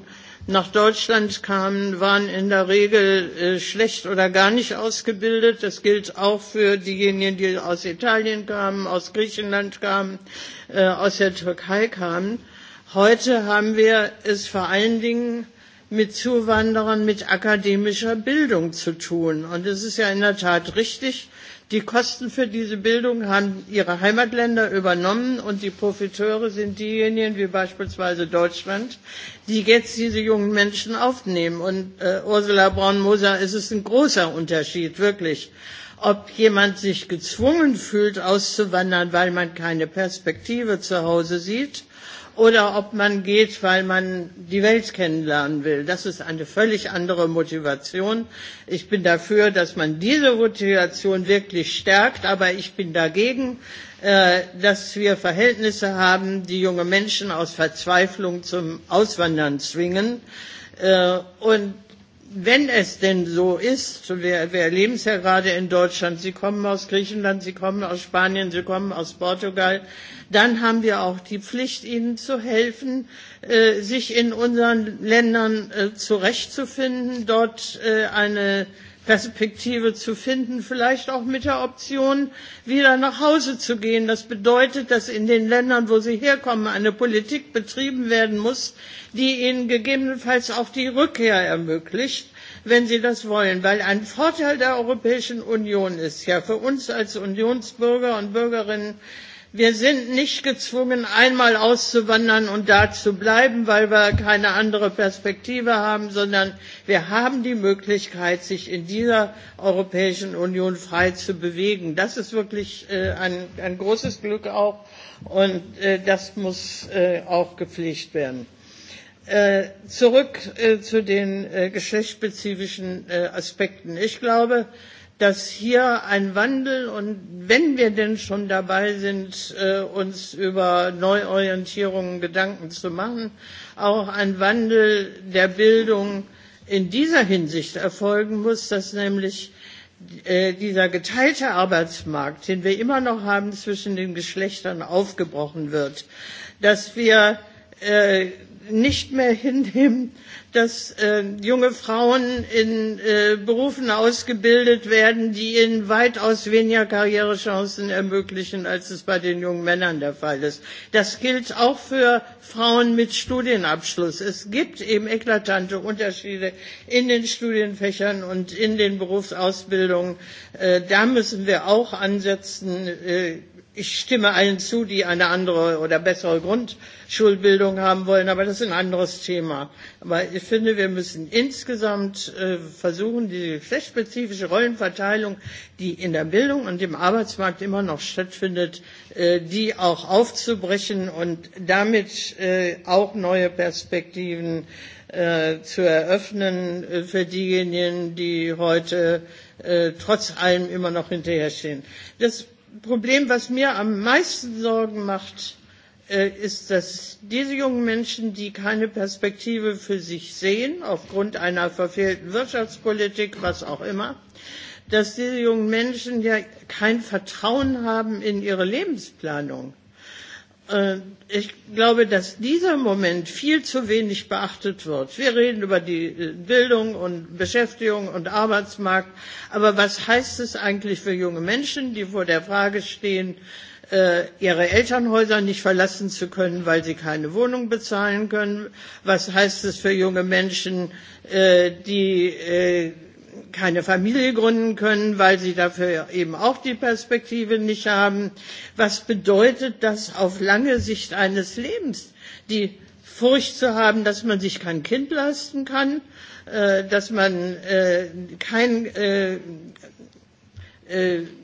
nach Deutschland kamen, waren in der Regel schlecht oder gar nicht ausgebildet. Das gilt auch für diejenigen, die aus Italien kamen, aus Griechenland kamen, aus der Türkei kamen. Heute haben wir es vor allen Dingen mit Zuwanderern mit akademischer Bildung zu tun. Und es ist ja in der Tat richtig, Die Kosten für diese Bildung haben ihre Heimatländer übernommen und die Profiteure sind diejenigen, wie beispielsweise Deutschland, die jetzt diese jungen Menschen aufnehmen. Und Ursula Braun-Moser, es ist ein großer Unterschied, wirklich, ob jemand sich gezwungen fühlt, auszuwandern, weil man keine Perspektive zu Hause sieht oder ob man geht, weil man die Welt kennenlernen will. Das ist eine völlig andere Motivation. Ich bin dafür, dass man diese Motivation wirklich stärkt, aber ich bin dagegen, dass wir Verhältnisse haben, die junge Menschen aus Verzweiflung zum Auswandern zwingen. Und wenn es denn so ist, wir, erleben es ja gerade in Deutschland, Sie kommen aus Griechenland, Sie kommen aus Spanien, Sie kommen aus Portugal, dann haben wir auch die Pflicht, Ihnen zu helfen, sich in unseren Ländern zurechtzufinden, dort eine Perspektive zu finden, vielleicht auch mit der Option, wieder nach Hause zu gehen. Das bedeutet, dass in den Ländern, wo sie herkommen, eine Politik betrieben werden muss, die ihnen gegebenenfalls auch die Rückkehr ermöglicht, wenn sie das wollen. Weil ein Vorteil der Europäischen Union ist ja für uns als Unionsbürger und Bürgerinnen, Wir sind nicht gezwungen, einmal auszuwandern und da zu bleiben, weil wir keine andere Perspektive haben, sondern wir haben die Möglichkeit, sich in dieser Europäischen Union frei zu bewegen. Das ist wirklich ein großes Glück auch, und das muss auch gepflegt werden. Zurück zu den geschlechtsspezifischen Aspekten Ich glaube, dass hier ein Wandel und wenn wir denn schon dabei sind, uns über Neuorientierungen Gedanken zu machen, auch ein Wandel der Bildung in dieser Hinsicht erfolgen muss, dass nämlich dieser geteilte Arbeitsmarkt, den wir immer noch haben, zwischen den Geschlechtern aufgebrochen wird, dass wir nicht mehr hinnehmen, dass junge Frauen in Berufen ausgebildet werden, die ihnen weitaus weniger Karrierechancen ermöglichen, als es bei den jungen Männern der Fall ist. Das gilt auch für Frauen mit Studienabschluss. Es gibt eben eklatante Unterschiede in den Studienfächern und in den Berufsausbildungen. Da müssen wir auch ansetzen ich stimme allen zu, die eine andere oder bessere Grundschulbildung haben wollen, aber das ist ein anderes Thema. Aber ich finde, wir müssen insgesamt versuchen, die geschlechtsspezifische Rollenverteilung, die in der Bildung und im Arbeitsmarkt immer noch stattfindet, die auch aufzubrechen und damit auch neue Perspektiven zu eröffnen für diejenigen, die heute trotz allem immer noch hinterherstehen. Das Problem, was mir am meisten Sorgen macht, ist, dass diese jungen Menschen, die keine Perspektive für sich sehen, aufgrund einer verfehlten Wirtschaftspolitik, was auch immer, dass diese jungen Menschen ja kein Vertrauen haben in ihre Lebensplanung. Ich glaube, dass dieser Moment viel zu wenig beachtet wird. Wir reden über die Bildung und Beschäftigung und Arbeitsmarkt, aber was heißt es eigentlich für junge Menschen, die vor der Frage stehen, ihre Elternhäuser nicht verlassen zu können, weil sie keine Wohnung bezahlen können? Was heißt es für junge Menschen, die keine Familie gründen können, weil sie dafür eben auch die Perspektive nicht haben. Was bedeutet das auf lange Sicht eines Lebens? Die Furcht zu haben, dass man sich kein Kind leisten kann, dass man kein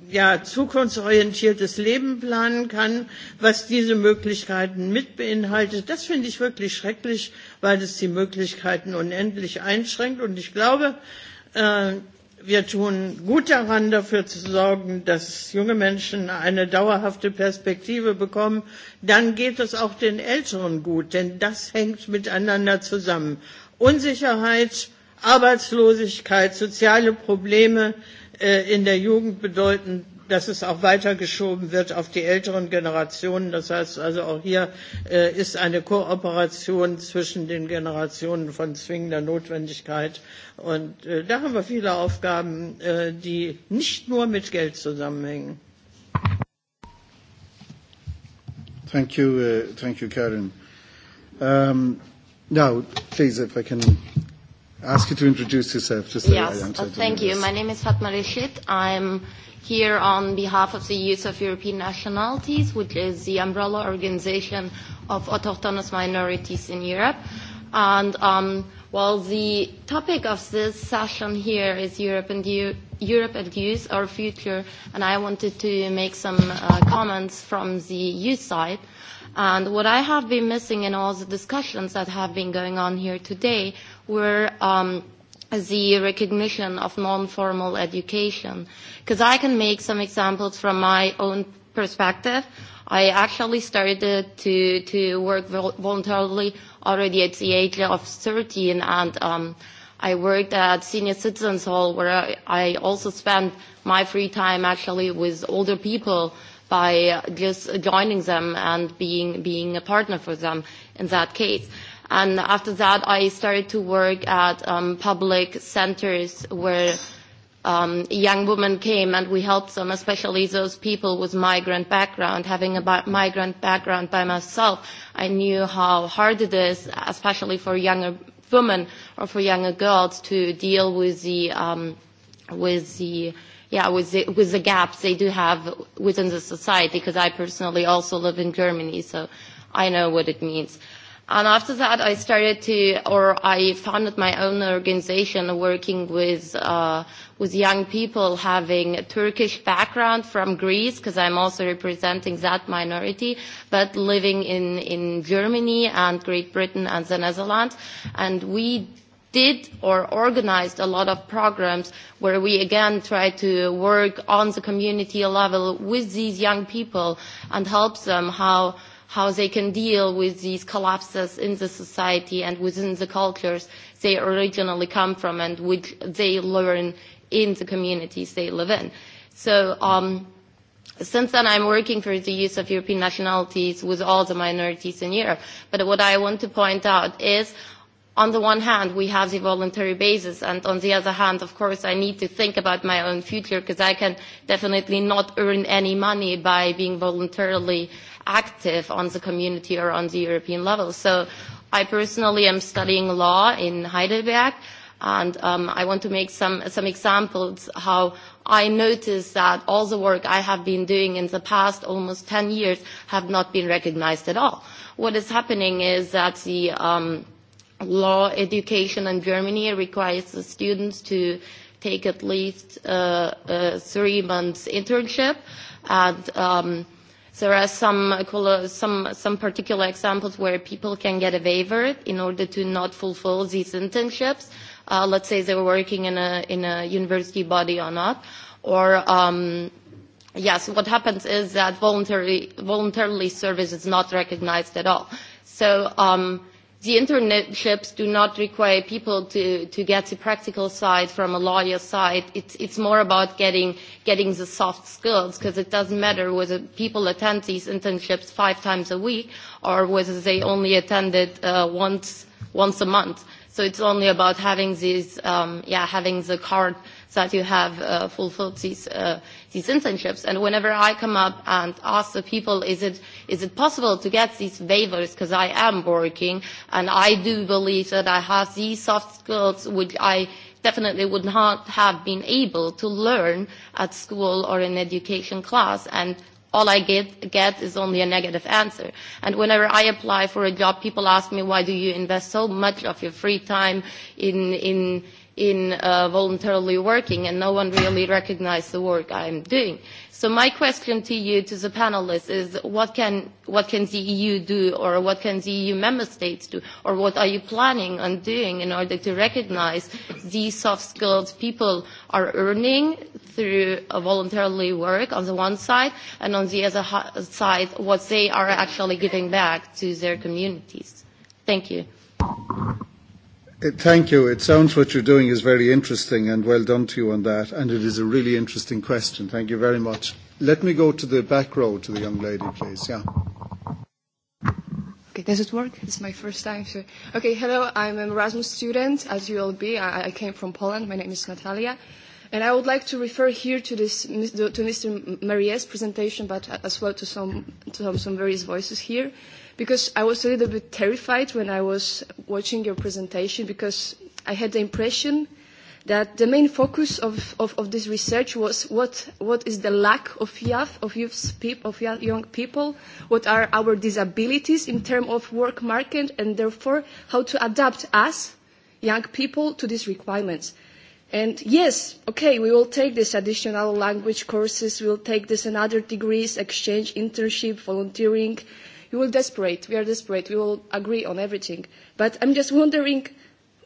ja, zukunftsorientiertes Leben planen kann, was diese Möglichkeiten mit beinhaltet. Das finde ich wirklich schrecklich, weil es die Möglichkeiten unendlich einschränkt. Und ich glaube, wir tun gut daran dafür zu sorgen dass junge menschen eine dauerhafte perspektive bekommen dann geht es auch den älteren gut denn das hängt miteinander zusammen unsicherheit arbeitslosigkeit soziale probleme in der jugend bedeuten dass es auch weitergeschoben wird auf die älteren Generationen. Das heißt also, auch hier ist eine Kooperation zwischen den Generationen von zwingender Notwendigkeit. Und da haben wir viele Aufgaben, die nicht nur mit Geld zusammenhängen. Thank you, thank you, Karen. Um, now, please, if I can ask you to introduce yourself. Just yes, thank you. My name is Fatma Rishit. I'm here on behalf of the Youth of European Nationalities, which is the umbrella organization of autochthonous minorities in Europe. And, um, well, the topic of this session here is Europe and, Europe and youth, our future, and I wanted to make some comments from the youth side. And what I have been missing in all the discussions that have been going on here today were the recognition of non-formal education. Because I can make some examples from my own perspective. I actually started to to work voluntarily already at the age of 13, and I worked at Senior Citizens Hall, where I also spent my free time actually with older people by just joining them and being being a partner for them in that case. And after that, I started to work at public centers where young women came and we helped them, especially those people with migrant background. Having a migrant background by myself, I knew how hard it is, especially for younger women or for younger girls, to deal with the with the yeah with the with the gaps they do have within the society. Because I personally also live in Germany, so I know what it means. And after that, I started to, or I founded my own organization working with with young people having a Turkish background from Greece, because I'm also representing that minority, but living in in Germany and Great Britain and the Netherlands, and we did or organized a lot of programs where we again try to work on the community level with these young people and help them how how they can deal with these collapses in the society and within the cultures they originally come from and which they learn in the communities they live in. So um, since then I'm working for the use of European nationalities with all the minorities in Europe. But what I want to point out is on the one hand we have the voluntary basis and on the other hand of course i need to think about my own future because i can definitely not earn any money by being voluntarily active on the community or on the European level. So I personally am studying law in Heidelberg and I want to make some some examples how I noticed that all the work I have been doing in the past almost 10 years have not been recognized at all. What is happening is that the law education in Germany requires the students to take at least a three months internship and There are some particular examples where people can get a waiver in order to not fulfill these internships. Let's say they were working in a university body or not. Or, yes, what happens is that voluntarily service is not recognized at all. So The internships do not require people to get the practical side from a lawyer side. It's more about getting the soft skills because it doesn't matter whether people attend these internships five times a week or whether they only attend it once a month. So it's only about having these, yeah, having the card that you have fulfilled these these internships. And whenever I come up and ask the people, is it is it possible to get these waivers? Because I am working, and I do believe that I have these soft skills which I definitely would not have been able to learn at school or in education class. And all I get, get is only a negative answer. And whenever I apply for a job, people ask me, why do you invest so much of your free time in, in in voluntarily working and no one really recognized the work I'm doing. So my question to you, to the panelists, is what can the EU do or what can the EU member states do or what are you planning on doing in order to recognise these soft skills people are earning through voluntarily work on the one side and on the other side what they are actually giving back to their communities? Thank you. Thank you. It sounds what you're doing is very interesting, and well done to you on that. And it is a really interesting question. Thank you very much. Let me go to the back row to the young lady, please. Yeah. Okay, does it work? It's my first time. So. Okay, hello. I'm an Erasmus student as you be. I, I came from Poland. My name is Natalia. And I would like to refer here to, this, to Mr. Mariès' presentation, but as well to some, to some various voices here because I was a little bit terrified when I was watching your presentation because I had the impression that the main focus of of this research was what is the lack of youth, of young people, what are our disabilities in terms of work market, and therefore how to adapt us, young people, to these requirements. And yes, okay, we will take these additional language courses, we will take this in other degrees, exchange, internship, volunteering, We will desperate. We are desperate. We will agree on everything. But I'm just wondering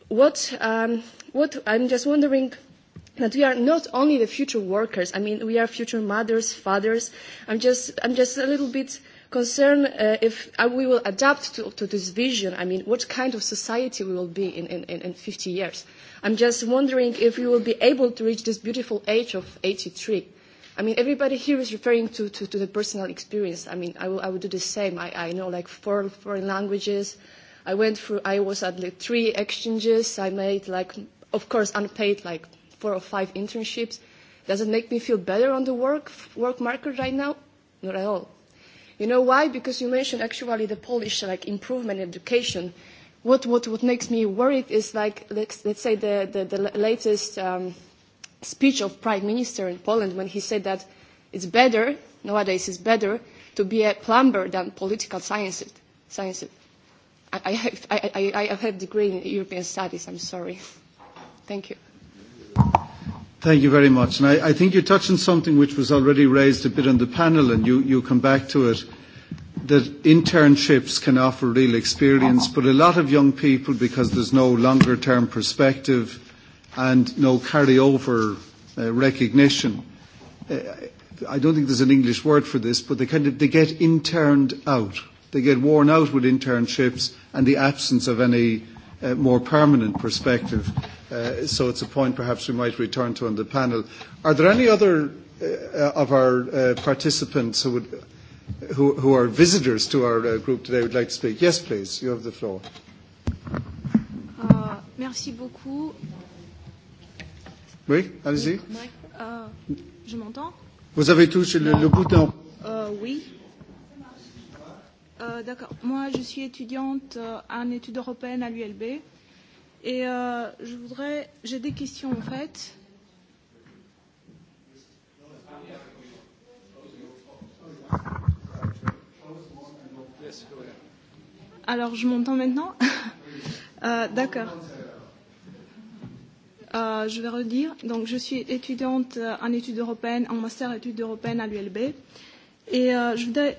what I'm just wondering that we are not only the future workers. I mean, we are future mothers, fathers. I'm just I'm just a little bit concerned if we will adapt to this vision. I mean, what kind of society we will be in 50 years. I'm just wondering if we will be able to reach this beautiful age of 83. I mean, everybody here is referring to, to, to the personal experience. I mean, I would I would do the same. I, I know like four foreign languages. I went through, I was at like three exchanges. I made like, of course, unpaid like four or five internships. Does it make me feel better on the work, work market right now? Not at all. You know why? Because you mentioned actually the Polish like improvement in education. What, what, what makes me worried is like, let's, let's say the, the, the latest um, speech of Prime Minister in Poland when he said that it's better, nowadays it's better, to be a plumber than political scientist. I have I have a degree in European studies, I'm sorry. Thank you. Thank you very much. And I think you touched on something which was already raised a bit on the panel, and you come back to it, that internships can offer real experience, but a lot of young people, because there's no longer-term perspective, and no carryover recognition. I don't think there's an English word for this, but they kind of they get interned out. They get worn out with internships and the absence of any more permanent perspective. So it's a point perhaps we might return to on the panel. Are there any other of our participants who would who are visitors to our group today would like to speak? Yes, please. You have the floor. Merci beaucoup. Oui, allez-y. Je m'entends Vous avez tous le bouton. Oui. D'accord. Moi, je suis étudiante en études européennes à l'ULB. Et je voudrais. J'ai des questions, en fait. Alors, je m'entends maintenant D'accord je vais redire. Donc, je suis étudiante en études européennes, en master études européennes à l'ULB. Et je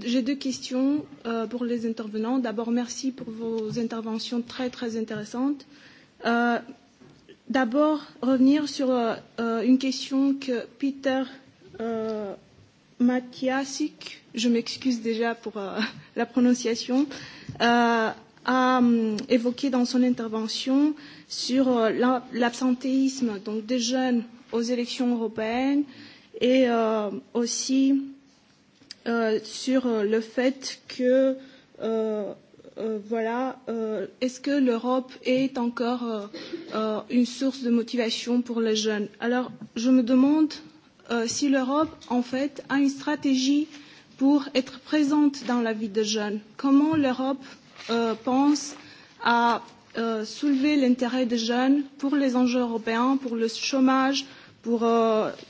j'ai deux questions pour les intervenants. D'abord, merci pour vos interventions très, très intéressantes. D'abord, revenir sur une question que Peter Matiasik, je m'excuse déjà pour la prononciation, a évoqué dans son intervention sur l'absentéisme des jeunes aux élections européennes et aussi sur le fait que voilà est-ce que l'Europe est encore une source de motivation pour les jeunes alors je me demande si l'Europe en fait a une stratégie pour être présente dans la vie des jeunes comment l'Europe pense à soulever l'intérêt des jeunes pour les enjeux européens, pour le chômage, pour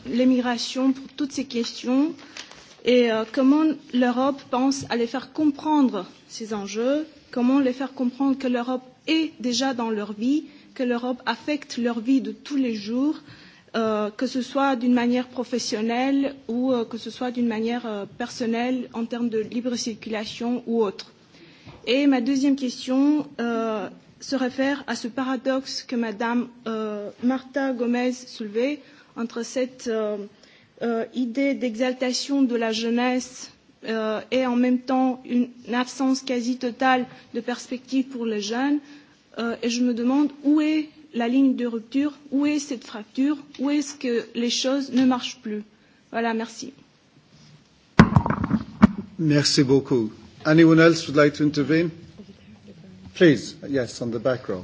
l'immigration, pour toutes ces questions, et comment l'Europe pense à les faire comprendre ces enjeux, comment les faire comprendre que l'Europe est déjà dans leur vie, que l'Europe affecte leur vie de tous les jours, que ce soit d'une manière professionnelle ou que ce soit d'une manière personnelle en termes de libre circulation ou autre. Et ma deuxième question se réfère à ce paradoxe que Mme Marta Gomez soulevait entre cette idée d'exaltation de la jeunesse et en même temps une absence quasi totale de perspective pour les jeunes. Et je me demande où est la ligne de rupture, où est cette fracture, où est-ce que les choses ne marchent plus. Voilà, merci. Merci beaucoup. Anyone else would like to intervene? Please, yes, on the back row.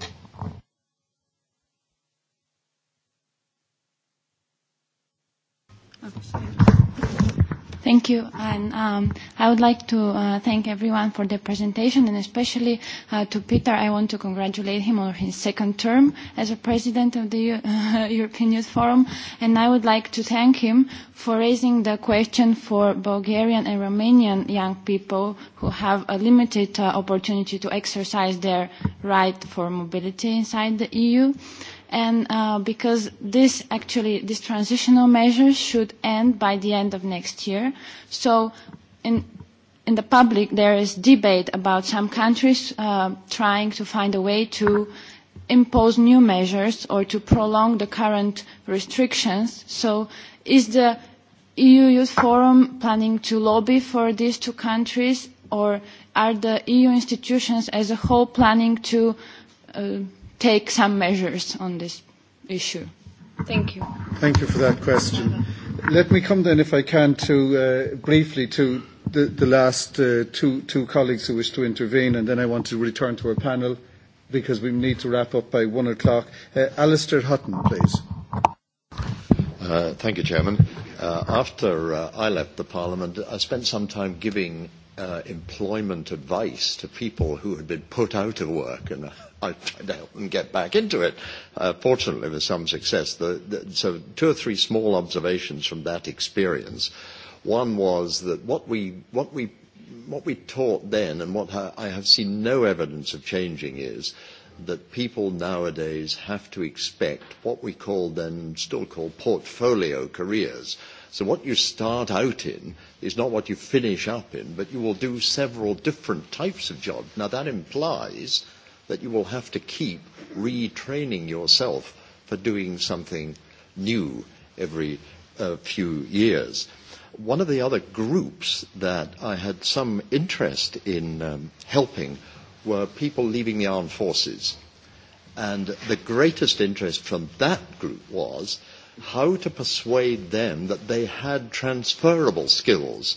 Thank you. And um, I would like to uh, thank everyone for the presentation, and especially uh, to Peter. I want to congratulate him on his second term as a president of the uh, European Youth Forum. And I would like to thank him for raising the question for Bulgarian and Romanian young people who have a limited uh, opportunity to exercise their right for mobility inside the EU and because this actually this transitional measure should end by the end of next year. So in in the public there is debate about some countries trying to find a way to impose new measures or to prolong the current restrictions. So is the EU Youth Forum planning to lobby for these two countries or are the EU institutions as a whole planning to take some measures on this issue. Thank you. Thank you for that question. Let me come then, if I can, to briefly to the last two two colleagues who wish to intervene, and then I want to return to our panel because we need to wrap up by one o'clock. Alistair Hutton, please. Thank you, Chairman. After I left the Parliament, I spent some time giving employment advice to people who had been put out of work and I tried to help them get back into it, fortunately with some success. So two or three small observations from that experience. One was that what we what we what we taught then and what I have seen no evidence of changing is that people nowadays have to expect what we call then still call portfolio careers So what you start out in is not what you finish up in, but you will do several different types of jobs. Now that implies that you will have to keep retraining yourself for doing something new every few years. One of the other groups that I had some interest in helping were people leaving the armed forces. And the greatest interest from that group was how to persuade them that they had transferable skills,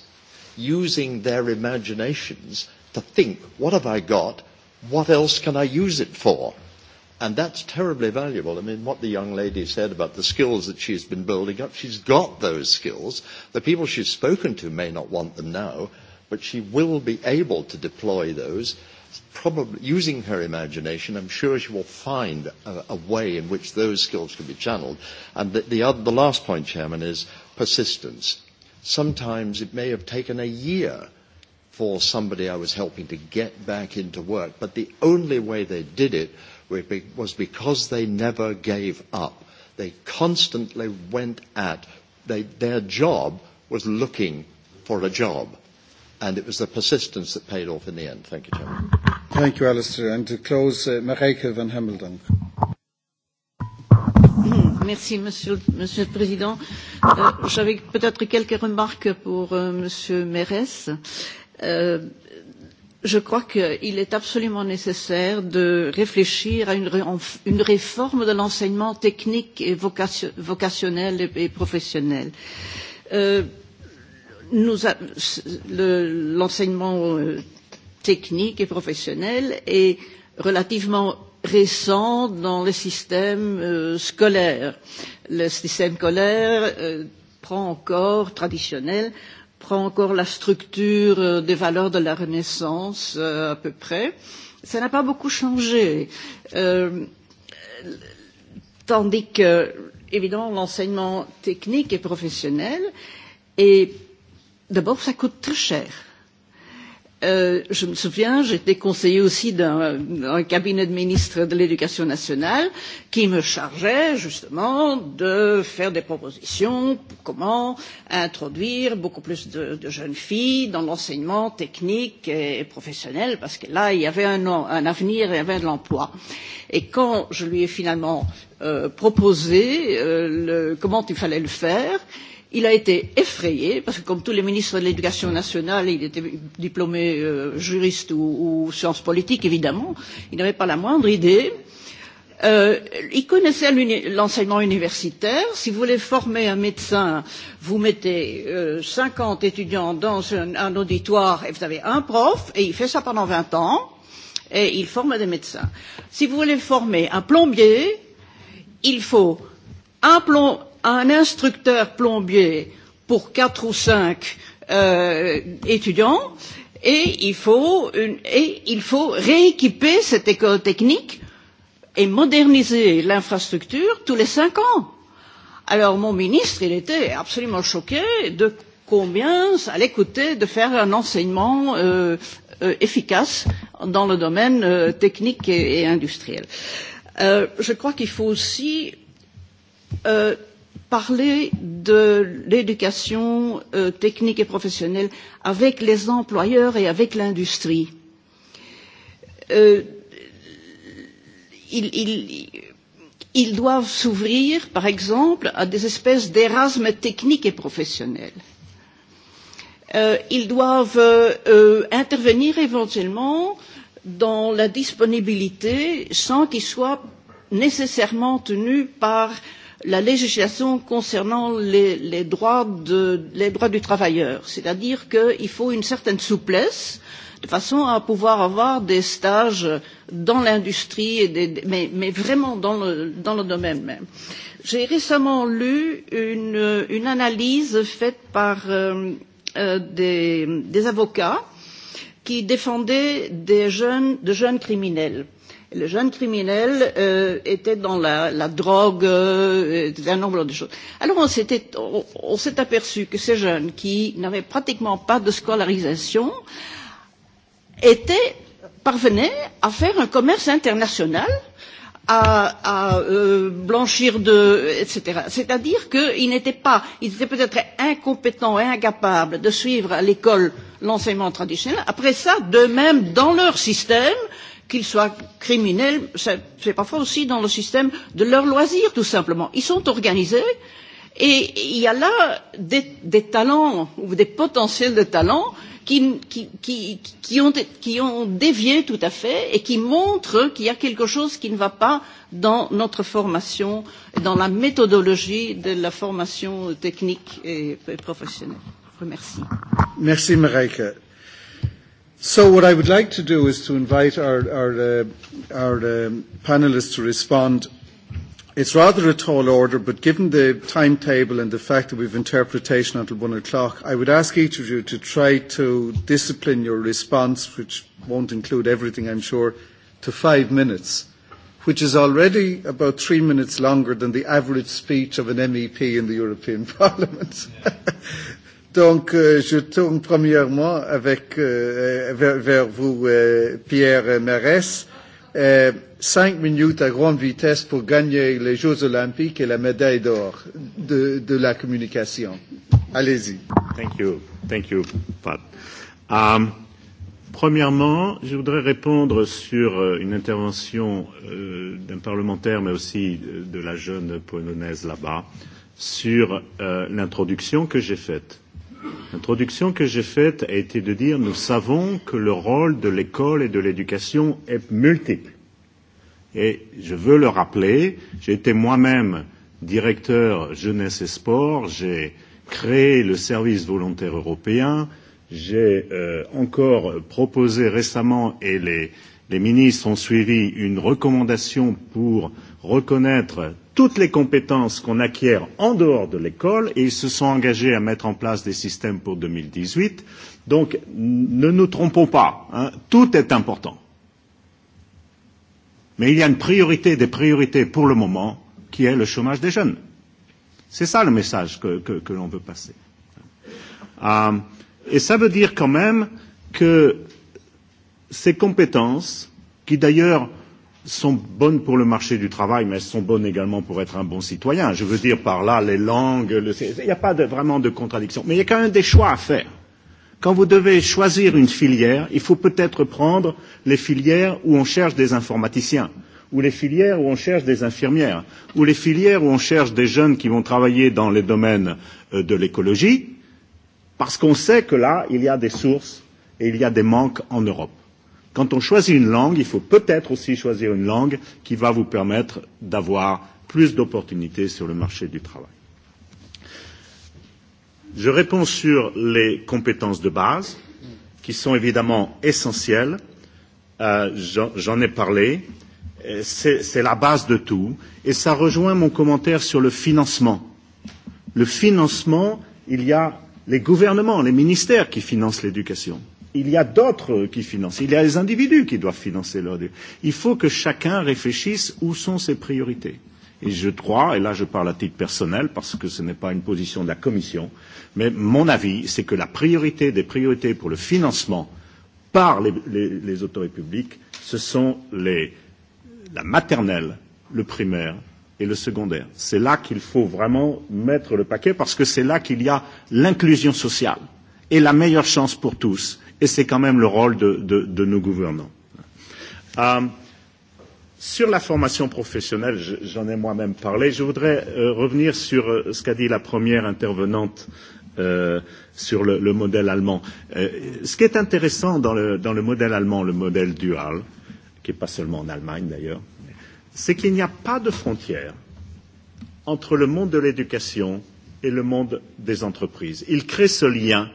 using their imaginations to think, what have I got, what else can I use it for? And that's terribly valuable. I mean, what the young lady said about the skills that she's been building up, she's got those skills. The people she's spoken to may not want them now, but she will be able to deploy those probably using her imagination, I'm sure she will find a way in which those skills can be channeled. And the last point, Chairman, is persistence. Sometimes it may have taken a year for somebody I was helping to get back into work, but the only way they did it was because they never gave up. They constantly went at their job was looking for a job and it was the persistence that paid off in the end. Thank you, Chairman. Thank you, Alistair. And to close, Marijke van Hemmeldonk. Merci, Monsieur Monsieur le Président. J'avais peut-être quelques remarques pour Monsieur Mérès. Je crois qu'il est absolument nécessaire de réfléchir à une réforme de l'enseignement technique et vocationnel et professionnel l'enseignement technique et professionnel est relativement récent dans le système scolaire. Le système scolaire prend encore, traditionnel, prend encore la structure des valeurs de la Renaissance à peu près. Ça n'a pas beaucoup changé. Tandis que, évidemment, l'enseignement technique et professionnel est D'abord, ça coûte très cher. Je me souviens, j'étais conseiller aussi d'un cabinet de ministre de l'Éducation nationale qui me chargeait justement de faire des propositions pour comment introduire beaucoup plus de jeunes filles dans l'enseignement technique et professionnel, parce que là, il y avait un un avenir et il y avait de l'emploi. Et quand je lui ai finalement proposé comment il fallait le faire, Il a été effrayé, parce que comme tous les ministres de l'Éducation nationale, il était diplômé juriste ou sciences politiques, évidemment, il n'avait pas la moindre idée. Il connaissait l'enseignement universitaire. Si vous voulez former un médecin, vous mettez 50 étudiants dans un auditoire et vous avez un prof, et il fait ça pendant 20 ans, et il forme des médecins. Si vous voulez former un plombier, il faut un plombier un instructeur plombier pour quatre ou cinq étudiants et il faut rééquiper cette école technique et moderniser l'infrastructure tous les cinq ans. Alors mon ministre, il était absolument choqué de combien ça allait coûter de faire un enseignement efficace dans le domaine technique et industriel. Je crois qu'il faut aussi parler de l'éducation technique et professionnelle avec les employeurs et avec l'industrie. Ils doivent s'ouvrir, par exemple, à des espèces d'érasmes techniques et professionnels. Ils doivent intervenir éventuellement dans la disponibilité sans qu'ils soient nécessairement tenus par la législation concernant les droits du travailleur, c'est à dire qu'il faut une certaine souplesse de façon à pouvoir avoir des stages dans l'industrie, mais vraiment dans le domaine même. J'ai récemment lu une analyse faite par des avocats qui défendaient des jeunes criminels Le jeune criminel était dans la drogue, un nombre de choses. Alors on s'est aperçu que ces jeunes qui n'avaient pratiquement pas de scolarisation étaient parvenaient à faire un commerce international, à blanchir de etc. C'est à dire qu'ils n'étaient pas ils étaient peut être incompétents et incapables de suivre à l'école l'enseignement traditionnel, après ça, d'eux mêmes, dans leur système qu'ils soient criminels, c'est parfois aussi dans le système de leurs loisirs, tout simplement. Ils sont organisés et il y a là des talents ou des potentiels de talents qui ont dévié tout à fait et qui montrent qu'il y a quelque chose qui ne va pas dans notre formation, dans la méthodologie de la formation technique et professionnelle. Merci. Merci Mareike. So what I would like to do is to invite our our our panelists to respond. It's rather a tall order, but given the timetable and the fact that we have interpretation until one o'clock, I would ask each of you to try to discipline your response, which won't include everything, I'm sure, to five minutes, which is already about three minutes longer than the average speech of an MEP in the European Parliament. Donc, je tourne premièrement avec, vers vous, Pierre Mérès. Cinq minutes à grande vitesse pour gagner les Jeux Olympiques et la médaille d'or de la communication. Allez-y. Thank you. Thank you, Pat. Premièrement, je voudrais répondre sur une intervention d'un parlementaire, mais aussi de la jeune polonaise là-bas, sur l'introduction que j'ai faite L'introduction que j'ai faite a été de dire nous savons que le rôle de l'école et de l'éducation est multiple. Et je veux le rappeler, j'ai été moi-même directeur jeunesse et sport, j'ai créé le service volontaire européen, j'ai encore proposé récemment et les les ministres ont suivi une recommandation pour reconnaître toutes les compétences qu'on acquiert en dehors de l'école et ils se sont engagés à mettre en place des systèmes pour 2018. Donc, ne nous trompons pas, tout est important. Mais il y a une priorité des priorités pour le moment qui est le chômage des jeunes. C'est ça le message que l'on veut passer. Et ça veut dire quand même que ces compétences, qui d'ailleurs sont bonnes pour le marché du travail, mais elles sont bonnes également pour être un bon citoyen. Je veux dire par là les langues, le... il n'y a pas de, vraiment de contradiction. Mais il y a quand même des choix à faire. Quand vous devez choisir une filière, il faut peut-être prendre les filières où on cherche des informaticiens, ou les filières où on cherche des infirmières, ou les filières où on cherche des jeunes qui vont travailler dans les domaines de l'écologie, parce qu'on sait que là, il y a des sources et il y a des manques en Europe. Quand on choisit une langue, il faut peut-être aussi choisir une langue qui va vous permettre d'avoir plus d'opportunités sur le marché du travail. Je réponds sur les compétences de base, qui sont évidemment essentielles. J'en ai parlé. C'est la base de tout. Et ça rejoint mon commentaire sur le financement. Le financement, il y a les gouvernements, les ministères qui financent l'éducation. Il y a d'autres qui financent. Il y a les individus qui doivent financer leur Il faut que chacun réfléchisse où sont ses priorités. Et je crois, et là je parle à titre personnel parce que ce n'est pas une position de la Commission, mais mon avis, c'est que la priorité des priorités pour le financement par les autorités publiques, ce sont la maternelle, le primaire et le secondaire. C'est là qu'il faut vraiment mettre le paquet parce que c'est là qu'il y a l'inclusion sociale et la meilleure chance pour tous et c'est quand même le rôle de nos gouvernants. Sur la formation professionnelle, j'en ai moi-même parlé, je voudrais revenir sur ce qu'a dit la première intervenante sur le modèle allemand. Ce qui est intéressant dans le modèle allemand, le modèle dual, qui n'est pas seulement en Allemagne d'ailleurs, c'est qu'il n'y a pas de frontière entre le monde de l'éducation et le monde des entreprises. Il crée ce lien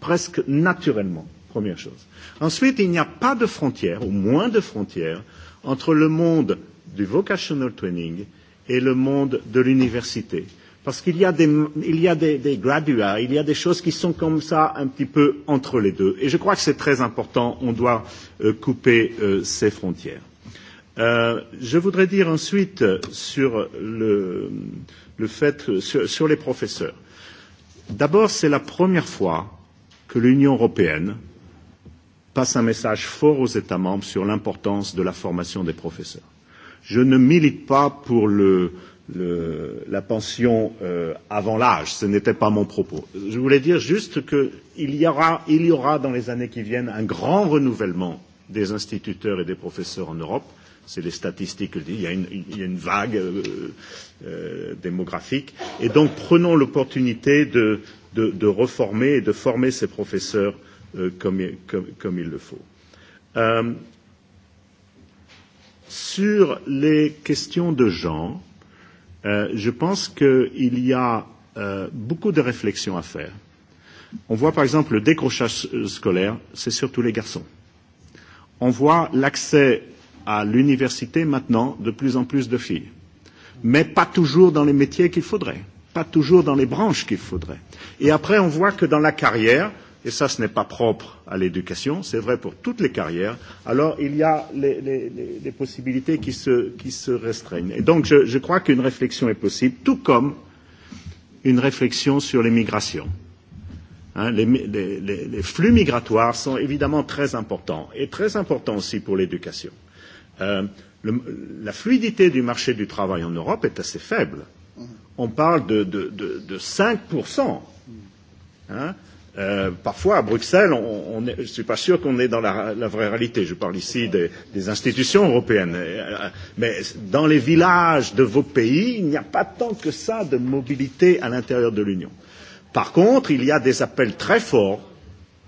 presque naturellement. Première chose. Ensuite, il n'y a pas de frontière, ou moins de frontières, entre le monde du vocational training et le monde de l'université. Parce qu'il y a des, il y a des, des graduats, il y a des choses qui sont comme ça un petit peu entre les deux. Et je crois que c'est très important, on doit couper ces frontières. Je voudrais dire ensuite sur le, le fait, sur les professeurs. D'abord, c'est la première fois que l'Union européenne passe un message fort aux États membres sur l'importance de la formation des professeurs. Je ne milite pas pour le, la pension avant l'âge, ce n'était pas mon propos. Je voulais dire juste qu'il y, aura, y aura dans les années qui viennent un grand renouvellement des instituteurs et des professeurs en Europe. C'est les statistiques le Il y a une, il y a une vague démographique. Et donc, prenons l'opportunité de, de reformer et de former ces professeurs comme il le faut. Sur les questions de genre, je pense qu'il y a beaucoup de réflexions à faire. On voit par exemple le décrochage scolaire, c'est surtout les garçons. On voit l'accès à l'université maintenant de plus en plus de filles, mais pas toujours dans les métiers qu'il faudrait, pas toujours dans les branches qu'il faudrait. Et après, on voit que dans la carrière, et ça ce n'est pas propre à l'éducation, c'est vrai pour toutes les carrières, alors il y a les possibilités qui se restreignent. Et donc je crois qu'une réflexion est possible, tout comme une réflexion sur les migrations. Les flux migratoires sont évidemment très importants, et très importants aussi pour l'éducation. La fluidité du marché du travail en Europe est assez faible. On parle de 5%. Parfois, à Bruxelles, je ne suis pas sûr qu'on est dans la vraie réalité. Je parle ici des institutions européennes. Mais dans les villages de vos pays, il n'y a pas tant que ça de mobilité à l'intérieur de l'Union. Par contre, il y a des appels très forts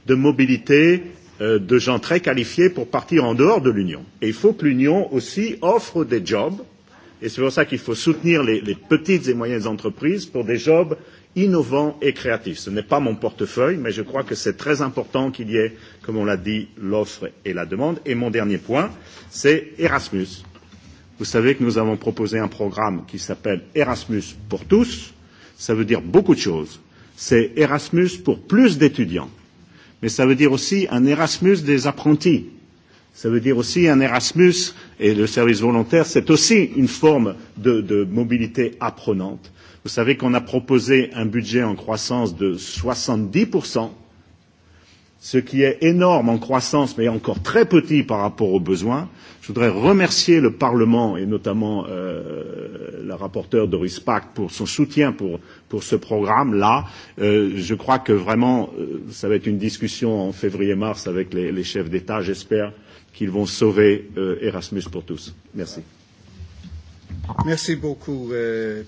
de mobilité de gens très qualifiés pour partir en dehors de l'Union. Et il faut que l'Union aussi offre des jobs. Et c'est pour ça qu'il faut soutenir les petites et moyennes entreprises pour des jobs Innovant et créatif, Ce n'est pas mon portefeuille, mais je crois que c'est très important qu'il y ait, comme on l'a dit, l'offre et la demande. Et mon dernier point, c'est Erasmus. Vous savez que nous avons proposé un programme qui s'appelle Erasmus pour tous. Ça veut dire beaucoup de choses. C'est Erasmus pour plus d'étudiants. Mais ça veut dire aussi un Erasmus des apprentis. Ça veut dire aussi un Erasmus Et le service volontaire, c'est aussi une forme de mobilité apprenante. Vous savez qu'on a proposé un budget en croissance de 70%, ce qui est énorme en croissance, mais encore très petit par rapport aux besoins. Je voudrais remercier le Parlement et notamment la rapporteure Doris Pack pour son soutien pour ce programme-là. Je crois que vraiment, ça va être une discussion en février-mars avec les chefs d'État, j'espère qu'ils vont sauver Erasmus pour tous. Merci. Merci beaucoup,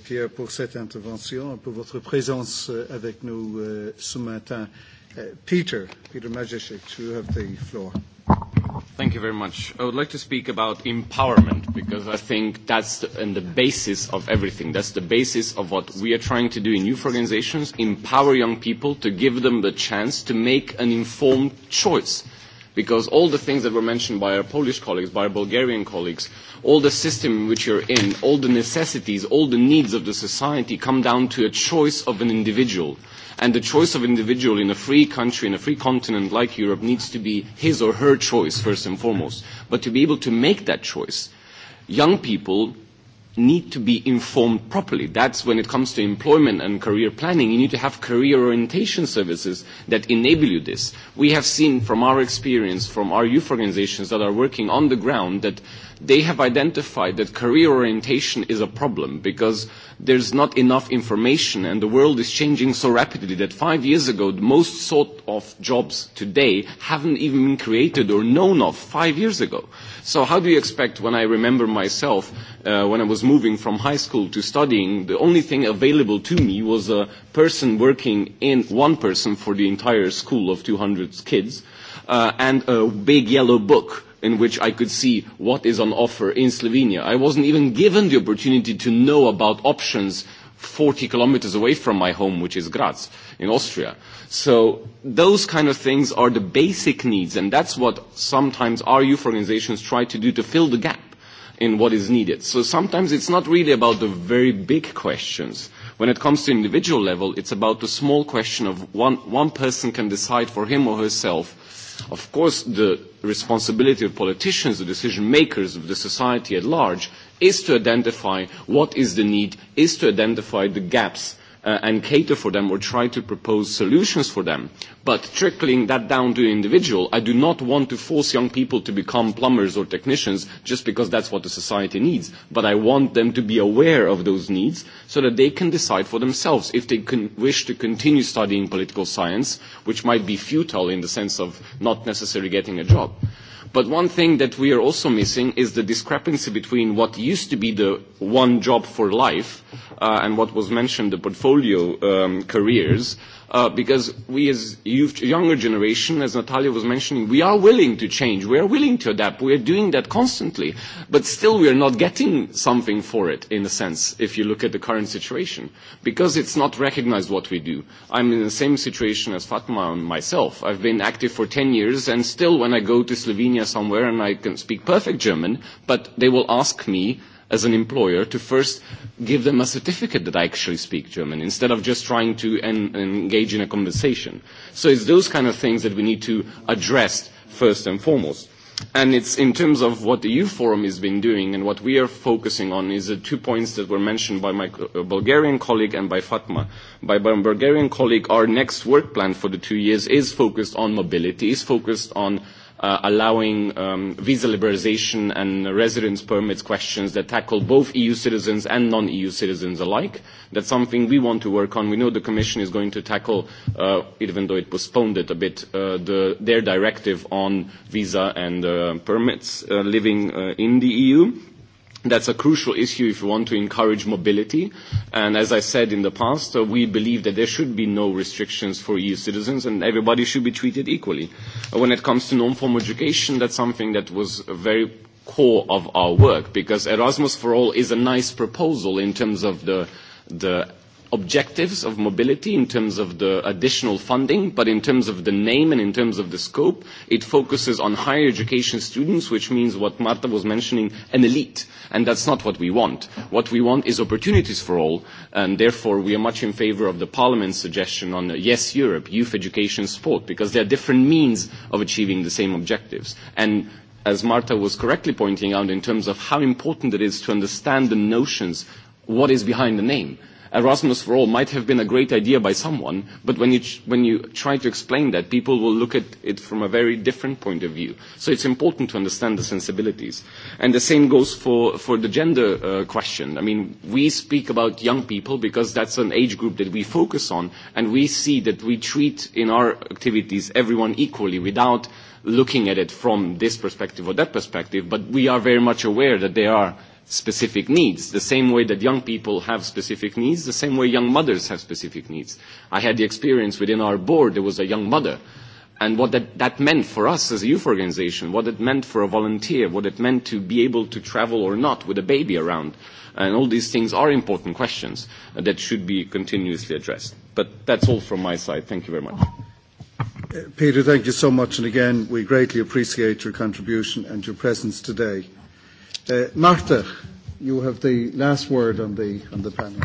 Pierre, pour cette intervention et pour votre présence avec nous ce matin. Peter, Peter Majeshek, you have the floor. Thank you very much. I would like to speak about empowerment because I think that's the basis of everything. That's the basis of what we are trying to do in youth organizations, empower young people to give them the chance to make an informed choice because all the things that were mentioned by our Polish colleagues, by our Bulgarian colleagues, all the system in which are in, all the necessities, all the needs of the society come down to a choice of an individual. And the choice of an individual in a free country, in a free continent like Europe, needs to be his or her choice, first and foremost. But to be able to make that choice, young people need to be informed properly. That's when it comes to employment and career planning, you need to have career orientation services that enable you this. We have seen from our experience, from our youth organizations that are working on the ground, that they have identified that career orientation is a problem because there's not enough information and the world is changing so rapidly that five years ago the most sought of jobs today haven't even been created or known of five years ago. So how do you expect when I remember myself when I was moving from high school to studying the only thing available to me was a person working in one person for the entire school of 200 kids and a big yellow book in which I could see what is on offer in Slovenia. I wasn't even given the opportunity to know about options 40 kilometers away from my home, which is Graz in Austria. So those kind of things are the basic needs, and that's what sometimes our youth organizations try to do to fill the gap in what is needed. So sometimes it's not really about the very big questions. When it comes to individual level, it's about the small question of one person can decide for him or herself Of course, the responsibility of politicians, the decision makers of the society at large, is to identify what is the need, is to identify the gaps and cater for them or try to propose solutions for them. But trickling that down to the individual, I do not want to force young people to become plumbers or technicians just because that's what the society needs. But I want them to be aware of those needs so that they can decide for themselves if they wish to continue studying political science, which might be futile in the sense of not necessarily getting a job. But one thing that we are also missing is the discrepancy between what used to be the one job for life and what was mentioned, the portfolio careers because we as younger generation, as Natalia was mentioning, we are willing to change, we are willing to adapt, we are doing that constantly, but still we are not getting something for it, in a sense, if you look at the current situation, because it's not recognized what we do. I'm in the same situation as Fatma and myself. I've been active for 10 years, and still when I go to Slovenia somewhere and I can speak perfect German, but they will ask me as an employer to first give them a certificate that I actually speak German instead of just trying to engage in a conversation. So it's those kind of things that we need to address first and foremost. And it's in terms of what the EU Forum has been doing and what we are focusing on is the two points that were mentioned by my Bulgarian colleague and by Fatma. By my Bulgarian colleague, our next work plan for the two years is focused on mobility, is focused on allowing visa liberalisation and residence permits questions that tackle both EU citizens and non-EU citizens alike. That's something we want to work on. We know the Commission is going to tackle, even though it postponed it a bit, their directive on visa and permits living in the EU. That's a crucial issue if you want to encourage mobility. And as I said in the past, we believe that there should be no restrictions for EU citizens and everybody should be treated equally. When it comes to non-formal education, that's something that was very core of our work because Erasmus for All is a nice proposal in terms of the objectives of mobility in terms of the additional funding, but in terms of the name and in terms of the scope, it focuses on higher education students, which means what Marta was mentioning, an elite. And that's not what we want. What we want is opportunities for all, and therefore we are much in favour of the Parliament's suggestion on Yes Europe, youth education, sport, because there are different means of achieving the same objectives. And as Marta was correctly pointing out in terms of how important it is to understand the notions, what is behind the name Erasmus for all might have been a great idea by someone, but when you when you try to explain that, people will look at it from a very different point of view. So it's important to understand the sensibilities. And the same goes for for the gender question. I mean, we speak about young people because that's an age group that we focus on, and we see that we treat in our activities everyone equally without looking at it from this perspective or that perspective, but we are very much aware that they are specific needs, the same way that young people have specific needs, the same way young mothers have specific needs. I had the experience within our board, there was a young mother, and what that that meant for us as a youth organisation, what it meant for a volunteer, what it meant to be able to travel or not with a baby around. And all these things are important questions that should be continuously addressed. But that's all from my side. Thank you very much. Peter, thank you so much. And again, we greatly appreciate your contribution and your presence today. Marta, you have the last word on the, panel.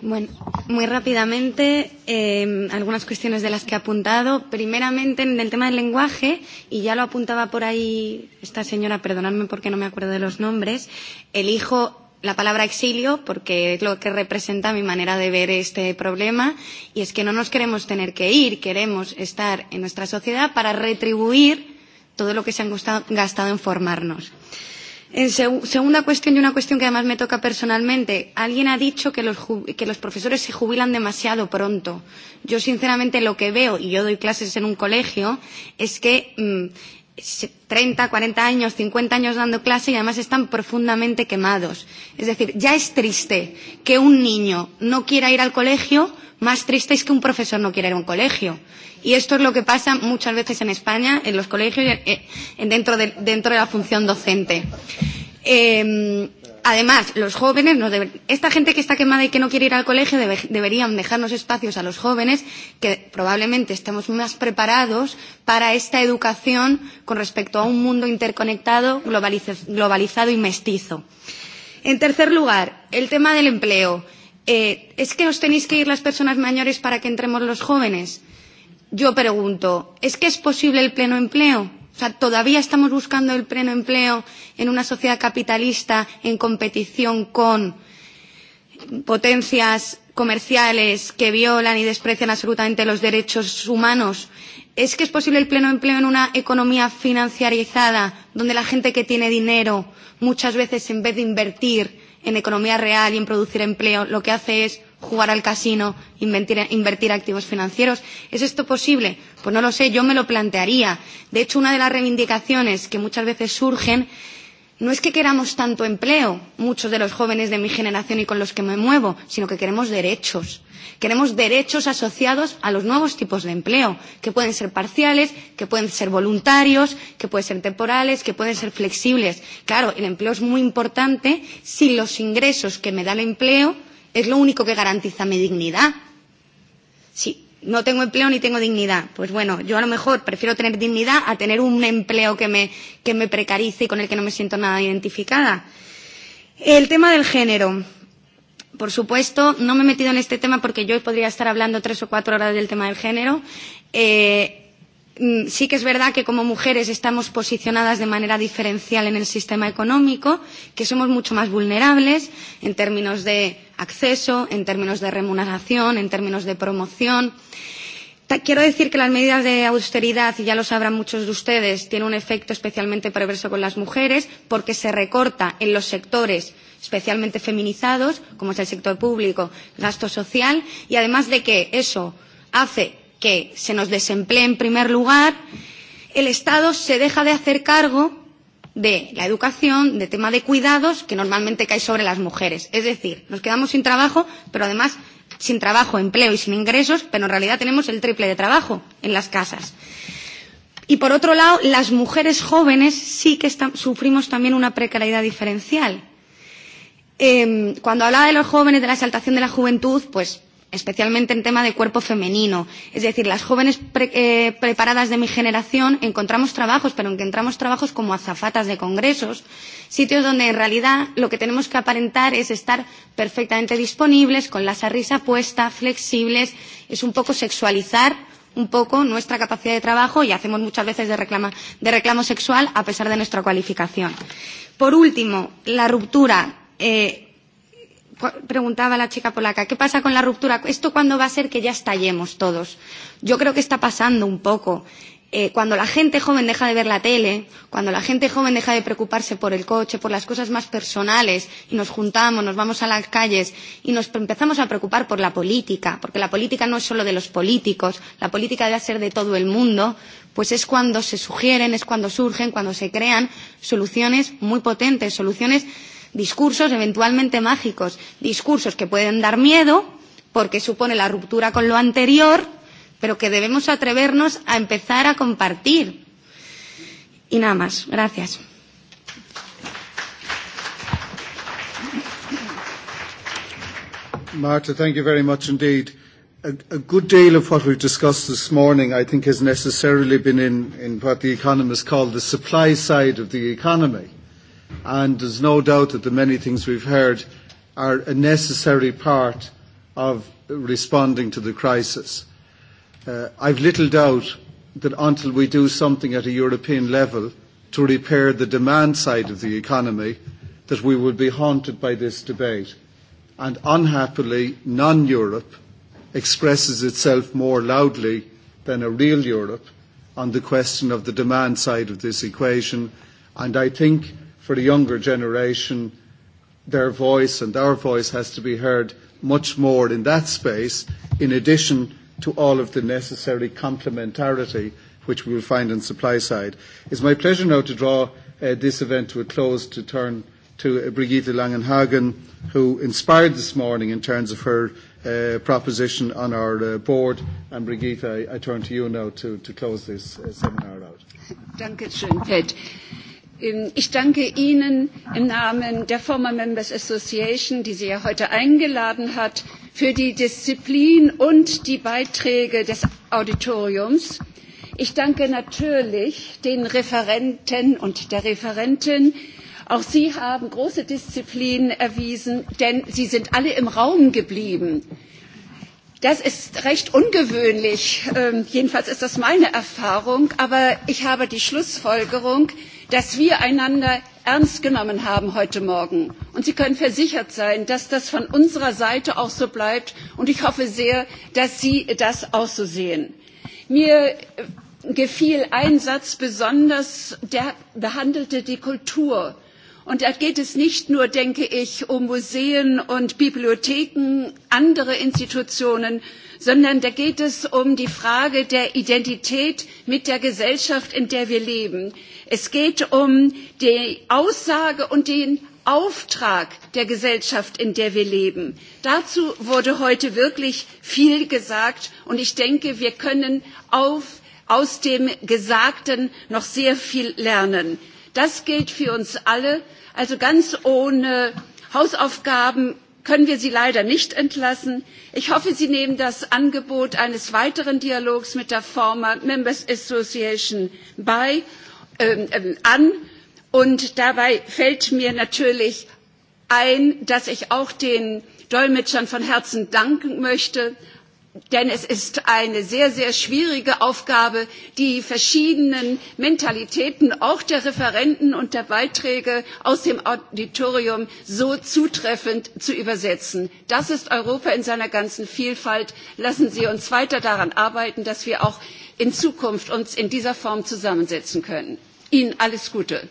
Bueno, muy rápidamente, eh, algunas cuestiones de las que he apuntado. Primeramente, en el tema del lenguaje, y ya lo apuntaba por ahí esta señora, perdonadme porque no me acuerdo de los nombres, elijo la palabra exilio porque es lo que representa mi manera de ver este problema y es que no nos queremos tener que ir, queremos estar en nuestra sociedad para retribuir todo lo que se han gastado en formarnos. En segunda cuestión, y una cuestión que además me toca personalmente, alguien ha dicho que los, que los profesores se jubilan demasiado pronto. Yo, sinceramente, lo que veo, y yo doy clases en un colegio, es que 30, 40 años, 50 años dando clase y además están profundamente quemados. Es decir, ya es triste que un niño no quiera ir al colegio más triste es que un profesor no quiera ir a un colegio. Y esto es lo que pasa muchas veces en España, en los colegios y dentro de, dentro de la función docente. Eh, además, los jóvenes, esta gente que está quemada y que no quiere ir al colegio, deberían dejarnos espacios a los jóvenes que probablemente estemos más preparados para esta educación con respecto a un mundo interconectado, globalizado y mestizo. En tercer lugar, el tema del empleo. ¿es que os tenéis que ir las personas mayores para que entremos los jóvenes? Yo pregunto, ¿es que es posible el pleno empleo? O sea, todavía estamos buscando el pleno empleo en una sociedad capitalista en competición con potencias comerciales que violan y desprecian absolutamente los derechos humanos. ¿Es que es posible el pleno empleo en una economía financiarizada donde la gente que tiene dinero muchas veces en vez de invertir en economía real y en producir empleo lo que hace es jugar al casino, invertir activos financieros. ¿Es esto posible? Pues no lo sé, yo me lo plantearía. De hecho, una de las reivindicaciones que muchas veces surgen No es que queramos tanto empleo, muchos de los jóvenes de mi generación y con los que me muevo, sino que queremos derechos. Queremos derechos asociados a los nuevos tipos de empleo, que pueden ser parciales, que pueden ser voluntarios, que pueden ser temporales, que pueden ser flexibles. Claro, el empleo es muy importante si los ingresos que me da el empleo es lo único que garantiza mi dignidad. Si no tengo empleo ni tengo dignidad. Pues bueno, yo a lo mejor prefiero tener dignidad a tener un empleo que me, que me precarice y con el que no me siento nada identificada. El tema del género. Por supuesto, no me he metido en este tema porque yo podría estar hablando tres o cuatro horas del tema del género. Eh, sí que es verdad que como mujeres estamos posicionadas de manera diferencial en el sistema económico, que somos mucho más vulnerables en términos de acceso, en términos de remuneración, en términos de promoción. Quiero decir que las medidas de austeridad, y ya lo sabrán muchos de ustedes, tienen un efecto especialmente perverso con las mujeres porque se recorta en los sectores especialmente feminizados, como es el sector público, gasto social, y además de que eso hace que se nos desemplee en primer lugar, el Estado se deja de hacer cargo de la educación, de tema de cuidados, que normalmente cae sobre las mujeres. Es decir, nos quedamos sin trabajo, pero además sin trabajo, empleo y sin ingresos, pero en realidad tenemos el triple de trabajo en las casas. Y por otro lado, las mujeres jóvenes sí que sufrimos también una precariedad diferencial. Cuando hablaba de los jóvenes, de la exaltación de la juventud, pues especialmente en tema de cuerpo femenino. Es decir, las jóvenes preparadas de mi generación encontramos trabajos, pero encontramos trabajos como azafatas de congresos, sitios donde en realidad lo que tenemos que aparentar es estar perfectamente disponibles, con la sonrisa puesta, flexibles, es un poco sexualizar un poco nuestra capacidad de trabajo y hacemos muchas veces de reclamo, de reclamo sexual a pesar de nuestra cualificación. Por último, la ruptura preguntaba la chica polaca, ¿qué pasa con la ruptura? ¿Esto cuándo va a ser que ya estallemos todos? Yo creo que está pasando un poco. Cuando la gente joven deja de ver la tele, cuando la gente joven deja de preocuparse por el coche, por las cosas más personales, y nos juntamos, nos vamos a las calles y nos empezamos a preocupar por la política, porque la política no es solo de los políticos, la política debe ser de todo el mundo, pues es cuando se sugieren, es cuando surgen, cuando se crean soluciones muy potentes, soluciones discursos eventualmente mágicos, discursos que pueden dar miedo porque supone la ruptura con lo anterior, pero que debemos atrevernos a empezar a compartir. Y nada más. Gracias. Marta, thank you very much indeed. A good deal of what we've discussed this morning, I think, has necessarily been in what the economists call the supply side of the economy and there's no doubt that the many things we've heard are a necessary part of responding to the crisis. I've little doubt that until we do something at a European level to repair the demand side of the economy, that we will be haunted by this debate. And unhappily, non-Europe expresses itself more loudly than a real Europe on the question of the demand side of this equation. And I think for the younger generation, their voice and our voice has to be heard much more in that space, in addition to all of the necessary complementarity which we will find on supply side. It's my pleasure now to draw this event to a close to turn to Brigitte Langenhagen, who inspired this morning in terms of her proposition on our board. And Brigitte, I turn to you now to close this seminar out. Danke schön, Ich danke Ihnen im Namen der Former Members Association, die Sie ja heute eingeladen hat, für die Disziplin und die Beiträge des Auditoriums. Ich danke natürlich den Referenten und der Referentin. Auch Sie haben große Disziplin erwiesen, denn Sie sind alle im Raum geblieben. Das ist recht ungewöhnlich, jedenfalls ist das meine Erfahrung, aber ich habe die Schlussfolgerung, dass wir einander ernst genommen haben heute morgen und sie können versichert sein dass das von unserer seite auch so bleibt und ich hoffe sehr dass sie das auch so sehen. mir gefiel ein satz besonders der behandelte die kultur und da geht es nicht nur denke ich um museen und bibliotheken andere institutionen sondern da geht es um die Frage der Identität mit der Gesellschaft, in der wir leben. Es geht um die Aussage und den Auftrag der Gesellschaft, in der wir leben. Dazu wurde heute wirklich viel gesagt, und ich denke, wir können aus dem Gesagten noch sehr viel lernen. Das gilt für uns alle, also ganz ohne Hausaufgaben können wir sie leider nicht entlassen. ich hoffe sie nehmen das angebot eines weiteren dialogs mit der former members association an und dabei fällt mir natürlich ein dass ich auch den dolmetschern von herzen danken möchte Denn es ist eine sehr, sehr schwierige Aufgabe, die verschiedenen Mentalitäten, auch der Referenten und der Beiträge aus dem Auditorium so zutreffend zu übersetzen. Das ist Europa in seiner ganzen Vielfalt. Lassen Sie uns weiter daran arbeiten, dass wir auch in Zukunft in dieser Form zusammensetzen können. Ihnen alles Gute.